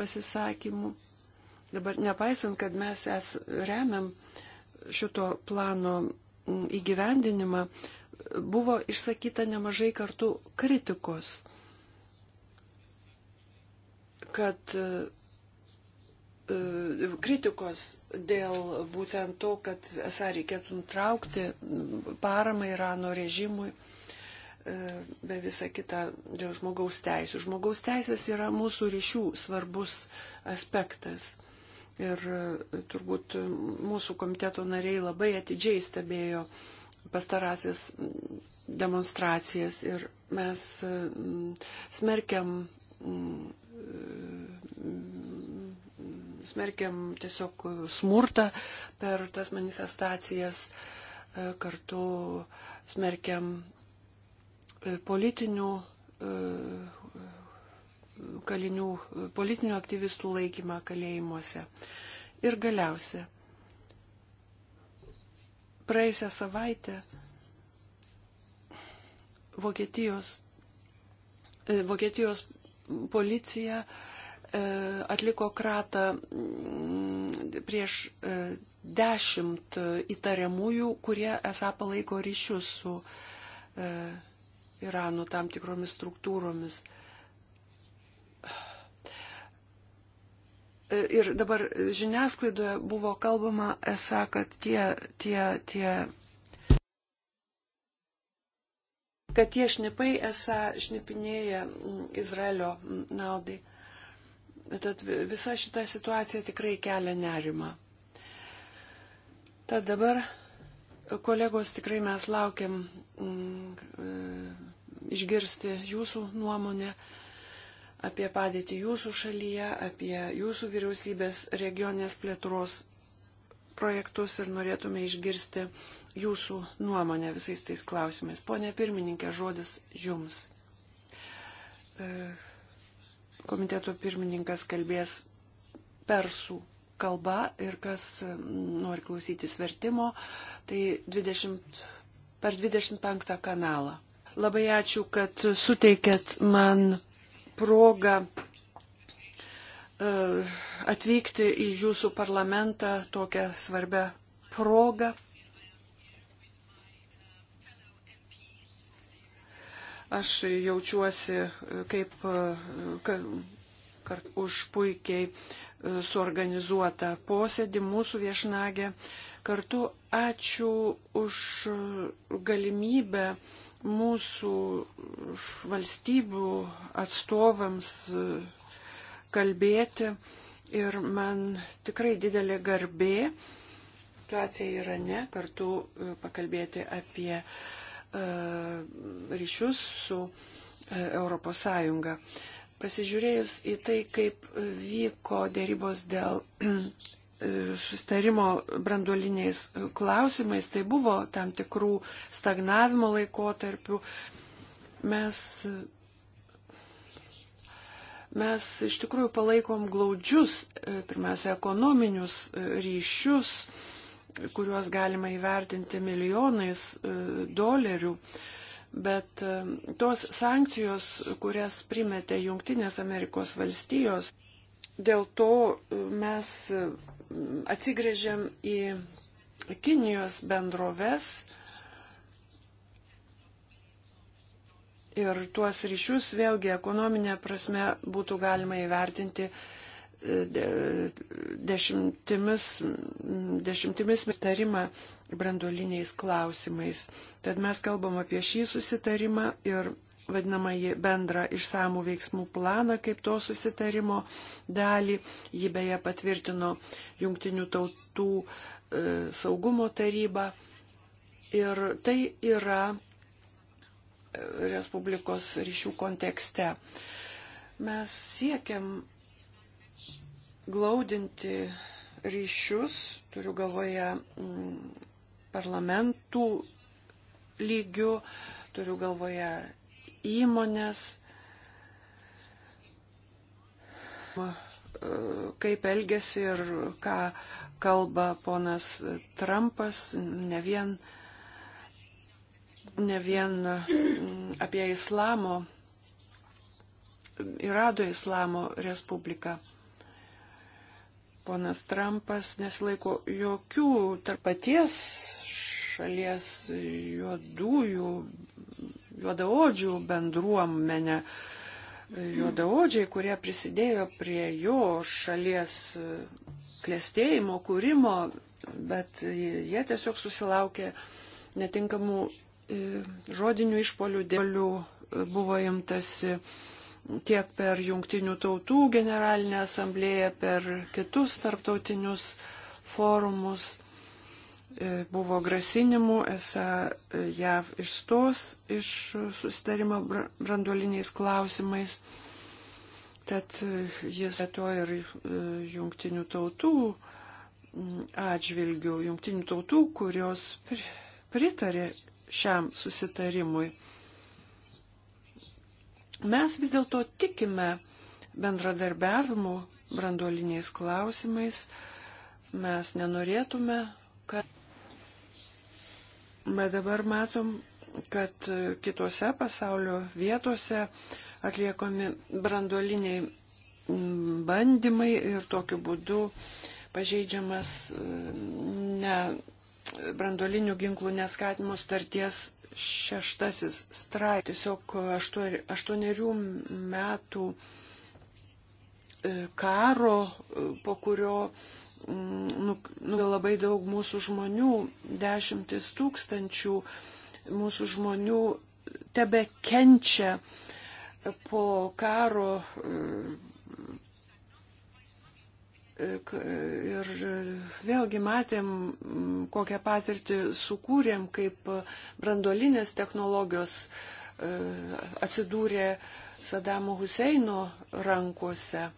pasisakymų. Dabar nepaisant, kad mes es remiam uh, šito plano mm, įgyvendinimą, buvo išsakyta nemažai kartų kritikos, kad e, e, kritikos dėl būtent to, kad esą reikėtų nutraukti mm, paramą Irano režimui, e, be visa kita dėl žmogaus teisų. Žmogaus teisės yra mūsų ryšių svarbus aspektas. Ir e, turbūt e, mūsų komiteto nariai labai atidžiai stebėjo pastarasis demonstracijas ir mes e, smerkiam, smerkiam tiesiog smurtą per tas manifestacijas, kartu smerkiam politinių kalinių, politinių aktyvistų laikymą kalėjimuose. Ir galiausia, praėjusią savaitę Vokietijos, e, Vokietijos policija e, atliko kratą mm, prieš e, dešimt įtariamųjų, kurie esą palaiko ryšius su Irano tam tikromis struktūromis. ir dabar žiniasklaidoje buvo kalbama, esą, kad tie, tie, tie, kad tie šnipai esą šnipinėja mm, Izraelio mm, naudai. Tad visa šita situacija tikrai kelia nerimą. Tad dabar, e, kolegos, tikrai mes laukiam mm, e, išgirsti jūsų nuomonę. Mm, apie padėtį jūsų šalyje, apie jūsų vyriausybės regionės plėtros projektus ir norėtume išgirsti jūsų nuomonę visais tais klausimais. Pone pirmininkė, žodis jums. E, komiteto pirmininkas kalbės persų kalba ir kas e, nori klausytis vertimo, tai 20, per 25 kanalą. Labai ačiū, kad suteikėt man progą e, atvykti į jūsų parlamentą tokią svarbę progą. Aš jaučiuosi e, kaip e, ka, ka, už puikiai suorganizuotą posėdį mūsų viešnagę. Kartu ačiū už galimybę uh, mūsų valstybių atstovams e, kalbėti ir man tikrai didelė garbė situacija Irane kartu e, pakalbėti apie e, ryšius su ES. Pasižiūrėjus į tai, kaip vyko dėrybos dėl E, sustarimo branduoliniais klausimais, tai buvo tam tikrų stagnavimo laikotarpių. Mes, mes iš tikrųjų palaikom glaudžius, e, pirmiausia, ekonominius e, ryšius, kuriuos galima įvertinti milijonais dolerių. Bet tos sankcijos, kurias primetė Junktinės Amerikos valstijos, dėl to mes atsigrėžiam į Kinijos bendroves ir tuos ryšius vėlgi ekonominė prasme būtų galima įvertinti e, dešimtimis, dešimtimis tarimą branduoliniais klausimais. Tad mes kalbam apie šį susitarimą ir vadinamąjį bendrą išsamų veiksmų planą kaip to susitarimo dalį. Jį beje patvirtino Junktinių tautų e, saugumo taryba. Ir tai yra e, Respublikos ryšių kontekste. Mes siekiam glaudinti ryšius, turiu galvoje mm, parlamentų lygių, turiu galvoje įmonės, kaip elgesi ir ką kalba ponas Trumpas, ne vien, ne vien apie islamo, Irado islamo respubliką. Ponas Trumpas nesilaiko jokių tarpaties šalies juodųjų juodaodžių bendruomenę. Juodaodžiai, kurie prisidėjo prie jo šalies klėstėjimo, kūrimo, bet jie tiesiog susilaukė netinkamų e, žodinių išpolių dėlių e, buvo imtasi tiek per jungtinių tautų generalinę asamblėją, per kitus tarptautinius forumus. E, buvo grasinimų, esą e, JAV išstos iš susitarimo branduoliniais klausimais. Tad e, jis to ir jungtinių tautų atžvilgių, jungtinių tautų, kurios pritarė šiam susitarimui. Mes vis dėlto tikime bendradarbiavimu branduoliniais klausimais. Mes nenorėtume, kad Bet dabar matom, kad kitose pasaulio vietose atliekami branduoliniai mm, bandymai ir tokiu būdu pažeidžiamas mm, ne branduolinių ginklų neskatimo starties šeštasis straipsnis. Tiesiog aštuonerių metų e, karo, e, po kurio Mm, nugal nu, labai daug mūsų žmonių, dešimtis tūkstančių mūsų žmonių tebe kenčia po karo e, e, ir vėlgi matėm, mm, kokią patirtį sukūrėm, kaip brandolinės technologijos e, atsidūrė Sadamo Huseino rankose.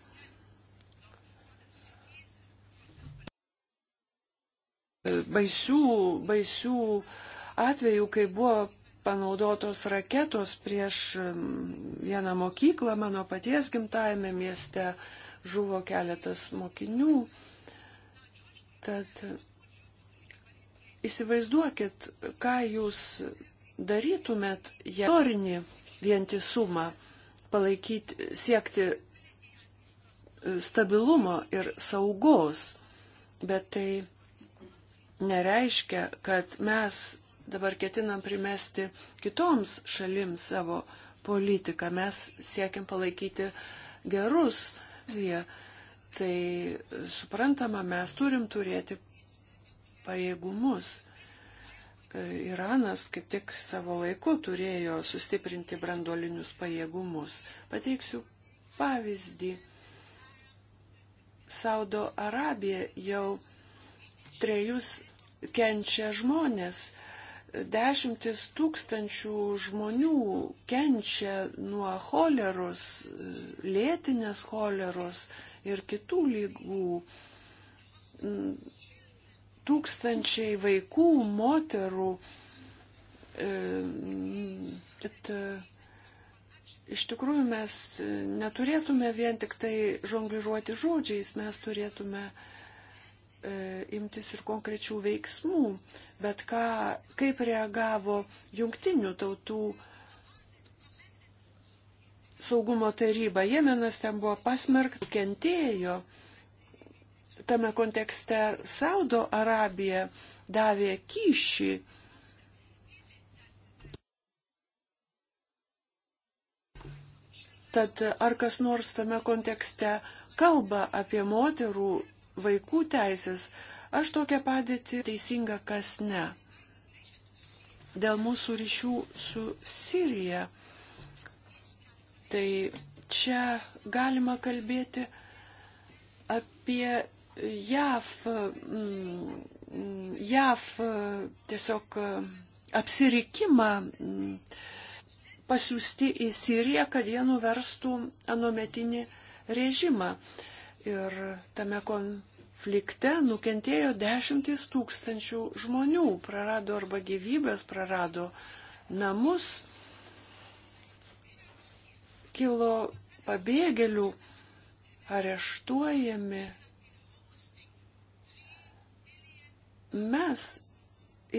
baisių, baisių atvejų, kai buvo panaudotos raketos prieš um, vieną mokyklą mano paties gimtajame mieste, žuvo keletas mokinių. Tad įsivaizduokit, ką jūs darytumėt, jei istorinį vientisumą palaikyti, siekti e, stabilumo ir saugos, bet tai nereiškia, kad mes dabar ketinam primesti kitoms šalims savo politiką. Mes siekiam palaikyti gerus. Tai suprantama, mes turim turėti pajėgumus. E, Iranas kaip tik savo laiku turėjo sustiprinti branduolinius pajėgumus. Pateiksiu pavyzdį. Saudo Arabija jau trejus kenčia žmonės. Dešimtis tūkstančių žmonių kenčia nuo choleros, lėtinės choleros ir kitų lygų. Tūkstančiai vaikų, moterų. E, bet, e, iš tikrųjų mes neturėtume vien tik tai žongliruoti žodžiais, mes turėtume uh, E, imtis ir konkrečių veiksmų, bet ką, kaip reagavo jungtinių tautų saugumo taryba. Jemenas ten buvo pasmerktas, kentėjo. Tame kontekste Saudo Arabija davė kyšį Tad ar kas nors tame kontekste kalba apie moterų vaikų teisės, aš tokią padėtį teisinga, kas ne. Dėl mūsų ryšių su Sirija, tai čia galima kalbėti apie JAV, mm, JAV mm, tiesiog mm, apsirikimą pasiūsti į Siriją, kad jie nuverstų anometinį režimą. Ir tame konflikte nukentėjo dešimtys tūkstančių žmonių, prarado arba gyvybės, prarado namus, kilo pabėgėlių, areštuojami. Mes,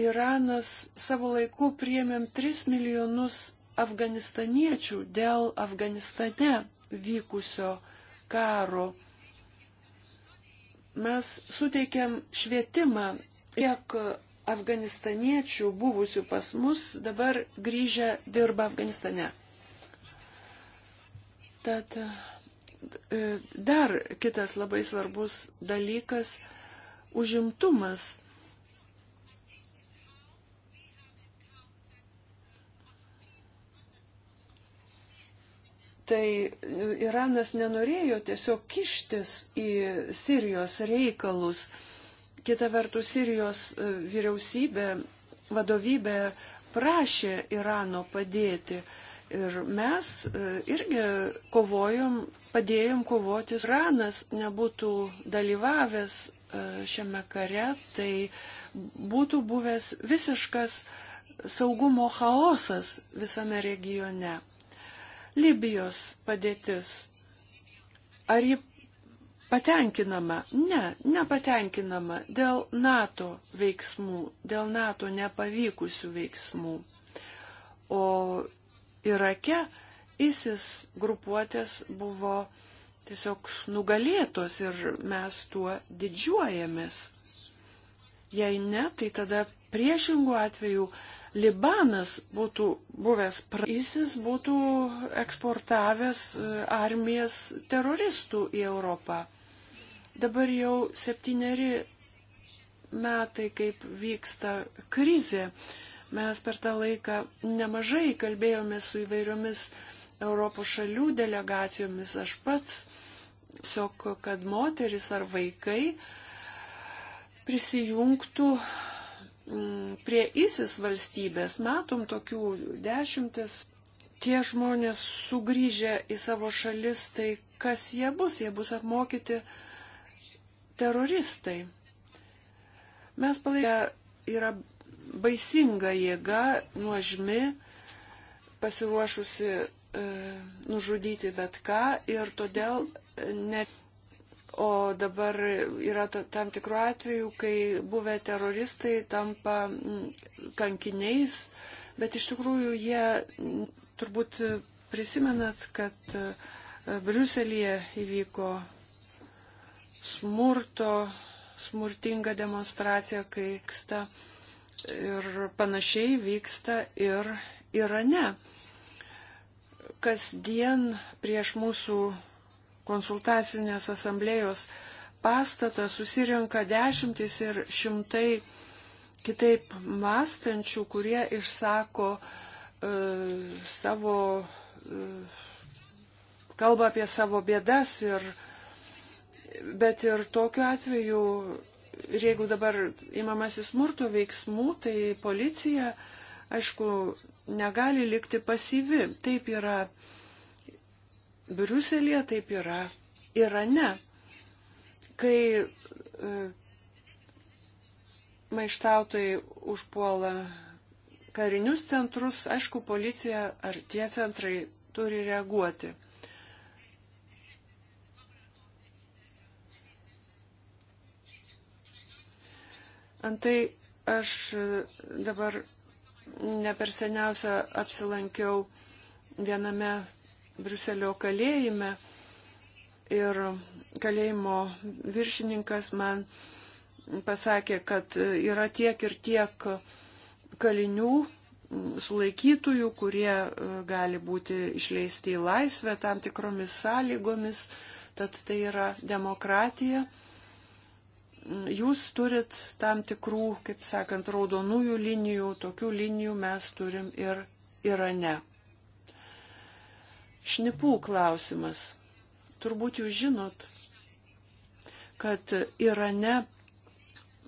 Iranas, savo laiku priemėm 3 milijonus afganistaniečių dėl Afganistane vykusio karo mes suteikėm švietimą tiek afganistaniečių buvusių pas mus dabar grįžę dirba Afganistane. Tad e, dar kitas labai svarbus dalykas - užimtumas tai Iranas nenorėjo tiesiog kištis į Sirijos reikalus. Kita vertus, Sirijos e, vyriausybė, vadovybė prašė Irano padėti. Ir mes e, irgi kovojom, padėjom kovoti. Iranas nebūtų dalyvavęs e, šiame kare, tai būtų buvęs visiškas saugumo chaosas visame regione. Libijos padėtis. Ar ji patenkinama? Ne, nepatenkinama dėl NATO veiksmų, dėl NATO nepavykusių veiksmų. O Irake ISIS grupuotės buvo tiesiog nugalėtos ir mes tuo didžiuojamės. Jei ne, tai tada priešingų atvejų Libanas būtų buvęs, ISIS būtų eksportavęs e, armijas teroristų į Europą. Dabar jau septyneri metai, kaip vyksta krizė. Mes per tą laiką nemažai kalbėjome su įvairiomis Europos šalių delegacijomis. Aš pats, tiesiog, kad moteris ar vaikai prisijungtų Mm, prie ISIS valstybės, matom tokių dešimtis, tie žmonės sugrįžę į savo šalis, tai kas jie bus? Jie bus apmokyti teroristai. Mes palaikė yra baisinga jėga, nuožmi, pasiruošusi e, nužudyti bet ką ir todėl net O dabar yra tam tikrų atvejų, kai buvę teroristai tampa mm, kankiniais, bet iš tikrųjų jie mm, turbūt prisimenat, kad e, Briuselėje įvyko smurto, smurtinga demonstracija, kai vyksta ir panašiai vyksta ir Irane. Kasdien prieš mūsų konsultacinės asamblėjos pastatą susirinka dešimtis ir šimtai kitaip mąstančių, kurie išsako e, savo, e, kalba apie savo bėdas ir, bet ir tokiu atveju, ir jeigu dabar imamasi smurto veiksmų, tai policija, aišku, negali likti pasyvi. Taip yra Briuselėje, taip yra Irane, kai e, maištautojai užpuola karinius centrus, aišku, policija ar tie centrai turi reaguoti. Antai aš dabar ne per seniausia apsilankiau viename Bruselio kalėjime ir kalėjimo viršininkas man pasakė, kad yra tiek ir tiek kalinių sulaikytųjų, kurie e, gali būti išleisti į laisvę tam tikromis sąlygomis, tad tai yra demokratija. Jūs turit tam tikrų, kaip sakant, raudonųjų linijų, tokių linijų mes turim ir Irane. Šnipų klausimas. Turbūt jūs žinot, kad Irane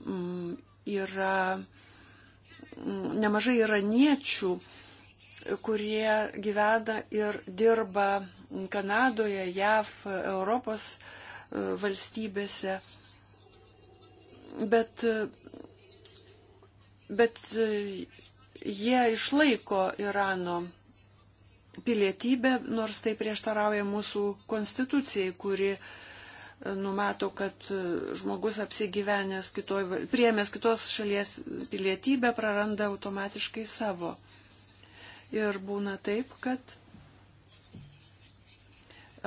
mm, yra mm, nemažai iraniečių, kurie gyvena ir dirba Kanadoje, JAV, Europos e, valstybėse. Bet, e, bet e, jie išlaiko Irano pilietybę, nors tai prieštarauja mūsų konstitucijai, kuri e, numato, kad e, žmogus apsigyvenęs, kitoj, priemęs kitos šalies pilietybę, praranda automatiškai savo. Ir būna taip, kad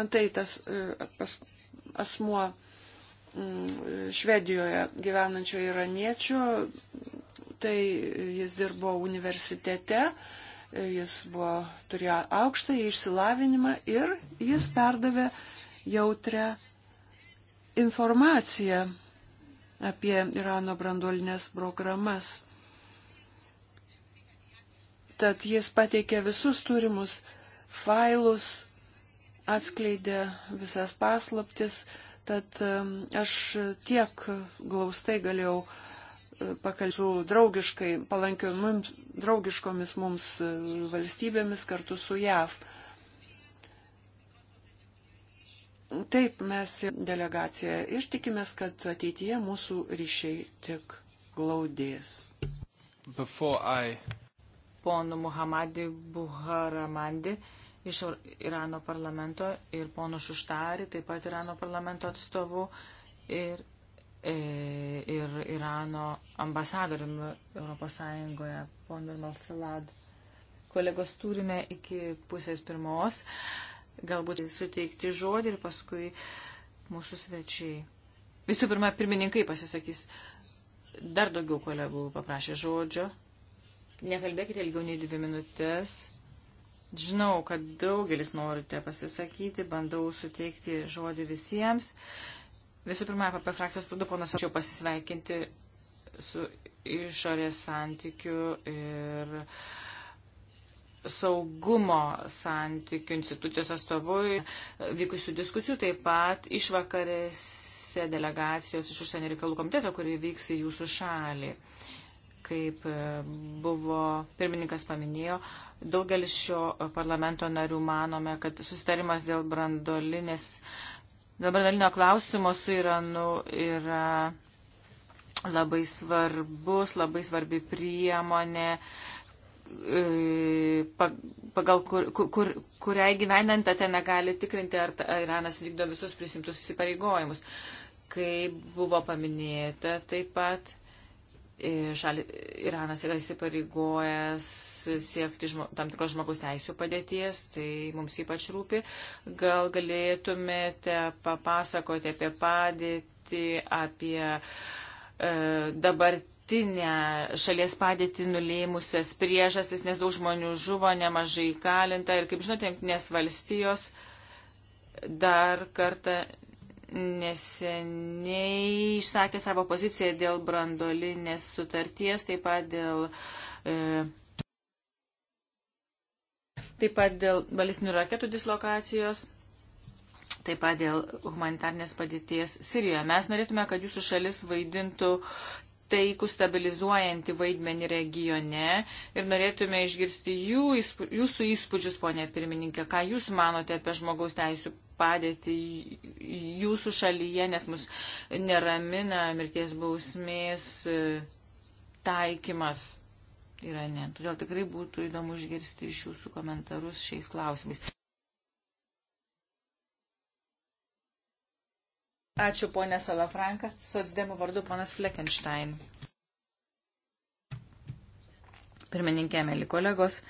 antai tas e, pas, asmuo mm, Švedijoje gyvenančio iraniečių, tai jis dirbo universitete, jis buvo, turėjo aukštą išsilavinimą ir jis perdavė jautrę informaciją apie Irano branduolinės programas. Tad jis pateikė visus turimus failus, atskleidė visas paslaptis, tad um, aš tiek glaustai galėjau uh, pakalbėsiu draugiškai, palankiomis, draugiškomis mums e, valstybėmis kartu su JAV. Taip, mes delegacija ir tikimės, kad ateityje mūsų ryšiai tik glaudės. I... Ponu Muhamadi Buharamandi iš Irano parlamento ir ponu Šuštari, taip pat Irano parlamento atstovų ir E, ir Irano ambasadoriumi Europos Sąjungoje, ponu Malsalad. Kolegos turime iki pusės pirmos, galbūt suteikti žodį ir paskui mūsų svečiai. Visų pirma, pirmininkai pasisakys. Dar daugiau kolegų paprašė žodžio. Nekalbėkite ilgiau nei dvi minutės. Žinau, kad daugelis norite pasisakyti, bandau suteikti žodį visiems. Uh, Visų pirma, apie frakcijos vardu, ponas, ačiū pasisveikinti su išorės santykiu ir saugumo santykių institucijos atstovui vykusių diskusijų, taip pat išvakarėse delegacijos iš užsienio reikalų komiteto, kuri vyks į jūsų šalį. Kaip buvo pirmininkas paminėjo, daugelis šio parlamento narių manome, kad susitarimas dėl brandolinės Dabar dalinio klausimo su Iranu yra labai svarbus, labai svarbi priemonė, e, pagal kur, kur, kuriai gyvenant Atena gali tikrinti, ar Iranas vykdo visus prisimtus įsipareigojimus. Kaip buvo paminėta taip pat, šali, Iranas yra įsipareigojęs siekti žmo, tam tikros žmogaus teisų padėties, tai mums ypač rūpi. Gal galėtumėte papasakoti apie padėtį, apie e, dabartinę šalies padėtį nulėmusias priežastis, nes daug žmonių žuvo, nemažai kalinta ir, kaip žinote, nes valstijos dar kartą neseniai išsakė savo poziciją dėl brandolinės sutarties, taip pat dėl. E, Taip pat dėl balistinių raketų dislokacijos, taip pat dėl humanitarnės padėties Sirijoje. Mes norėtume, kad jūsų šalis vaidintų taikų stabilizuojantį vaidmenį regione ir norėtume išgirsti jų, jūsų įspūdžius, ponė pirmininkė, ką jūs manote apie žmogaus teisų padėtį jūsų šalyje, nes mus neramina mirties bausmės e, taikymas Irane. Todėl tikrai būtų įdomu išgirsti iš jūsų komentarus šiais klausimais. Ačiū ponė Salafranka, socdemų vardu ponas Fleckenstein. Pirmininkė, mėly kolegos,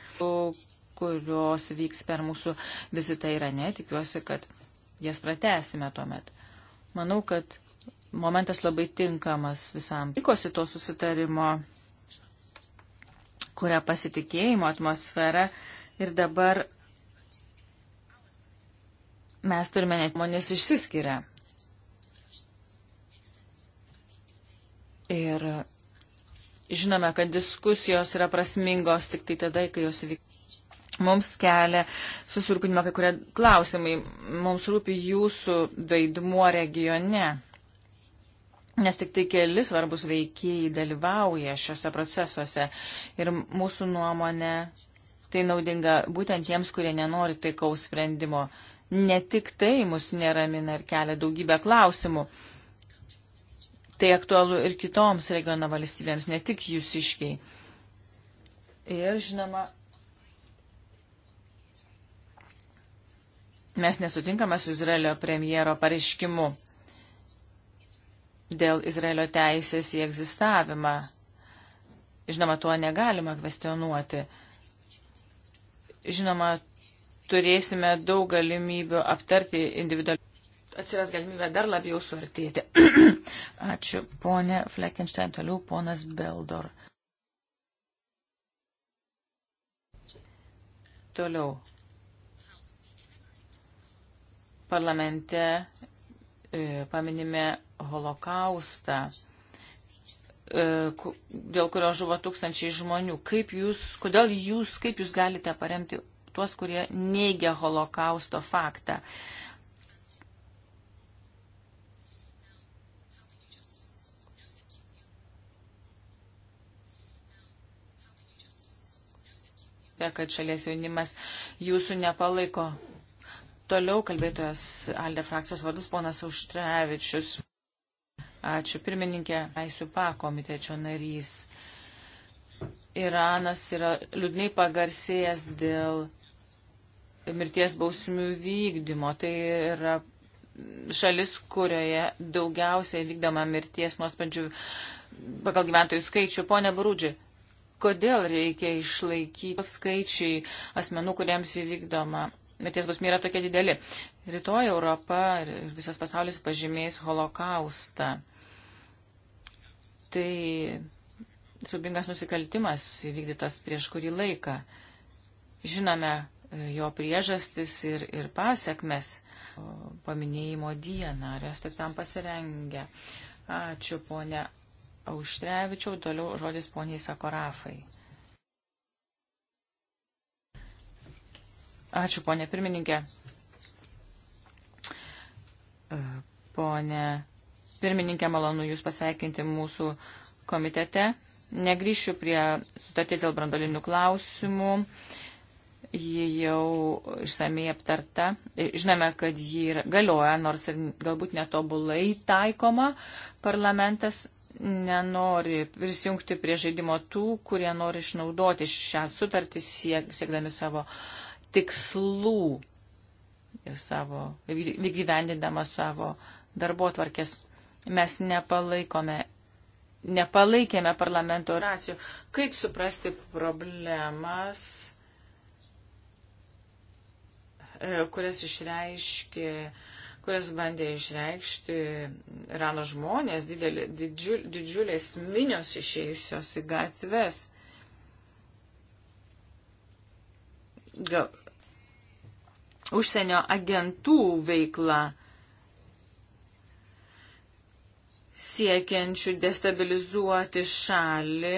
kurios vyks per mūsų vizitą Irane, tikiuosi, kad jas pratesime tuomet. Manau, kad momentas labai tinkamas visam. Tikosi to susitarimo, kuria pasitikėjimo atmosfera ir dabar mes turime net žmonės išsiskiria. Ir žinome, kad diskusijos yra prasmingos tik tai tada, kai jos vyk. Mums kelia susirūpinimą kai kurie klausimai. Mums rūpi jūsų vaidmuo regione, nes tik tai keli svarbus veikėjai dalyvauja šiuose procesuose ir mūsų nuomonė tai naudinga būtent jiems, kurie nenori taikaus sprendimo. Ne tik tai mus neramina ir kelia daugybę klausimų. Tai aktualu ir kitoms regiono valstybėms, ne tik jūsiškiai. Ir žinoma, Mes nesutinkame su Izraelio premjero pareiškimu dėl Izraelio teisės į egzistavimą. Žinoma, tuo negalima kvestionuoti. Žinoma, turėsime daug galimybių aptarti individualiai. Atsiras galimybė dar labiau suartėti. [CLEARS THROAT] Ačiū, ponė Fleckenstein, toliau ponas Beldor. Toliau parlamente e, paminime holokaustą, e, dėl kurio žuvo tūkstančiai žmonių. Kaip jūs, kodėl jūs, kaip jūs galite paremti tuos, kurie neigia holokausto faktą? kad šalies jaunimas jūsų nepalaiko Toliau kalbėtojas Alde frakcijos vadus ponas Auštrevičius. Ačiū pirmininkė, Aisių pakomitečio narys. Iranas yra liūdnai pagarsėjęs dėl mirties bausmių vykdymo. Tai yra šalis, kurioje daugiausiai vykdoma mirties nuosprendžių pagal gyventojų skaičių. Pone Brūdži, kodėl reikia išlaikyti skaičiai asmenų, kuriems įvykdoma mirties bausmė yra tokia didelė. Rytoj Europa ir visas pasaulis pažymės holokaustą. Tai subingas nusikaltimas įvykdytas prieš kurį laiką. Žinome e, jo priežastis ir, ir pasiekmes paminėjimo dieną. Ar esate tam pasirengę? Ačiū, ponė Auštrevičiau. Toliau žodis poniai Sakorafai. Ačiū, ponė pirmininkė. E, Pone pirmininkė, malonu Jūs pasveikinti mūsų komitete. Negryšiu prie sutarties dėl brandolinių klausimų. Ji jau išsamei aptarta. E, žinome, kad ji galioja, nors ir galbūt netobulai taikoma. Parlamentas nenori prisijungti prie žaidimo tų, kurie nori išnaudoti šią sutartį siek, siekdami savo uh, tikslų ir savo, įgyvendindama savo darbo tvarkės. Mes nepalaikome, nepalaikėme parlamento racijų. Kaip suprasti problemas, e, kurias išreiškė kurias bandė išreikšti Irano žmonės, didelė, didžiul, didžiulės minios išėjusios į gatves. Gal, užsienio agentų veikla siekiančių destabilizuoti šalį.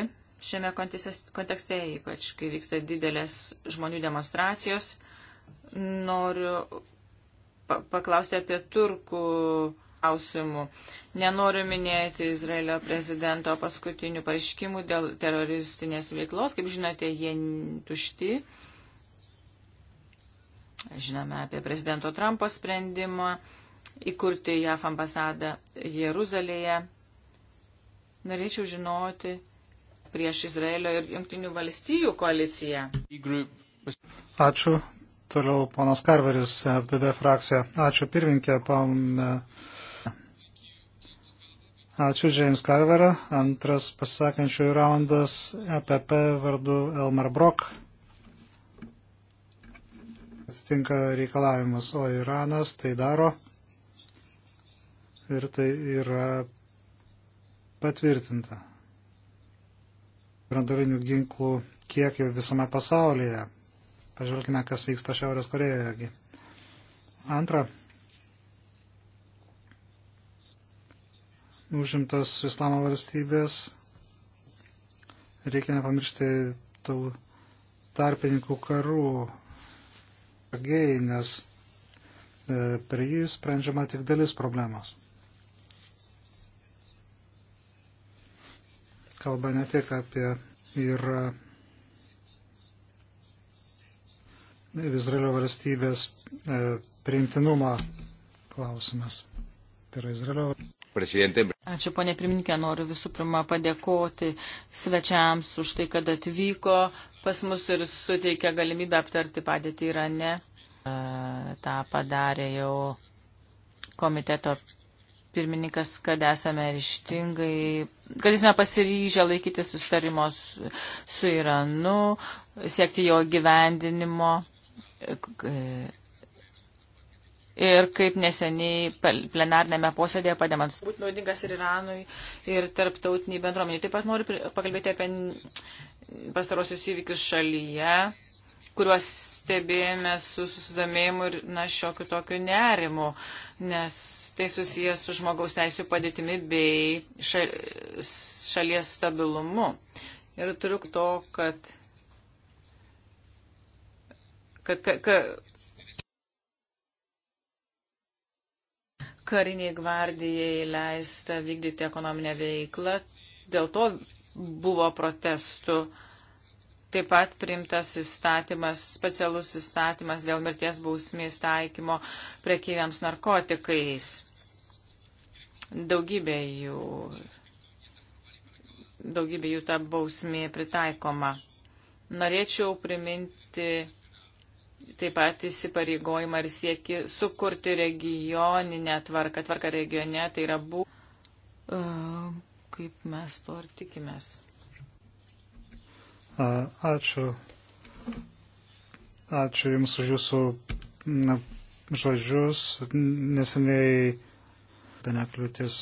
Šiame kontekste, ypač kai vyksta didelės žmonių demonstracijos, noriu paklausti apie turkų klausimų. Nenoriu minėti Izraelio prezidento paskutinių pareiškimų dėl teroristinės veiklos. Kaip žinote, jie tušti. Uh, Žinome apie prezidento Trumpo sprendimą įkurti JAF ambasadą Jeruzalėje. Norėčiau žinoti prieš Izraelio ir Junktinių valstijų koaliciją. Ačiū. Toliau ponas Karveris, FDD frakcija. Ačiū pirminkė. Pana... Ačiū James Karverą. Antras pasakančiųjų raundas EPP vardu Elmar Brok atitinka reikalavimus, o Iranas tai daro ir tai yra patvirtinta. Brandolinių ginklų kiekį visame pasaulyje. Pažvelkime, kas vyksta Šiaurės Korejoje. Antra. Užimtos islamo valstybės. Reikia nepamiršti tų tarpininkų karų atsargiai, nes e, per jį sprendžiama tik dalis problemos. Kalba ne tik apie ir e, Izraelio valstybės e, priimtinumo klausimas. Tai yra Izraelio. Presidente. Ačiū, ponė pirmininkė, noriu visų pirma padėkoti svečiams už tai, kad atvyko, pas mus ir suteikia galimybę aptarti padėtį Irane. E, Ta padarė jau komiteto pirmininkas, kad esame ryštingai, kad esame pasiryžę laikyti sustarimo su, su Iranu, siekti jo gyvendinimo. E, ir kaip neseniai plenarnėme posėdėje padėmant. Būtų naudingas ir Iranui, ir tarptautiniai bendruomeniai. Taip pat noriu pakalbėti apie pastarosius įvykius šalyje, kuriuos stebėjome su susidomėjimu ir, na, šiokiu tokiu nerimu, nes tai susijęs su žmogaus teisų padėtimi bei šalies stabilumu. Ir turiu to, kad. kad, kad, kad kariniai gvardijai leista vykdyti ekonominę veiklą. Dėl to buvo protestų. Taip pat priimtas įstatymas, specialus įstatymas dėl mirties bausmės taikymo prekyviams narkotikais. Daugybė jų, daugybė jų ta bausmė pritaikoma. Norėčiau priminti taip pat įsipareigojimą ir sieki sukurti regioninę tvarką, tvarką regione, tai yra bū, kaip mes to ir tikimės. Ačiū. Ačiū Jums už Jūsų na, žodžius. Neseniai benet tai kliūtis,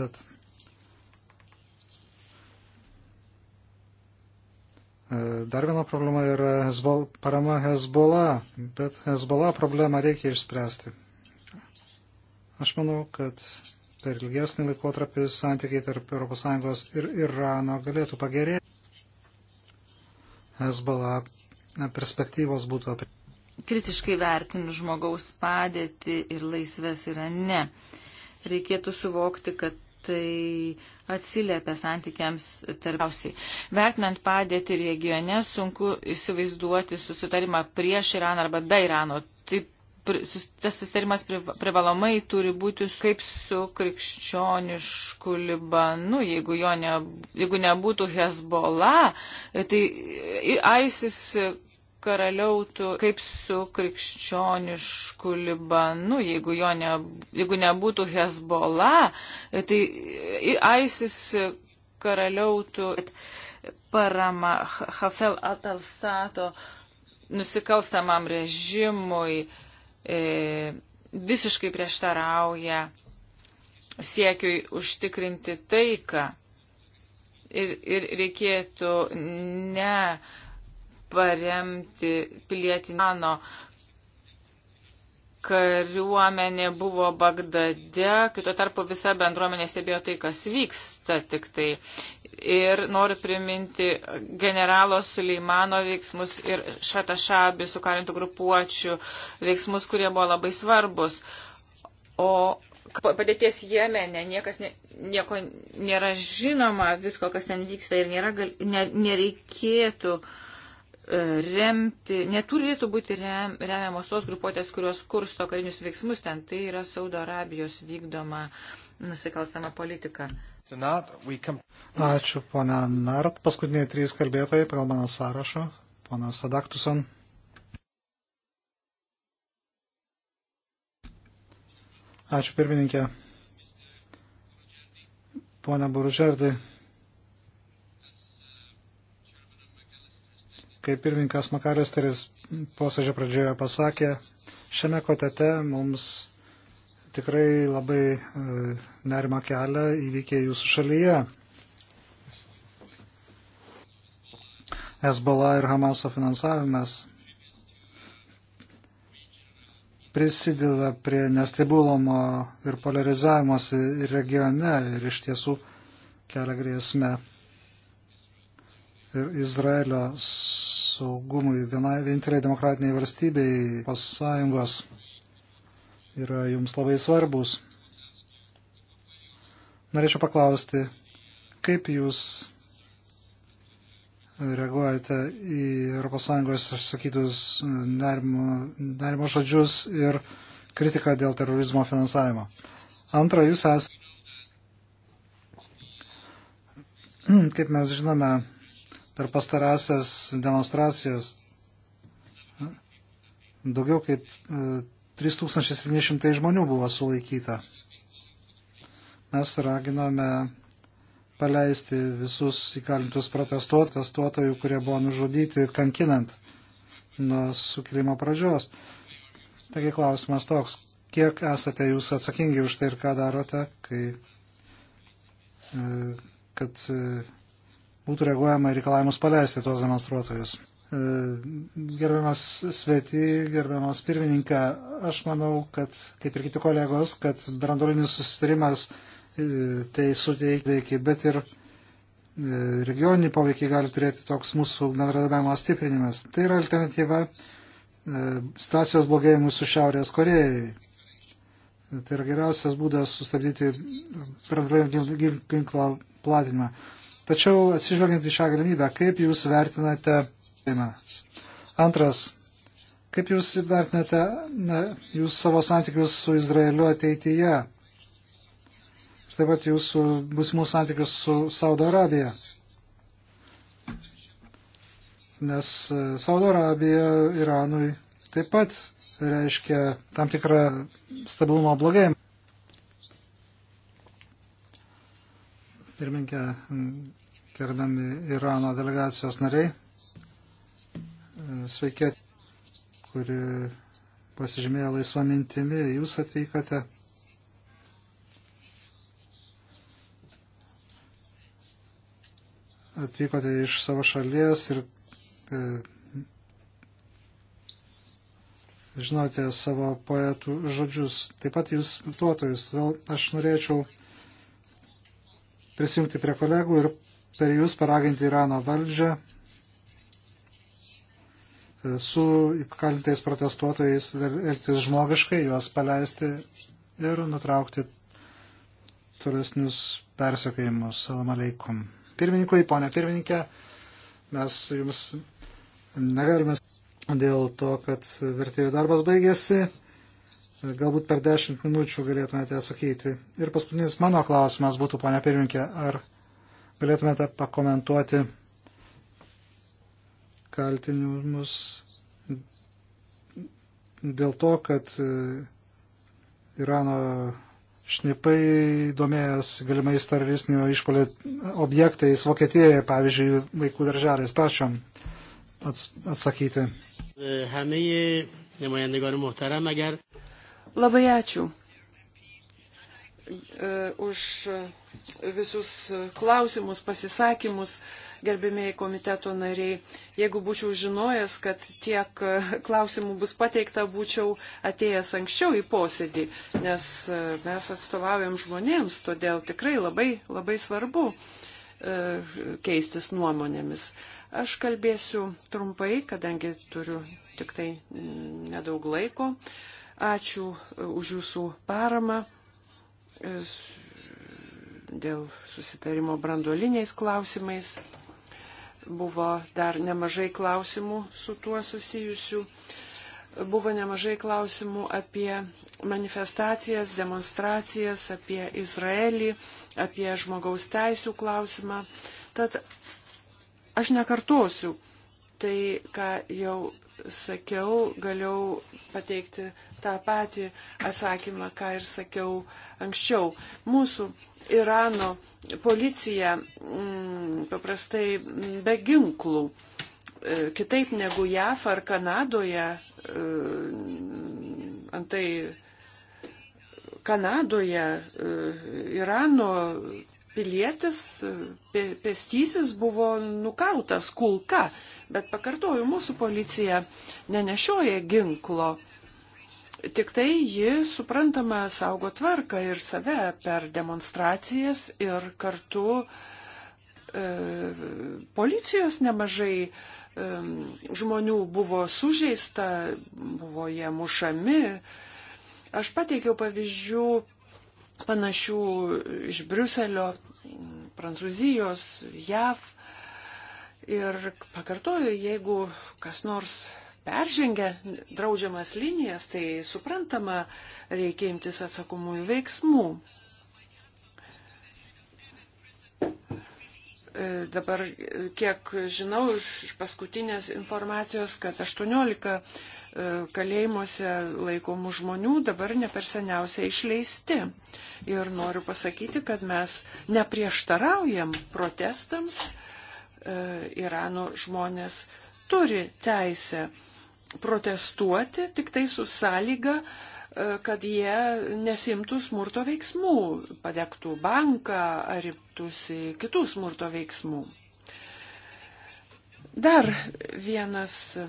bet. E, dar viena problema yra Hezbol, parama Hezbollah, bet Hezbollah problemą reikia išspręsti. Aš manau, kad per ilgesnį laikotarpį santykiai tarp ES ir Irano galėtų pagerėti. Hezbollah perspektyvos būtų apie. Kritiškai vertinu žmogaus padėtį ir laisvės yra ne. Reikėtų suvokti, kad tai atsiliepia santykiams tarpiausiai. Vertinant padėtį regione, sunku įsivaizduoti susitarimą prieš Iraną arba be Irano. Taip tas susitarimas privalomai turi būti kaip su krikščionišku Libanu. Jeigu, jo ne, jeigu nebūtų Hezbollah, e, tai e, ISIS karaliautų kaip su krikščionišku Libanu. Jeigu, jo ne, jeigu nebūtų Hezbollah, e, tai ISIS karaliautų parama Hafel Atalsato nusikalstamam režimui e, visiškai prieštarauja siekiui užtikrinti taiką. Ir, ir reikėtų ne paremti pilietinano kariuomenė buvo Bagdade, kito tarpu visa bendruomenė stebėjo tai, kas vyksta tik tai ir noriu priminti generalo Suleimano veiksmus ir Šatašabi sukarintų grupuočių veiksmus, kurie buvo labai svarbus. O padėties Jemene niekas ne, nieko nėra žinoma, visko, kas ten vyksta ir nėra, gal, ne, nereikėtų e, remti, neturėtų būti rem, remiamos tos grupuotės, kurios kursto karinius veiksmus ten. Tai yra Saudo Arabijos vykdoma uh, nusikalstamą politiką. Ačiū, ponia Nart. Paskutiniai trys kalbėtojai pagal mano sąrašą. Ponas Sadaktuson. Ačiū, pirmininkė. Pone Buružerdai. Kaip pirmininkas Makaristeris posėdžio pradžioje pasakė, šiame kotete mums tikrai labai e, nerima kelia įvykiai jūsų šalyje. Hezbollah ir Hamaso finansavimas prisideda prie nestabilumo ir polarizavimas regione ir iš tiesų kelia grėsmę ir Izraelio saugumui vienai vieninteliai demokratiniai valstybei, pos sąjungos yra jums labai svarbus. Norėčiau paklausti, kaip jūs reaguojate į ES išsakytus nerimo, nerimo žodžius ir kritiką dėl terorizmo finansavimo. Antra, jūs esate. [CLEARS THROAT] Kaip mes žinome, per pastarąsias demonstracijas daugiau kaip e, 3700 žmonių buvo sulaikyta. Mes raginome paleisti visus įkalintus protestuotojų, kurie buvo nužudyti ir kankinant nuo sukilimo pradžios. Taigi klausimas toks, kiek esate jūs atsakingi už tai ir ką darote, kai, e, kad e, būtų reaguojama į reikalavimus paleisti tuos demonstruotojus. E, gerbiamas sveti, gerbiamas pirmininkė, aš manau, kad, kaip ir kiti kolegos, kad brandolinis susitarimas e, tai suteikia veikį, bet ir e, regioninį poveikį gali turėti toks mūsų bendradarbiavimo stiprinimas. Tai yra alternatyva situacijos blogėjimui su Šiaurės Korejai. Tai yra geriausias būdas sustabdyti branduolinio ginklo platinimą. Tačiau atsižvelgiant į šią galimybę, kaip Jūs vertinate mokėjimas. Antras, kaip jūs vertinate na, jūs savo santykius su Izraeliu ateityje? Ir taip pat jūsų būsimų santykius su Saudo Arabija. Nes e, Saudo Arabija Iranui taip pat reiškia tam tikrą stabilumo blogėjimą. Pirminkė, gerbiami Irano delegacijos nariai sveikė, kuri pasižymėjo laisvą mintimį, jūs atvykote. Atvykote iš savo šalies ir e, žinote savo poetų žodžius, taip pat jūs duotojus. Todėl aš norėčiau prisijungti prie kolegų ir per jūs paraginti Irano valdžią su įkalintais protestuotojais elgtis žmogiškai, juos paleisti ir nutraukti tolesnius persekiojimus. Salam aleikum. Pirmininkui, ponė pirmininkė, mes jums negalime dėl to, kad vertėjų darbas baigėsi. Galbūt per dešimt minučių galėtumėte atsakyti. Ir paskutinis mano klausimas būtų, ponia pirminkė, ar galėtumėte pakomentuoti kaltinimus dėl to, kad e, Irano šnipai domėjęs galimais teroristinio išpolio objektais Vokietijoje, pavyzdžiui, vaikų darželiais. Prašom ats atsakyti. E, Labai ačiū e, už visus klausimus, pasisakymus gerbėmiai komiteto nariai. Jeigu būčiau žinojęs, kad tiek e, klausimų bus pateikta, būčiau atėjęs anksčiau į posėdį, nes e, mes atstovaujam žmonėms, todėl tikrai labai, labai svarbu e, keistis nuomonėmis. Aš kalbėsiu trumpai, kadangi turiu tik tai mm, nedaug laiko. Ačiū už jūsų paramą dėl susitarimo branduoliniais klausimais. Buvo dar nemažai klausimų su tuo susijusių. Buvo nemažai klausimų apie manifestacijas, demonstracijas, apie Izraelį, apie žmogaus teisų klausimą. Tad aš nekartosiu tai, ką jau sakiau, galiau pateikti tą patį atsakymą, ką ir sakiau anksčiau. Mūsų Irano policija mm, paprastai be ginklų, e, kitaip negu JAF ar Kanadoje, e, antai Kanadoje e, Irano pilietis, pėstysis buvo nukautas kulka, bet pakartoju, mūsų policija nenešioja ginklo Tik tai ji suprantama saugo tvarką ir save per demonstracijas ir kartu e, policijos nemažai e, žmonių buvo sužeista, buvo jie mušami. Aš pateikiau pavyzdžių panašių iš Briuselio, Prancūzijos, JAV. Ir pakartoju, jeigu kas nors peržengia draudžiamas linijas, tai suprantama, reikia imtis atsakomųjų veiksmų. E, dabar, kiek žinau iš paskutinės informacijos, kad 18 e, kalėjimuose laikomų žmonių dabar neperseniausiai išleisti. Ir noriu pasakyti, kad mes neprieštaraujam protestams, e, Irano žmonės turi teisę protestuoti tik tai su sąlyga, e, kad jie nesimtų smurto veiksmų, padegtų banką ar imtųsi kitų smurto veiksmų. Dar vienas e,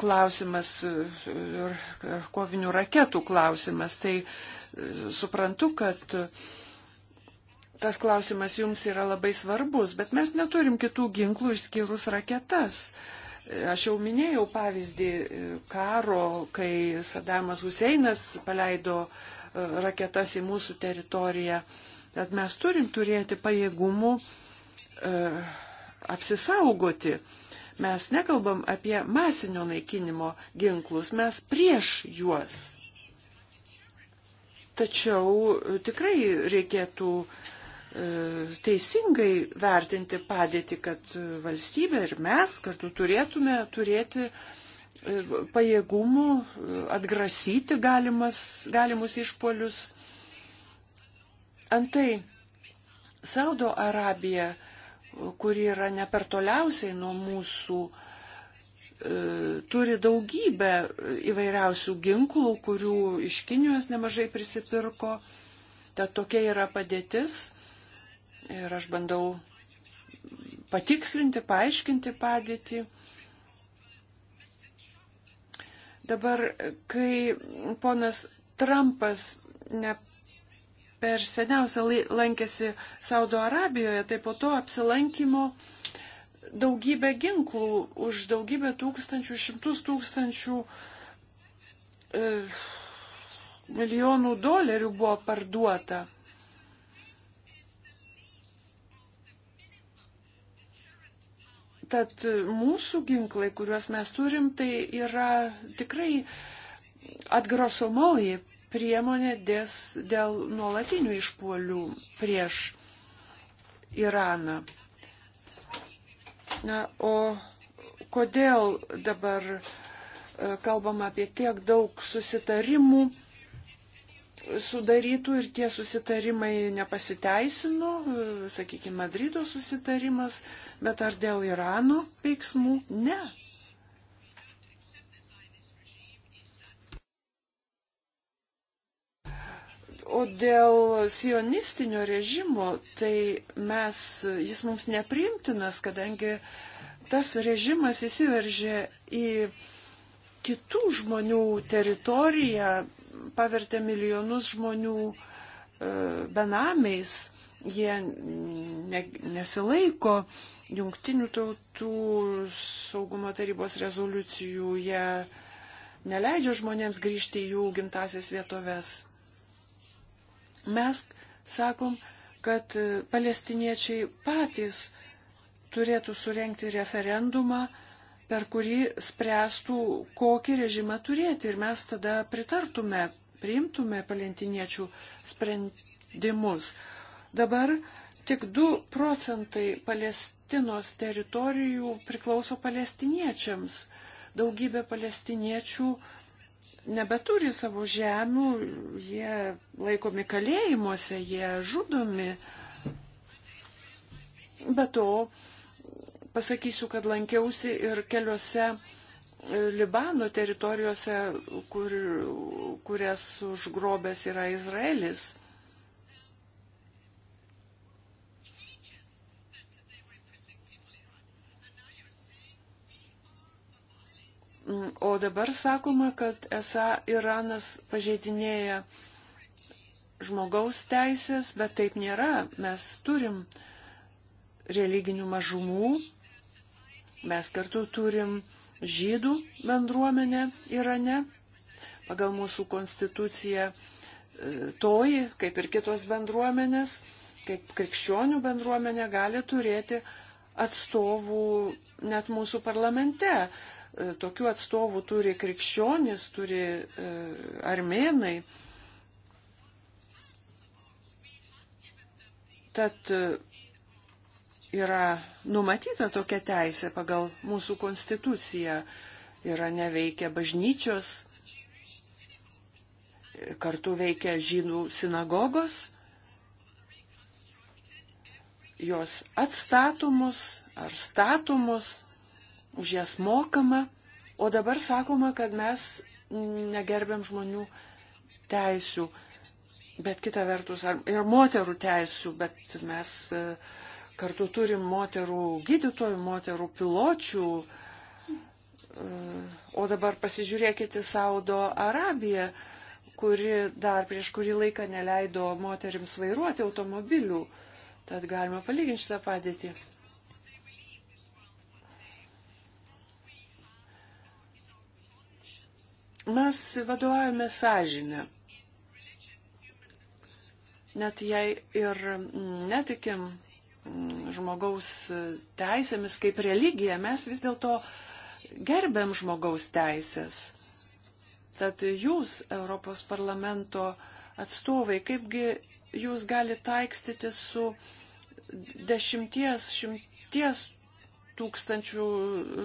klausimas e, ir kovinių raketų klausimas. Tai suprantu, kad tas klausimas jums yra labai svarbus, bet mes neturim kitų ginklų išskyrus raketas. Uh, Aš jau minėjau pavyzdį e, karo, kai Sadamas Huseinas paleido e, raketas į mūsų teritoriją. Tad mes turim turėti pajėgumų e, apsisaugoti. Mes nekalbam apie masinio naikinimo ginklus, mes prieš juos. Tačiau tikrai reikėtų uh, E, teisingai vertinti padėtį, kad valstybė ir mes kartu turėtume turėti e, pajėgumų e, atgrasyti galimas, galimus išpolius. Antai, Saudo Arabija, kuri yra ne per toliausiai nuo mūsų, turi daugybę įvairiausių ginklų, kurių iš Kinijos nemažai prisipirko. Tad tokia yra padėtis ir aš bandau patikslinti, paaiškinti padėtį. Dabar, kai ponas Trumpas ne per seniausią lankėsi Saudo Arabijoje, tai po to apsilankimo daugybė ginklų už daugybę tūkstančių, šimtus tūkstančių e, milijonų dolerių buvo parduota. Tad mūsų ginklai, kuriuos mes turim, tai yra tikrai atgrasomoji priemonė dės, dėl nuolatinių išpolių prieš Iraną. Na, o kodėl dabar e, kalbama apie tiek daug susitarimų sudarytų ir tie susitarimai nepasiteisino, sakykime, Madrido susitarimas, bet ar dėl Irano veiksmų? Ne. O dėl sionistinio režimo, tai mes, jis mums nepriimtinas, kadangi tas režimas įsiveržė į kitų žmonių teritoriją, pavertė milijonus žmonių e, benamiais, jie ne, nesilaiko jungtinių tautų saugumo tarybos rezoliucijų, jie neleidžia žmonėms grįžti į jų gimtasias vietoves. Mes sakom, kad palestiniečiai patys turėtų surenkti referendumą, per kurį spręstų, kokį režimą turėti. Ir mes tada pritartume, priimtume palentiniečių sprendimus. Dabar tik 2 procentai Palestinos teritorijų priklauso palestiniečiams. Daugybė palestiniečių nebeturi savo žemių, jie laikomi kalėjimuose, jie žudomi. Be to, pasakysiu, kad lankiausi ir keliuose e, Libano teritorijose, kur, kurias užgrobęs yra Izraelis. O dabar sakoma, kad esą Iranas pažeidinėja žmogaus teisės, bet taip nėra. Mes turim religinių mažumų, Mes kartu turim žydų bendruomenę Irane. Pagal mūsų konstituciją e, toji, kaip ir kitos bendruomenės, kaip krikščionių bendruomenė gali turėti atstovų net mūsų parlamente. E, tokių atstovų turi krikščionis, turi e, armėnai. Tad yra numatyta tokia teisė pagal mūsų konstituciją, yra neveikia bažnyčios, kartu veikia žydų sinagogos, jos atstatomus ar statomus, už jas mokama, o dabar sakoma, kad mes negerbėm žmonių teisių, bet kita vertus, ar, ir moterų teisių, bet mes uh, Kartu turim moterų gydytojų, moterų piločių. O dabar pasižiūrėkite Saudo Arabiją, kuri dar prieš kurį laiką neleido moterims vairuoti automobilių. Tad galima palyginti šitą padėtį. Mes vadovavome sąžinę. Net jei ir netikim Mm, žmogaus teisėmis kaip religija, mes vis dėlto gerbėm žmogaus teisės. Tad jūs, Europos parlamento atstovai, kaipgi jūs galite taikstyti su dešimties, šimties tūkstančių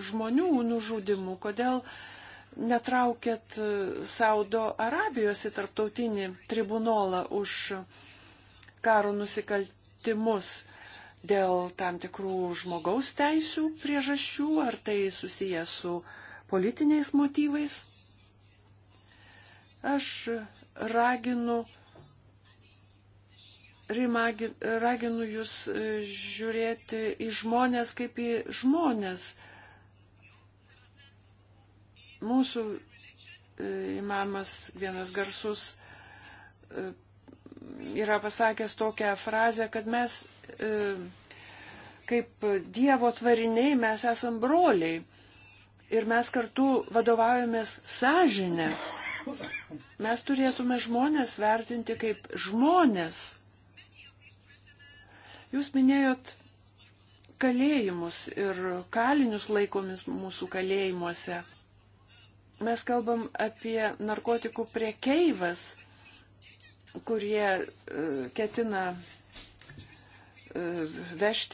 žmonių nužudimu, kodėl netraukėt Saudo Arabijos į tarptautinį tribunolą už karo nusikaltimus dėl tam tikrų žmogaus teisų priežasčių, ar tai susiję su politiniais motyvais. Aš raginu, rimagi, raginu jūs e, žiūrėti į žmonės kaip į žmonės. Mūsų e, imamas, vienas garsus e, yra pasakęs tokią frazę, kad mes e, kaip Dievo tvariniai mes esam broliai ir mes kartu vadovaujamės sąžinę. Mes turėtume žmonės vertinti kaip žmonės. Jūs minėjot kalėjimus ir kalinius laikomis mūsų kalėjimuose. Mes kalbam apie narkotikų priekeivas kurie e, ketina e, vežti